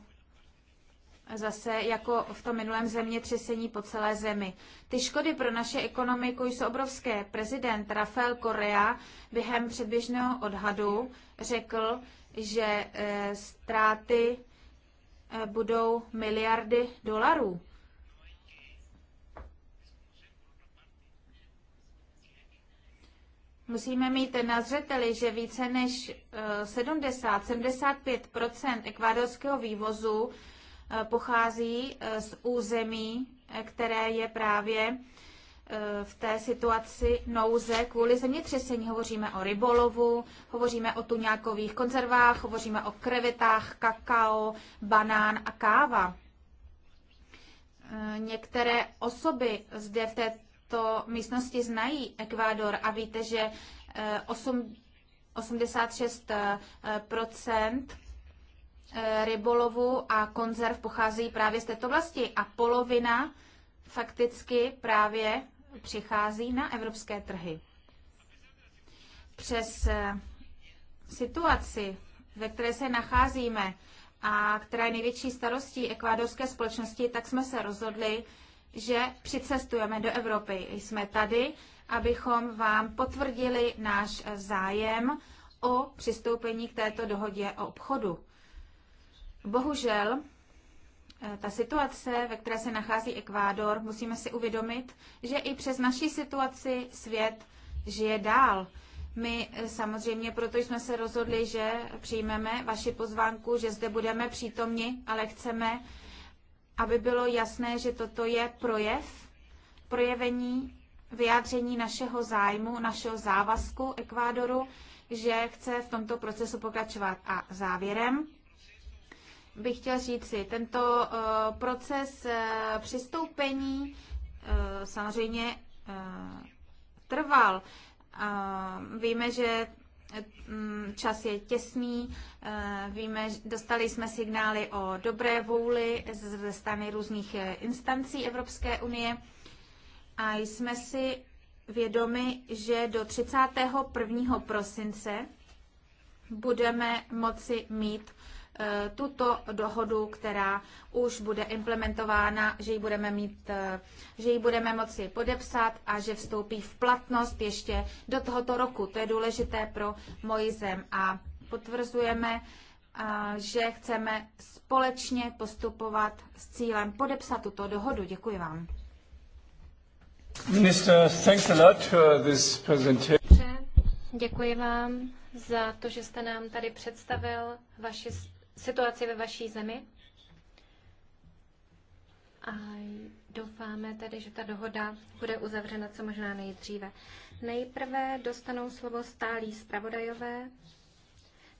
zase jako v tom minulém zemětřesení po celé zemi. Ty škody pro naše ekonomiku jsou obrovské. Prezident Rafael Correa během předběžného odhadu řekl, že e, ztráty e, budou miliardy dolarů. Musíme mít na zřeteli, že více než 70-75 e, ekvádorského vývozu Eh, pochází eh, z území, eh, které je právě v té situaci nouze kvůli zemětřesení. Hovoříme o rybolovu, hovoříme o tuňákových konzervách, hovoříme o krevetách, kakao, banán a káva. Některé osoby zde v této místnosti znají Ekvádor a víte, že 8, 86 Eh, rybolovu a konzerv pochází právě z této vlasti a polovina fakticky právě přichází na evropské trhy. Přes eh, situaci, ve které se nacházíme a která je největší starostí ekvádorské společnosti, tak jsme se rozhodli, že přicestujeme do Evropy. Jsme tady, abychom vám potvrdili náš zájem o přistoupení k této dohodě o obchodu. Bohužel, eh, ta situace, ve které se nachází Ekvádor, musíme si uvědomit, že i přes naší situaci svět žije dál. My eh, samozřejmě, proto jsme se rozhodli, že přijmeme vaši pozvánku, že zde budeme přítomni, ale chceme, aby bylo jasné, že toto je projev, projevení, vyjádření našeho zájmu, našeho závazku Ekvádoru, že chce v tomto procesu pokračovat. A závěrem, bych chtěl si, Tento eh, proces eh, přistoupení eh, samozřejmě trval. Víme, že mm, čas je těsný, víme, dostali jsme signály o dobré vůli ze strany různých instancí Evropské unie a jsme si vědomi, že do 31. prosince budeme moci mít Eh, tuto dohodu, která už bude implementována, že ji budeme mít, eh, že ji budeme moci podepsat a že vstoupí v platnost ještě do tohoto roku. To je důležité pro moji zem a potvrzujeme, eh, že chceme společně postupovat s cílem podepsat tuto dohodu. Děkuji vám. Minister, thanks a lot for this presentation. Děkuji vám za to, že jste nám tady představil vaši situaci ve vaší zemi. A doufáme tedy, že ta dohoda bude uzavřena co možná nejdříve. Nejprve dostanou slovo stálí zpravodajové.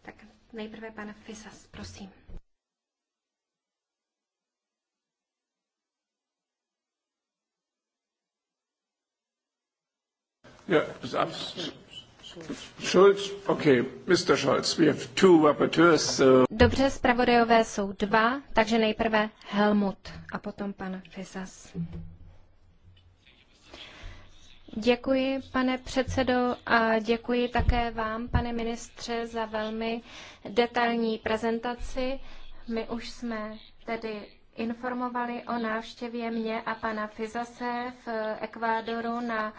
Tak nejprve pan Fisas, prosím. Yeah, Mr. Dobře, zpravodajové jsou dva, takže nejprve Helmut a potom pan Fisas. Děkuji, pane předsedo, a děkuji také vám, pane ministře, za velmi detailní prezentaci. My už jsme tedy informovali o návštěvě mě a pana Fizase v Ekvádoru na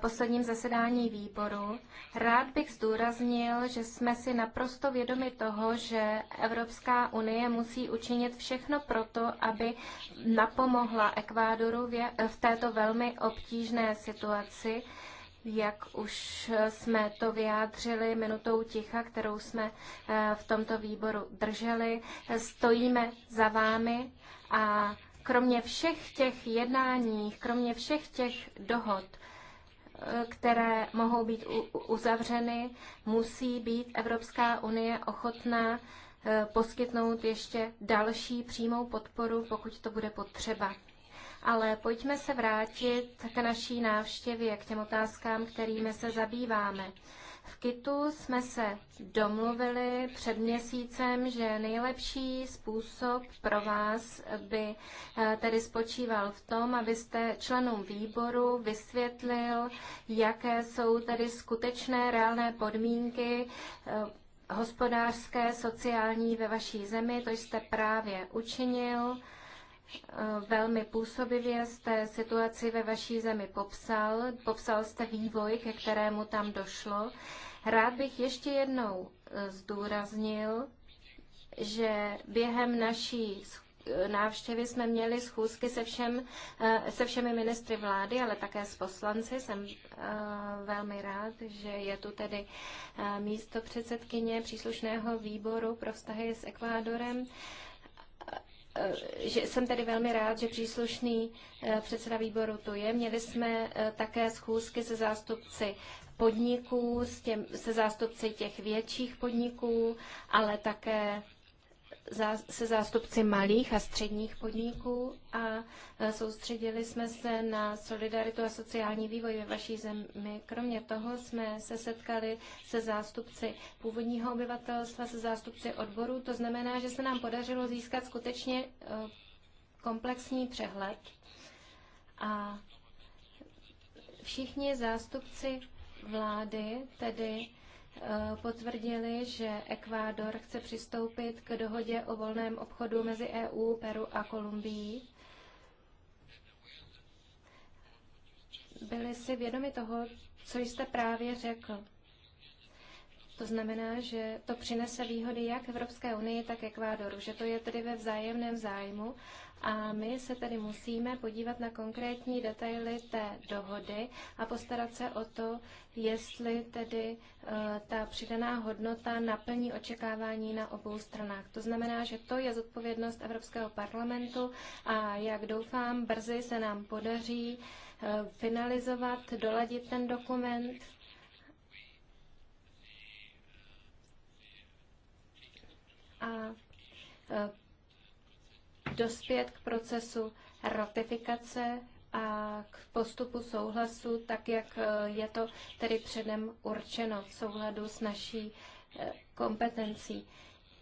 posledním zasedání výboru. Rád bych zdůraznil, že jsme si naprosto vědomi toho, že Evropská unie musí učinit všechno proto, aby napomohla Ekvádoru v této velmi obtížné situaci jak už jsme to vyjádřili minutou ticha, kterou jsme eh, v tomto výboru drželi. Stojíme za vámi a kromě všech těch jednání, kromě všech těch dohod, eh, které mohou být uzavřeny, musí být Evropská unie ochotná eh, poskytnout ještě další přímou podporu, pokud to bude potřeba. Ale pojďme se vrátit k naší návštěvě, k těm otázkám, kterými se zabýváme. V Kitu jsme se domluvili před měsícem, že nejlepší způsob pro vás by eh, tedy spočíval v tom, abyste členům výboru vysvětlil, jaké jsou tedy skutečné reálné podmínky eh, hospodářské, sociální ve vaší zemi. To jste právě učinil. Eh, velmi působivě jste situaci ve vaší zemi popsal, popsal jste vývoj, ke kterému tam došlo. Rád bych ještě jednou eh, zdůraznil, že během naší eh, návštěvy jsme měli schůzky se, všem, se všemi ministry vlády, ale také s poslanci. Jsem velmi rád, že je tu tedy místo předsedkyně příslušného výboru pro vztahy s Ekvádorem. Eh, že jsem tedy velmi rád, že příslušný eh, předseda výboru tu je. Měli jsme eh, také schůzky se zástupci podniků, s těm, se zástupci těch větších podniků, ale také se zástupci malých a středních podniků a e, soustředili jsme se na solidaritu a sociální vývoj ve vaší zemi. Kromě toho jsme se setkali se zástupci původního obyvatelstva, se zástupci odborů. To znamená, že se nám podařilo získat skutečně e, komplexní přehled a všichni zástupci vlády tedy Eh, potvrdili, že Ekvádor chce přistoupit k dohodě o volném obchodu mezi EU, Peru a Kolumbií. Byli si vědomi toho, co jste právě řekl. To znamená, že to přinese výhody jak Evropské unii, tak Ekvádoru, že to je tedy ve vzájemném zájmu a my se tedy musíme podívat na konkrétní detaily té dohody a postarat se o to, jestli tedy eh, ta přidaná hodnota naplní očekávání na obou stranách. To znamená, že to je zodpovědnost Evropského parlamentu a jak doufám, brzy se nám podaří eh, finalizovat, doladit ten dokument. A eh, dospět k procesu ratifikace a k postupu souhlasu, tak jak eh, je to tedy předem určeno v souhladu s naší eh, kompetencí.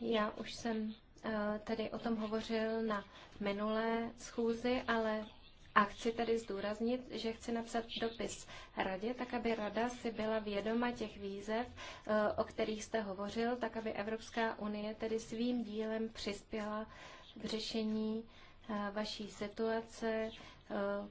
Já už jsem eh, tedy o tom hovořil na minulé schůzi, ale a chci tedy zdůraznit, že chci napsat dopis radě, tak aby rada si byla vědoma těch výzev, o kterých jste hovořil, tak aby Evropská unie tedy svým dílem přispěla v řešení eh, vaší situace eh,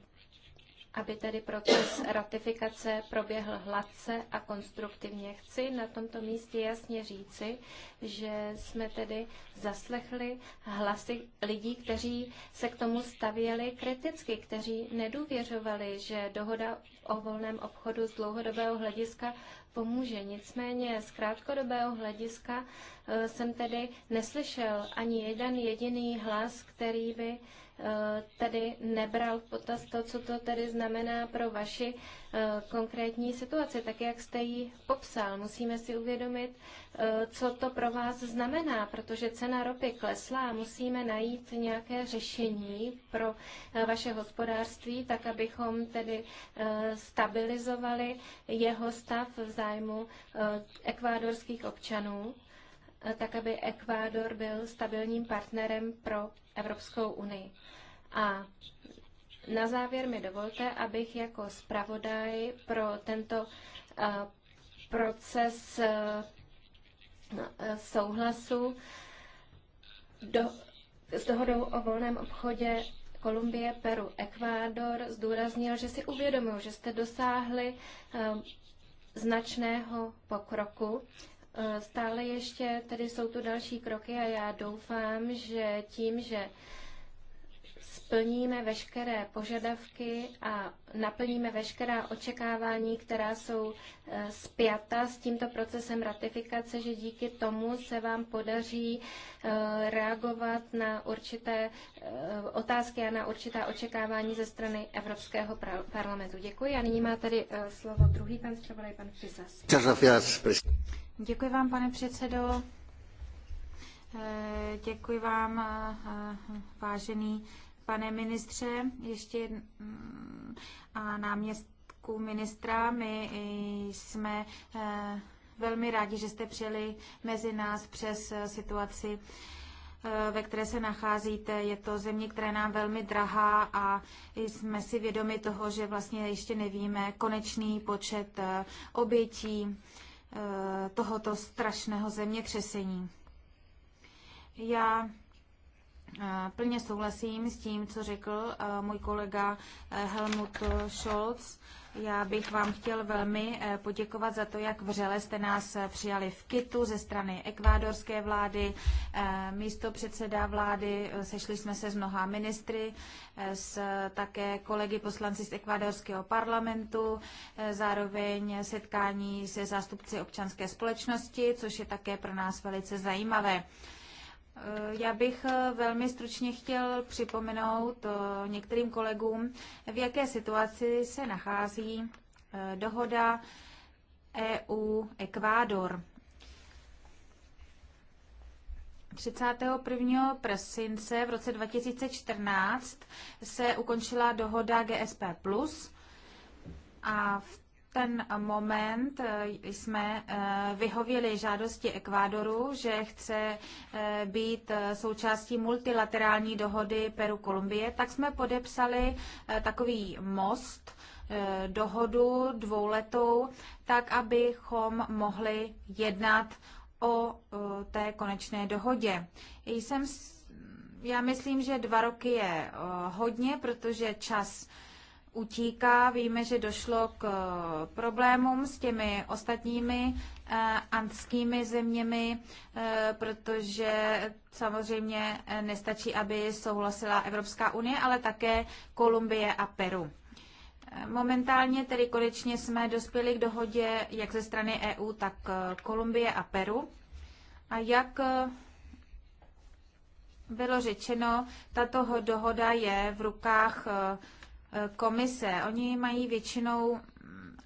aby tedy proces ratifikace proběhl hladce a konstruktivně. Chci na tomto místě jasně říci, že jsme tedy zaslechli hlasy lidí, kteří se k tomu stavěli kriticky, kteří nedůvěřovali, že dohoda o volném obchodu z dlouhodobého hlediska pomůže. Nicméně z krátkodobého hlediska eh, jsem tedy neslyšel ani jeden jediný hlas, který by Eh, tedy nebral v potaz to, co to tedy znamená pro vaši eh, konkrétní situaci, tak jak jste ji popsal. Musíme si uvědomit, eh, co to pro vás znamená, protože cena ropy klesla a musíme najít nějaké řešení pro vaše hospodářství, tak abychom tedy stabilizovali jeho stav v zájmu ekvádorských občanů tak aby Ekvádor byl stabilním partnerem pro Evropskou unii. A na závěr mi dovolte, abych jako zpravodaj pro tento eh, proces eh, souhlasu do, s dohodou o volném obchodě Kolumbie, Peru, Ekvádor zdůraznil, že si uvědomil, že jste dosáhli eh, značného pokroku Eh, stále ještě tedy jsou tu další kroky a já doufám, že tím, že splníme veškeré požadavky a naplníme veškerá očekávání, která jsou e, spjata s tímto procesem ratifikace, že díky tomu se vám podaří e, reagovat na určité e, otázky a na určitá očekávání ze strany Evropského parlamentu. Děkuji a nyní má tady slovo druhý pan zpravodaj, pan Fisas. Děkuji vám, pane předsedo. Děkuji vám, vážený pane ministře, ještě mm, a náměstku ministra. My jsme eh, velmi rádi, že jste přijeli mezi nás přes eh, situaci eh, ve které se nacházíte. Je to země, která je nám velmi drahá a jsme si vědomi toho, že vlastně ještě nevíme konečný počet obětí tohoto strašného zemětřesení. Já Plně souhlasím s tím, co řekl můj kolega eh, Helmut Scholz. Já bych vám chtěl velmi eh, poděkovat za to, jak vřele jste nás eh, přijali v Kitu ze strany ekvádorské vlády, místo předseda vlády, sešli jsme se s mnoha ministry, s také kolegy poslanci z ekvádorského parlamentu, zároveň setkání se zástupci občanské společnosti, což je také pro nás velice zajímavé. Eh, já bych eh, velmi stručně chtěl připomenout eh, některým kolegům, v jaké situaci se nachází dohoda EU-Ekvádor. 31. prosince v roce 2014 se ukončila dohoda GSP+, a v ten moment eh, jsme eh, vyhověli žádosti Ekvádoru, že chce eh, být součástí multilaterální dohody Peru-Kolumbie, tak jsme podepsali takový most, dohodu dvouletou, tak abychom mohli jednat o té konečné dohodě. Jsem, já myslím, že dva roky je hodně, protože čas utíká. Víme, že došlo k eh, problémům s těmi ostatními eh, andskými zeměmi, eh, protože samozřejmě nestačí, aby souhlasila Evropská unie, ale také Kolumbie a Peru. Momentálně tedy konečně jsme dospěli k dohodě jak ze strany EU, tak Kolumbie a Peru. A jak bylo řečeno, tato dohoda je v rukách komise. Oni mají většinou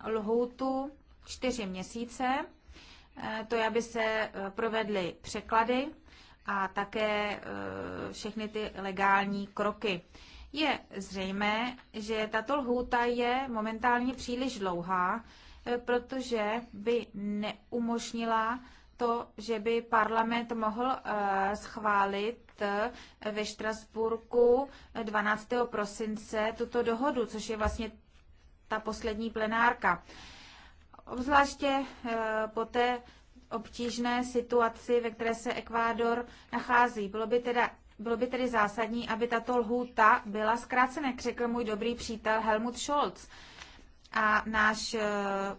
lhoutu čtyři měsíce, eh, to je, aby se eh, provedly překlady a také eh, všechny ty legální kroky. Je zřejmé, že tato lhůta je momentálně příliš dlouhá, protože by neumožnila to, že by parlament mohl schválit ve Štrasburku 12. prosince tuto dohodu, což je vlastně ta poslední plenárka. Obzvláště eh, po té obtížné situaci, ve které se Ekvádor nachází. Bylo by teda bylo by tedy zásadní, aby tato lhůta byla zkrácena, jak řekl můj dobrý přítel Helmut Scholz a náš eh,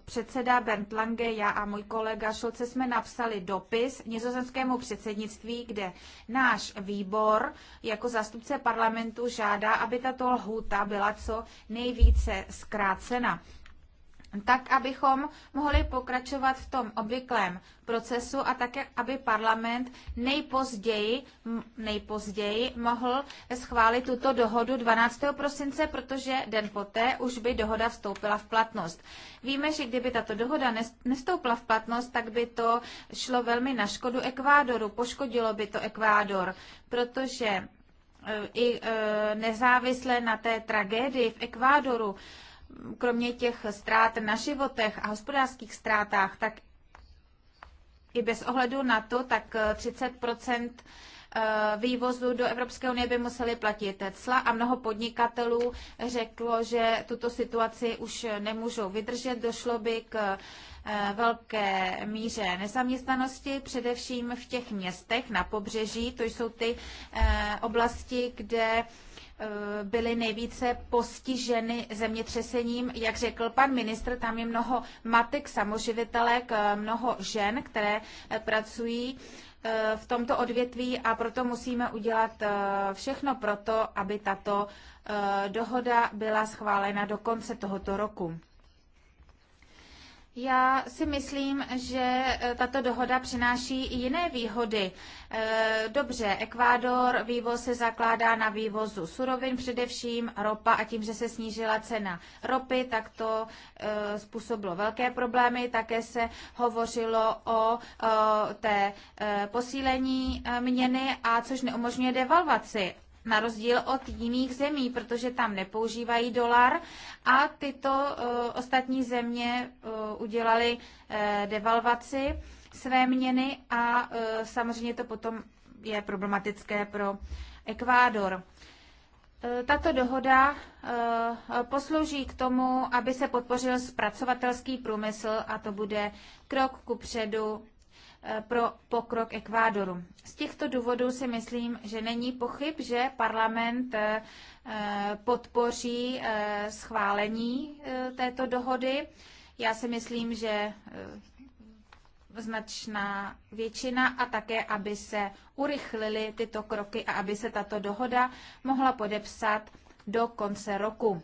předseda Bernd Lange, já a můj kolega Šulce jsme napsali dopis nizozemskému předsednictví, kde náš výbor jako zástupce parlamentu žádá, aby tato lhůta byla co nejvíce zkrácena tak abychom mohli pokračovat v tom obvyklém procesu a také, aby parlament nejpozději, nejpozději mohl schválit tuto dohodu 12. prosince, protože den poté už by dohoda vstoupila v platnost. Víme, že kdyby tato dohoda nestoupila v platnost, tak by to šlo velmi na škodu Ekvádoru, poškodilo by to Ekvádor, protože e, i e, nezávisle na té tragédii v Ekvádoru, kromě těch ztrát na životech a hospodářských ztrátách, tak i bez ohledu na to, tak 30 eh, eh, vývozu do Evropské unie by museli platit cla a mnoho podnikatelů řeklo, že tuto situaci už nemůžou vydržet. Došlo by k eh, velké míře nezaměstnanosti, především v těch městech na pobřeží. To jsou ty oblasti, kde Eh, byly nejvíce postiženy zemětřesením. Jak řekl pan ministr, tam je mnoho matek, samoživitelek, eh, mnoho žen, které eh, pracují v tomto odvětví a proto musíme udělat všechno proto, aby tato dohoda byla schválena do konce tohoto roku. Já si myslím, že eh, tato dohoda přináší i jiné výhody. Eh, dobře, Ekvádor, vývoz se zakládá na vývozu surovin, především ropa a tím, že se snížila cena ropy, tak to eh, způsobilo velké problémy. Také se hovořilo o té posílení měny, a což neumožňuje devalvaci na rozdíl od jiných zemí, protože tam nepoužívají dolar a tyto uh, ostatní země uh, eh, udělaly uh, eh, devalvaci své měny a uh, samozřejmě to potom je problematické pro Ekvádor. Tato dohoda poslouží k tomu, aby se podpořil zpracovatelský průmysl a to bude krok ku předu Eh, pro pokrok Ekvádoru. Z těchto důvodů si myslím, že není pochyb, že parlament eh, podpoří eh, schválení této dohody. Já si myslím, že značná většina a také, aby se urychlily tyto kroky a aby se tato dohoda mohla podepsat do konce roku.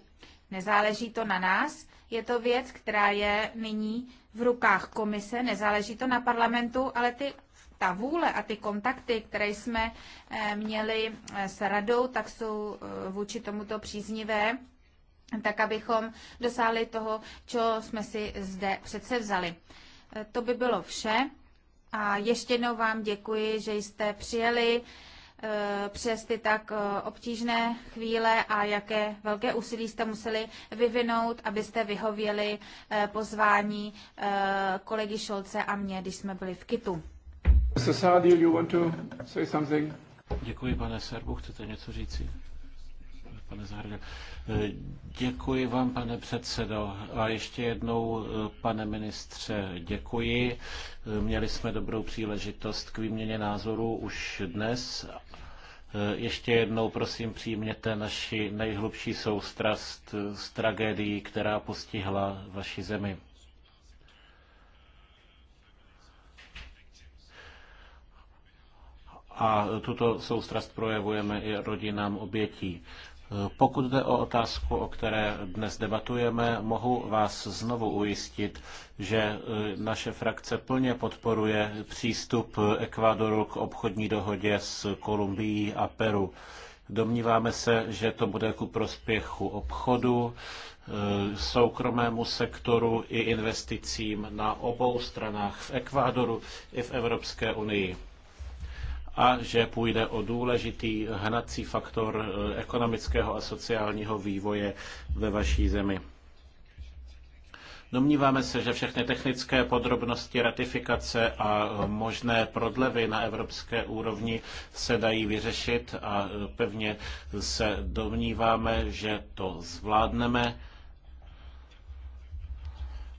Nezáleží to na nás, je to věc, která je nyní v rukách komise, nezáleží to na parlamentu, ale ty ta vůle a ty kontakty, které jsme eh, měli eh, s radou, tak jsou eh, vůči tomuto příznivé, tak abychom dosáhli toho, co jsme si zde přece vzali. To by bylo vše. A ještě jednou vám děkuji, že jste přijeli Eh, přes ty tak eh, obtížné chvíle a jaké velké úsilí jste museli vyvinout, abyste vyhověli eh, pozvání kolegy Šolce a mě, když jsme byli v Kitu. Děkuji, pane Serbu, chcete něco říci? Pane Zahrdě. Děkuji vám, pane předsedo. A ještě jednou, pane ministře, děkuji. Měli jsme dobrou příležitost k výměně názorů už dnes Eh, ještě jednou prosím přijměte naši nejhlubší soustrast s eh, tragédií, která postihla vaši zemi. A tuto soustrast projevujeme i rodinám obětí. Pokud jde o otázku, o které dnes debatujeme, mohu vás znovu ujistit, že e, naše frakce plně podporuje přístup Ekvádoru k obchodní dohodě s Kolumbií a Peru. Domníváme se, že to bude ku prospěchu obchodu, e, soukromému sektoru i investicím na obou stranách v Ekvádoru i v Evropské unii a že půjde o důležitý hnací faktor eh, ekonomického a sociálního vývoje ve vaší zemi. Domníváme se, že všechny technické podrobnosti ratifikace a možné prodlevy na evropské úrovni se dají vyřešit a eh, pevně se domníváme, že to zvládneme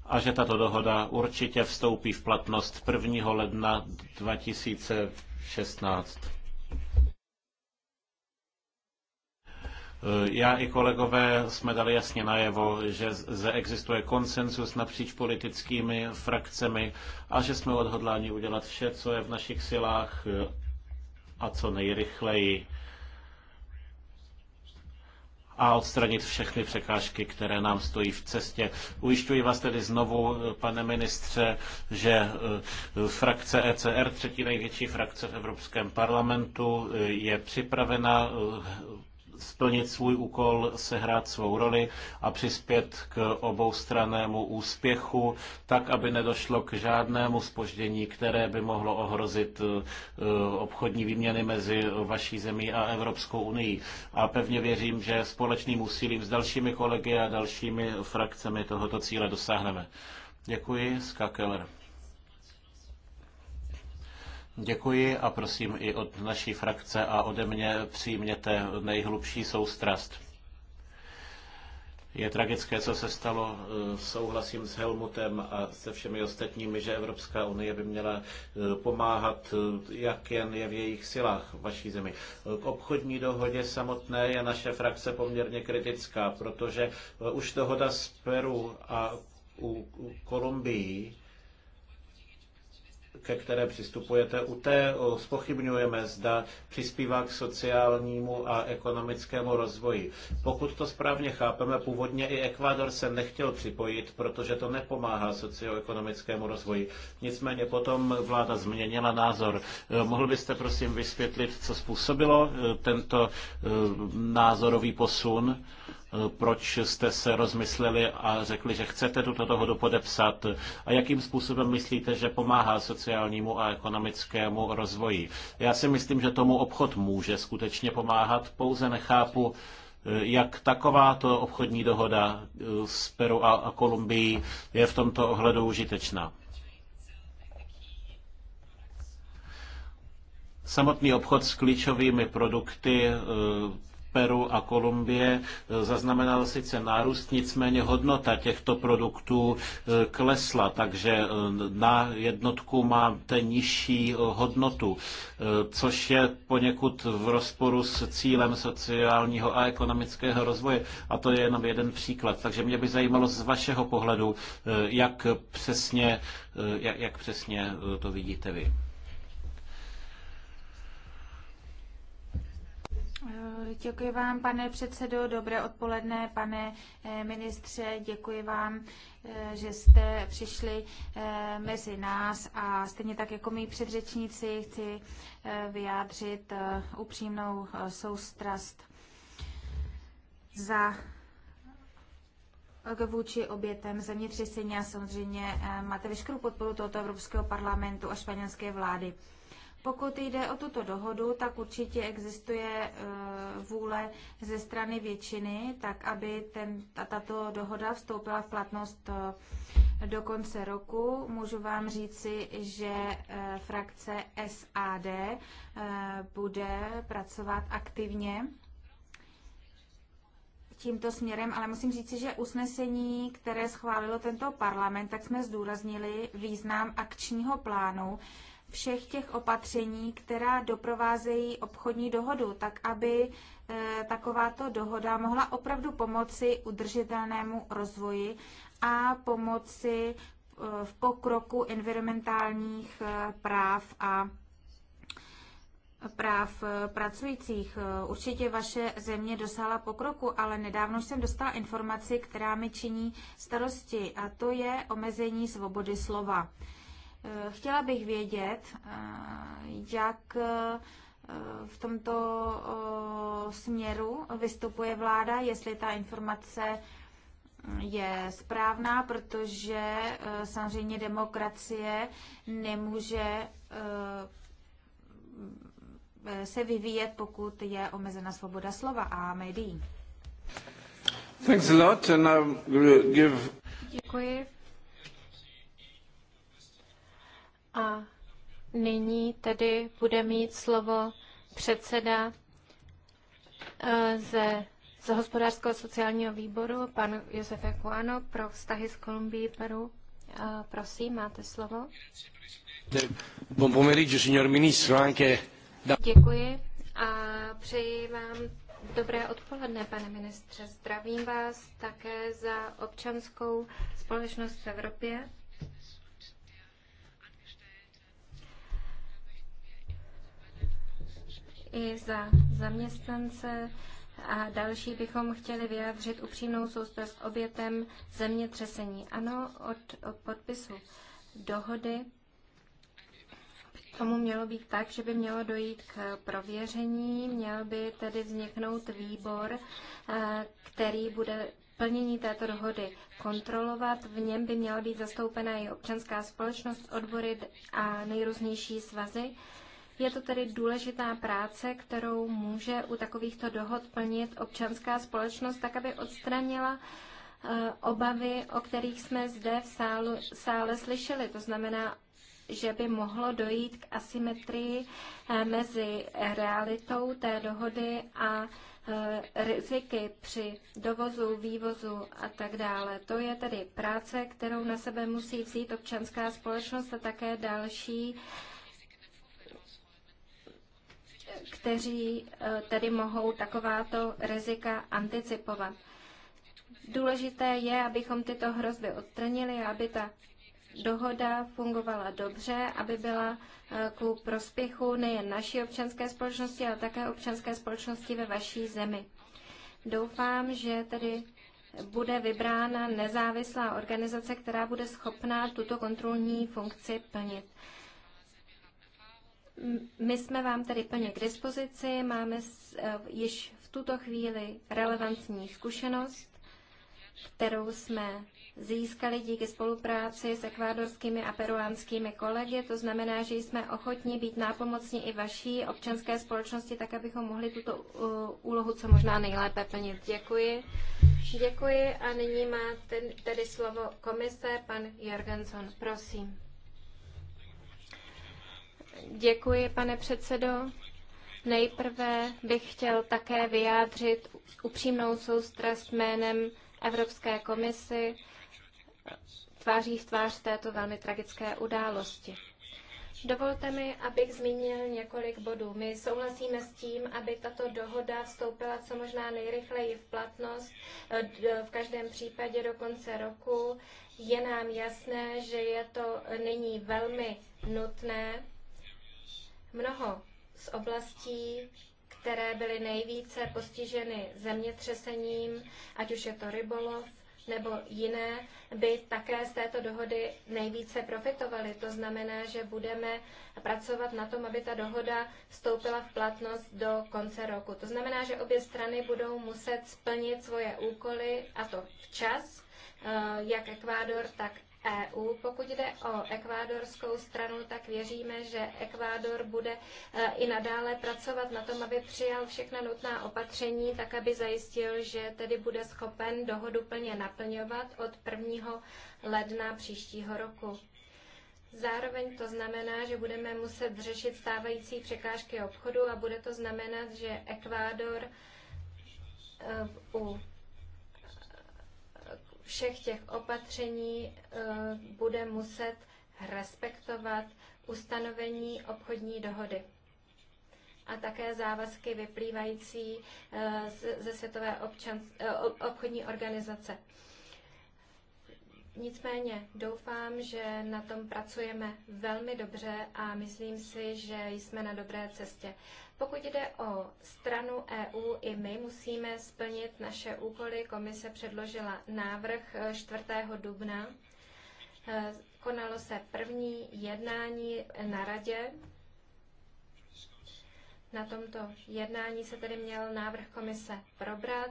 a že tato dohoda určitě vstoupí v platnost 1. ledna 2020. 16. Eh, já i kolegové jsme dali jasně najevo, že zde existuje konsensus napříč politickými frakcemi a že jsme odhodláni udělat vše, co je v našich silách eh, a co nejrychleji a odstranit všechny překážky, které nám stojí v cestě. Ujišťuji vás tedy znovu, pane ministře, že e, frakce ECR, třetí největší frakce v Evropském parlamentu, e, je připravena e, splnit svůj úkol, sehrát svou roli a přispět k oboustrannému úspěchu, tak, aby nedošlo k žádnému spoždění, které by mohlo ohrozit e, obchodní výměny mezi vaší zemí a Evropskou unii. A pevně věřím, že společným úsilím s dalšími kolegy a dalšími frakcemi tohoto cíle dosáhneme. Děkuji, Ska Keller. Děkuji a prosím i od naší frakce a ode mě přijměte nejhlubší soustrast. Je tragické, co se stalo. Souhlasím s Helmutem a se všemi ostatními, že Evropská unie by měla e, pomáhat, e, jak jen je v jejich silách v vaší zemi. K obchodní dohodě samotné je naše frakce poměrně kritická, protože e, už dohoda z Peru a u Kolumbii ke které přistupujete, u té spochybňujeme, zda přispívá k sociálnímu a ekonomickému rozvoji. Pokud to správně chápeme, původně i Ekvádor se nechtěl připojit, protože to nepomáhá socioekonomickému rozvoji. Nicméně potom vláda změnila názor. E, mohl byste prosím vysvětlit, co způsobilo e, tento e, názorový posun? Eh, proč jste se rozmysleli a řekli, že chcete tuto dohodu podepsat a jakým způsobem myslíte, že pomáhá sociálnímu a ekonomickému rozvoji. Já si myslím, že tomu obchod může skutečně pomáhat, pouze nechápu, eh, jak takováto obchodní dohoda eh, s Peru a Kolumbií je v tomto ohledu užitečná. Samotný obchod s klíčovými produkty Peru a Kolumbie e, zaznamenal sice nárůst, nicméně hodnota těchto produktů e, klesla, takže e, na jednotku máte nižší hodnotu, což je poněkud v rozporu s cílem sociálního a ekonomického rozvoje. A to je jenom jeden příklad. Takže mě by zajímalo z vašeho pohledu, jak přesně, jak přesně to vidíte vy. Eh, děkuji vám, pane předsedo. Dobré odpoledne, pane eh, ministře. Děkuji vám, eh, že jste přišli mezi nás a stejně tak jako mý předřečníci chci vyjádřit upřímnou soustrast za vůči obětem zemětřesení a samozřejmě máte veškerou podporu tohoto Evropského parlamentu a španělské vlády. Pokud jde o tuto dohodu, tak určitě existuje e, vůle ze strany většiny, tak aby ten, tato dohoda vstoupila v platnost e, do konce roku. Můžu vám říci, že e, frakce SAD bude pracovat aktivně tímto směrem, ale musím říci, že usnesení, které schválilo tento parlament, tak jsme zdůraznili význam akčního plánu, všech těch opatření, která doprovázejí obchodní dohodu, tak aby eh, takováto dohoda mohla opravdu pomoci udržitelnému rozvoji a pomoci eh, v pokroku environmentálních eh, práv a práv pracujících. Určitě vaše země dosáhla pokroku, ale nedávno jsem dostala informaci, která mi činí starosti, a to je omezení svobody slova. Eh, chtěla bych vědět, eh, jak eh, v tomto směru vystupuje vláda, jestli ta informace mm, je správná, protože samozřejmě demokracie nemůže se vyvíjet, pokud je omezena svoboda slova a médií. Děkuji. A nyní tedy bude mít slovo předseda eh, ze, z hospodářského sociálního výboru, pan Josef Jakuano, pro vztahy s Kolumbií Peru. Eh, prosím, máte slovo. Děkuji a přeji vám Dobré odpoledne, pane ministře. Zdravím vás také za občanskou společnost v Evropě. i za zaměstnance a další bychom chtěli vyjádřit upřímnou soustrast obětem zemětřesení. Ano, od, od podpisu dohody tomu mělo být tak, že by mělo dojít k prověření, měl by tedy vzniknout výbor, eh, který bude plnění této dohody kontrolovat. V něm by měla být zastoupena i občanská společnost, odbory a nejrůznější svazy. Je to tedy důležitá práce, kterou může u takovýchto dohod plnit občanská společnost, tak aby odstranila eh, obavy, o kterých jsme zde v sálu, sále slyšeli. To znamená, že by mohlo dojít k asymetrii eh, mezi realitou té dohody a eh, riziky při dovozu, vývozu a tak dále. To je tedy práce, kterou na sebe musí vzít občanská společnost a také další kteří eh, tedy mohou takováto rizika anticipovat. Důležité je, abychom tyto hrozby odstranili aby ta dohoda fungovala dobře, aby byla eh, ku prospěchu nejen naší občanské společnosti, ale také občanské společnosti ve vaší zemi. Doufám, že tedy bude vybrána nezávislá organizace, která bude schopná tuto kontrolní funkci plnit. My jsme vám tady plně k dispozici, máme eh, již v tuto chvíli relevantní zkušenost, kterou jsme získali díky spolupráci s ekvádorskými a peruánskými kolegy. To znamená, že jsme ochotní být nápomocní i vaší občanské společnosti, tak abychom mohli tuto eh, úlohu co možná nejlépe plnit. Děkuji. Děkuji a nyní má tedy slovo komise pan Jorgenson. Prosím. Děkuji, pane předsedo. Nejprve bych chtěl také vyjádřit upřímnou soustrast jménem Evropské komisi tváří v tvář této velmi tragické události. Dovolte mi, abych zmínil několik bodů. My souhlasíme s tím, aby tato dohoda vstoupila co možná nejrychleji v platnost, v každém případě do konce roku. Je nám jasné, že je to nyní velmi nutné. Mnoho z oblastí, které byly nejvíce postiženy zemětřesením, ať už je to rybolov nebo jiné, by také z této dohody nejvíce profitovaly. To znamená, že budeme pracovat na tom, aby ta dohoda vstoupila v platnost do konce roku. To znamená, že obě strany budou muset splnit svoje úkoly, a to včas, eh, jak Ekvádor, tak EU. Pokud jde o ekvádorskou stranu, tak věříme, že Ekvádor bude e, i nadále pracovat na tom, aby přijal všechna nutná opatření, tak aby zajistil, že tedy bude schopen dohodu plně naplňovat od 1. ledna příštího roku. Zároveň to znamená, že budeme muset řešit stávající překážky obchodu a bude to znamenat, že Ekvádor e, u všech těch opatření eh, bude muset respektovat ustanovení obchodní dohody a také závazky vyplývající eh, ze Světové občan, eh, obchodní organizace. Nicméně doufám, že na tom pracujeme velmi dobře a myslím si, že jsme na dobré cestě. Pokud jde o stranu EU, i my musíme splnit naše úkoly. Komise předložila návrh 4. Eh, dubna. Eh, konalo se první jednání eh, na radě. Na tomto jednání se tedy měl návrh komise probrat.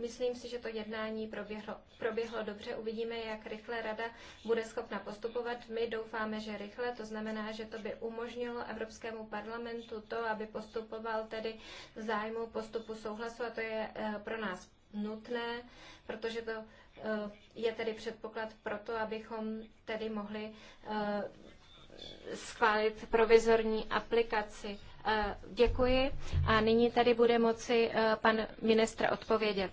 Myslím si, že to jednání proběhlo, proběhlo dobře. Uvidíme, jak rychle Rada bude schopna postupovat. My doufáme, že rychle, to znamená, že to by umožnilo Evropskému parlamentu to, aby postupoval tedy v zájmu postupu souhlasu a to je eh, pro nás nutné, protože to eh, je tedy předpoklad pro to, abychom tedy mohli eh, schválit provizorní aplikaci. Eh, děkuji a nyní tady bude moci eh, pan ministr odpovědět.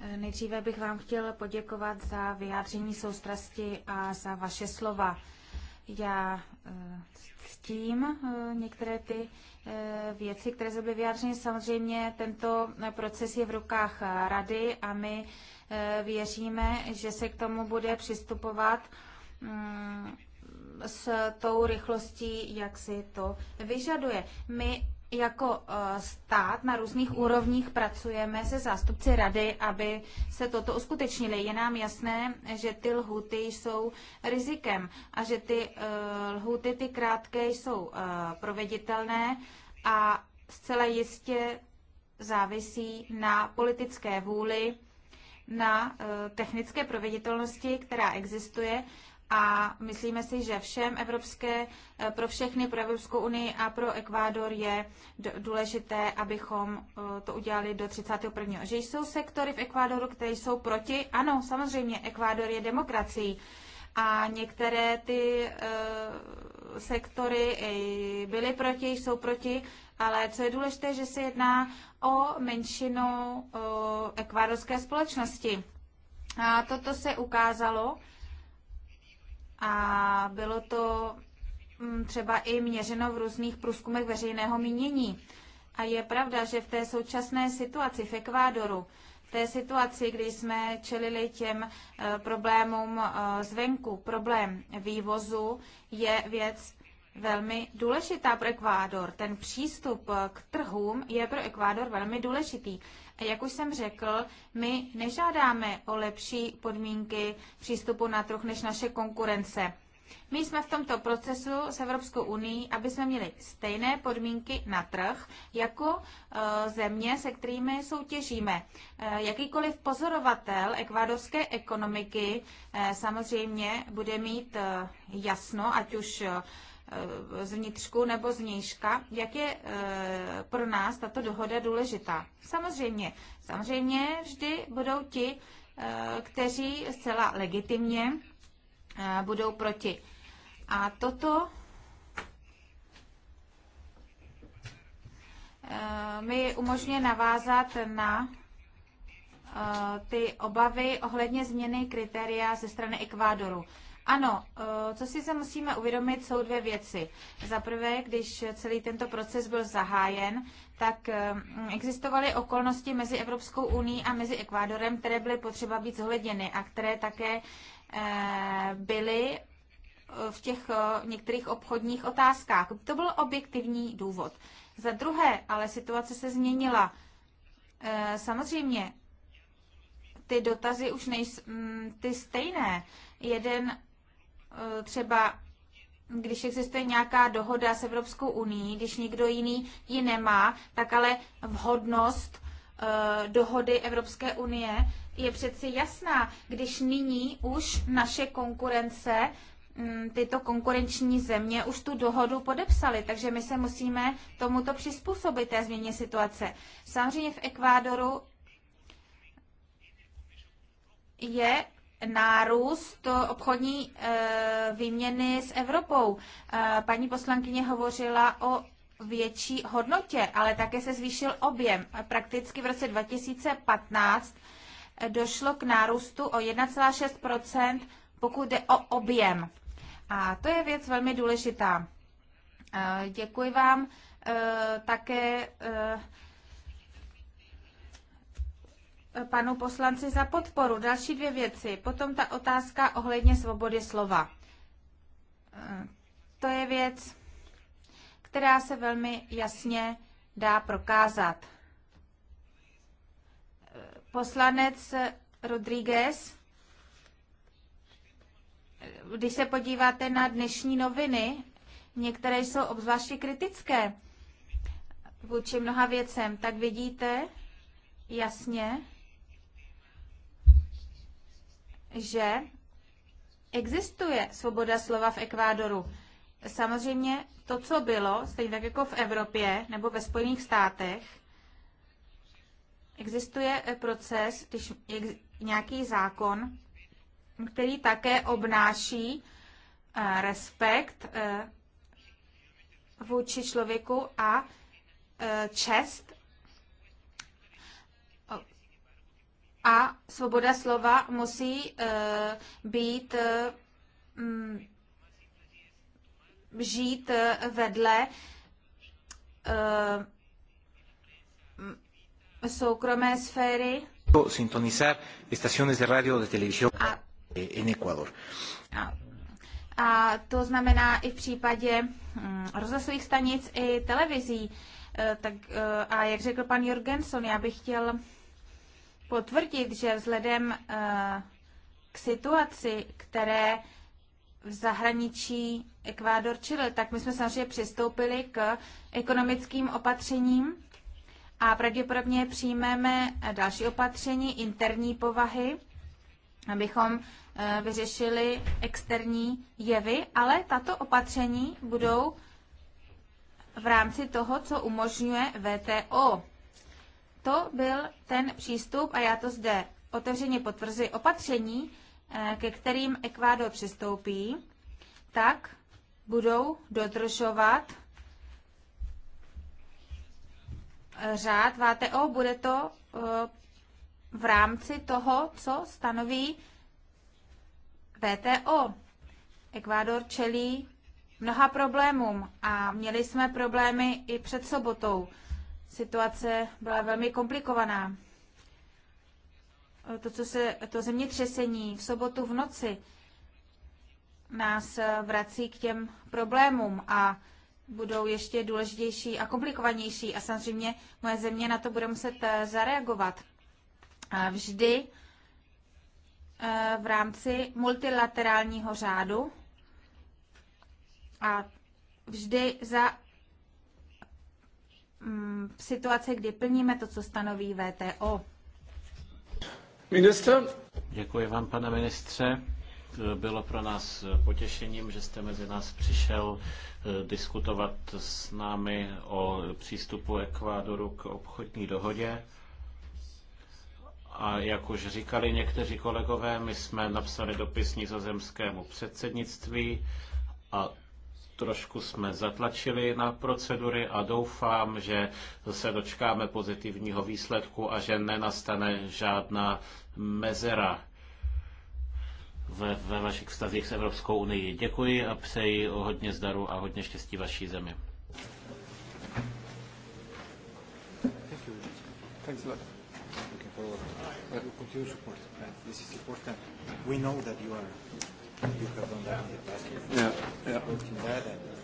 Eh, nejdříve bych vám chtěl poděkovat za vyjádření soustrasti a za vaše slova. Já ctím některé ty věci, které se byly vyjádřeny. Samozřejmě tento proces je v rukách rady a my věříme, že se k tomu bude přistupovat mm, s tou rychlostí, jak si to vyžaduje. My jako eh, stát na různých úrovních pracujeme se zástupci rady, aby se toto uskutečnili. Je nám jasné, že ty lhuty jsou rizikem a že ty eh, lhuty, ty krátké, jsou eh, proveditelné a zcela jistě závisí na politické vůli, na technické proveditelnosti, která existuje a myslíme si, že všem evropské, eh, pro všechny, pro Evropskou unii a pro Ekvádor je důležité, abychom eh, to udělali do 31. Že jsou sektory v Ekvádoru, které jsou proti? Ano, samozřejmě, Ekvádor je demokracií. A některé ty uh, sektory byly proti, jsou proti, ale co je důležité, že se jedná o menšinu uh, ekvádorské společnosti. A toto se ukázalo a bylo to mm, třeba i měřeno v různých průzkumech veřejného mínění. A je pravda, že v té současné situaci v Ekvádoru, v té situaci, kdy jsme čelili těm e, problémům e, zvenku, problém vývozu, je věc velmi důležitá pro Ekvádor. Ten přístup k trhům je pro Ekvádor velmi důležitý. Jak už jsem řekl, my nežádáme o lepší podmínky přístupu na trh než naše konkurence. My jsme v tomto procesu s Evropskou unii, aby jsme měli stejné podmínky na trh jako e, země, se kterými soutěžíme. E, jakýkoliv pozorovatel ekvádorské ekonomiky e, samozřejmě bude mít jasno, ať už Eh, zvnitřku nebo znějška, jak je eh, pro nás tato dohoda důležitá. Samozřejmě, samozřejmě vždy budou ti, eh, kteří zcela legitimně budou proti. A toto mi umožňuje navázat na ty obavy ohledně změny kritéria ze strany Ekvádoru. Ano, eh, co si se musíme uvědomit, jsou dvě věci. Za prvé, když celý tento proces byl zahájen, tak eh, existovaly okolnosti mezi Evropskou uní a mezi Ekvádorem, které byly potřeba být zohledněny a které také eh, byly v těch některých obchodních otázkách. To byl objektivní důvod. Za druhé, ale situace se změnila. Samozřejmě, ty dotazy už nejsou mm, ty stejné. Jeden Eh, třeba když existuje nějaká dohoda s Evropskou unii, když někdo jiný ji nemá, tak ale vhodnost eh, dohody Evropské unie je přeci jasná, když nyní už naše konkurence, mm, tyto konkurenční země už tu dohodu podepsaly, takže my se musíme tomuto přizpůsobit té změně situace. Samozřejmě v Ekvádoru je nárůst obchodní eh, výměny s Evropou. Eh, paní poslankyně hovořila o větší hodnotě, ale také se zvýšil objem. Prakticky v roce 2015 eh, došlo k nárůstu o 1,6 pokud jde o objem. A to je věc velmi důležitá. Děkuji vám také panu poslanci za podporu. Další dvě věci. Potom ta otázka ohledně svobody slova. Eh, to je věc, která se velmi jasně dá prokázat. Eh, poslanec Rodriguez, eh, když se podíváte na dnešní noviny, některé jsou obzvláště kritické vůči mnoha věcem, tak vidíte jasně, že existuje svoboda slova v Ekvádoru. Samozřejmě to, co bylo, stejně tak jako v Evropě nebo ve Spojených státech, existuje proces, když nějaký zákon, který také obnáší eh, respekt eh, vůči člověku a eh, čest a svoboda slova musí eh, být eh, mm, žít eh, vedle soukromé sféry. Sintonizar estaciones de radio, de televisión a, en Ecuador. A, a to znamená i v případě mm, rozhlasových stanic i televizí. Tak, a jak řekl pan Jorgenson, já bych chtěl potvrdit, že vzhledem eh, k situaci, které v zahraničí Ekvádor čili, tak my jsme samozřejmě přistoupili k ekonomickým opatřením a pravděpodobně přijmeme další opatření interní povahy, abychom eh, vyřešili externí jevy, ale tato opatření budou v rámci toho, co umožňuje VTO. To byl ten přístup, a já to zde otevřeně potvrzuji, opatření, eh, ke kterým Ekvádor přistoupí, tak budou dodržovat eh, řád VTO, bude to eh, v rámci toho, co stanoví VTO. Ekvádor čelí mnoha problémům a měli jsme problémy i před sobotou situace byla velmi komplikovaná. To, co se, to zemětřesení v sobotu v noci nás vrací k těm problémům a budou ještě důležitější a komplikovanější a samozřejmě moje země na to bude muset eh, zareagovat. A vždy eh, v rámci multilaterálního řádu a vždy za Mm, situace, kdy plníme to, co stanoví VTO. Minister? Děkuji vám, pane ministře. Bylo pro nás potěšením, že jste mezi nás přišel eh, diskutovat s námi o přístupu Ekvádoru k obchodní dohodě. A jak už říkali někteří kolegové, my jsme napsali dopis nizozemskému předsednictví a trošku jsme zatlačili na procedury a doufám, že se dočkáme pozitivního výsledku a že nenastane žádná mezera ve, ve vašich vztazích s Evropskou unii. Děkuji a přeji o hodně zdaru a hodně štěstí vaší zemi. Thank you. Thanks a lot. Looking forward to your support. This is important. We know that you are Ja, ja.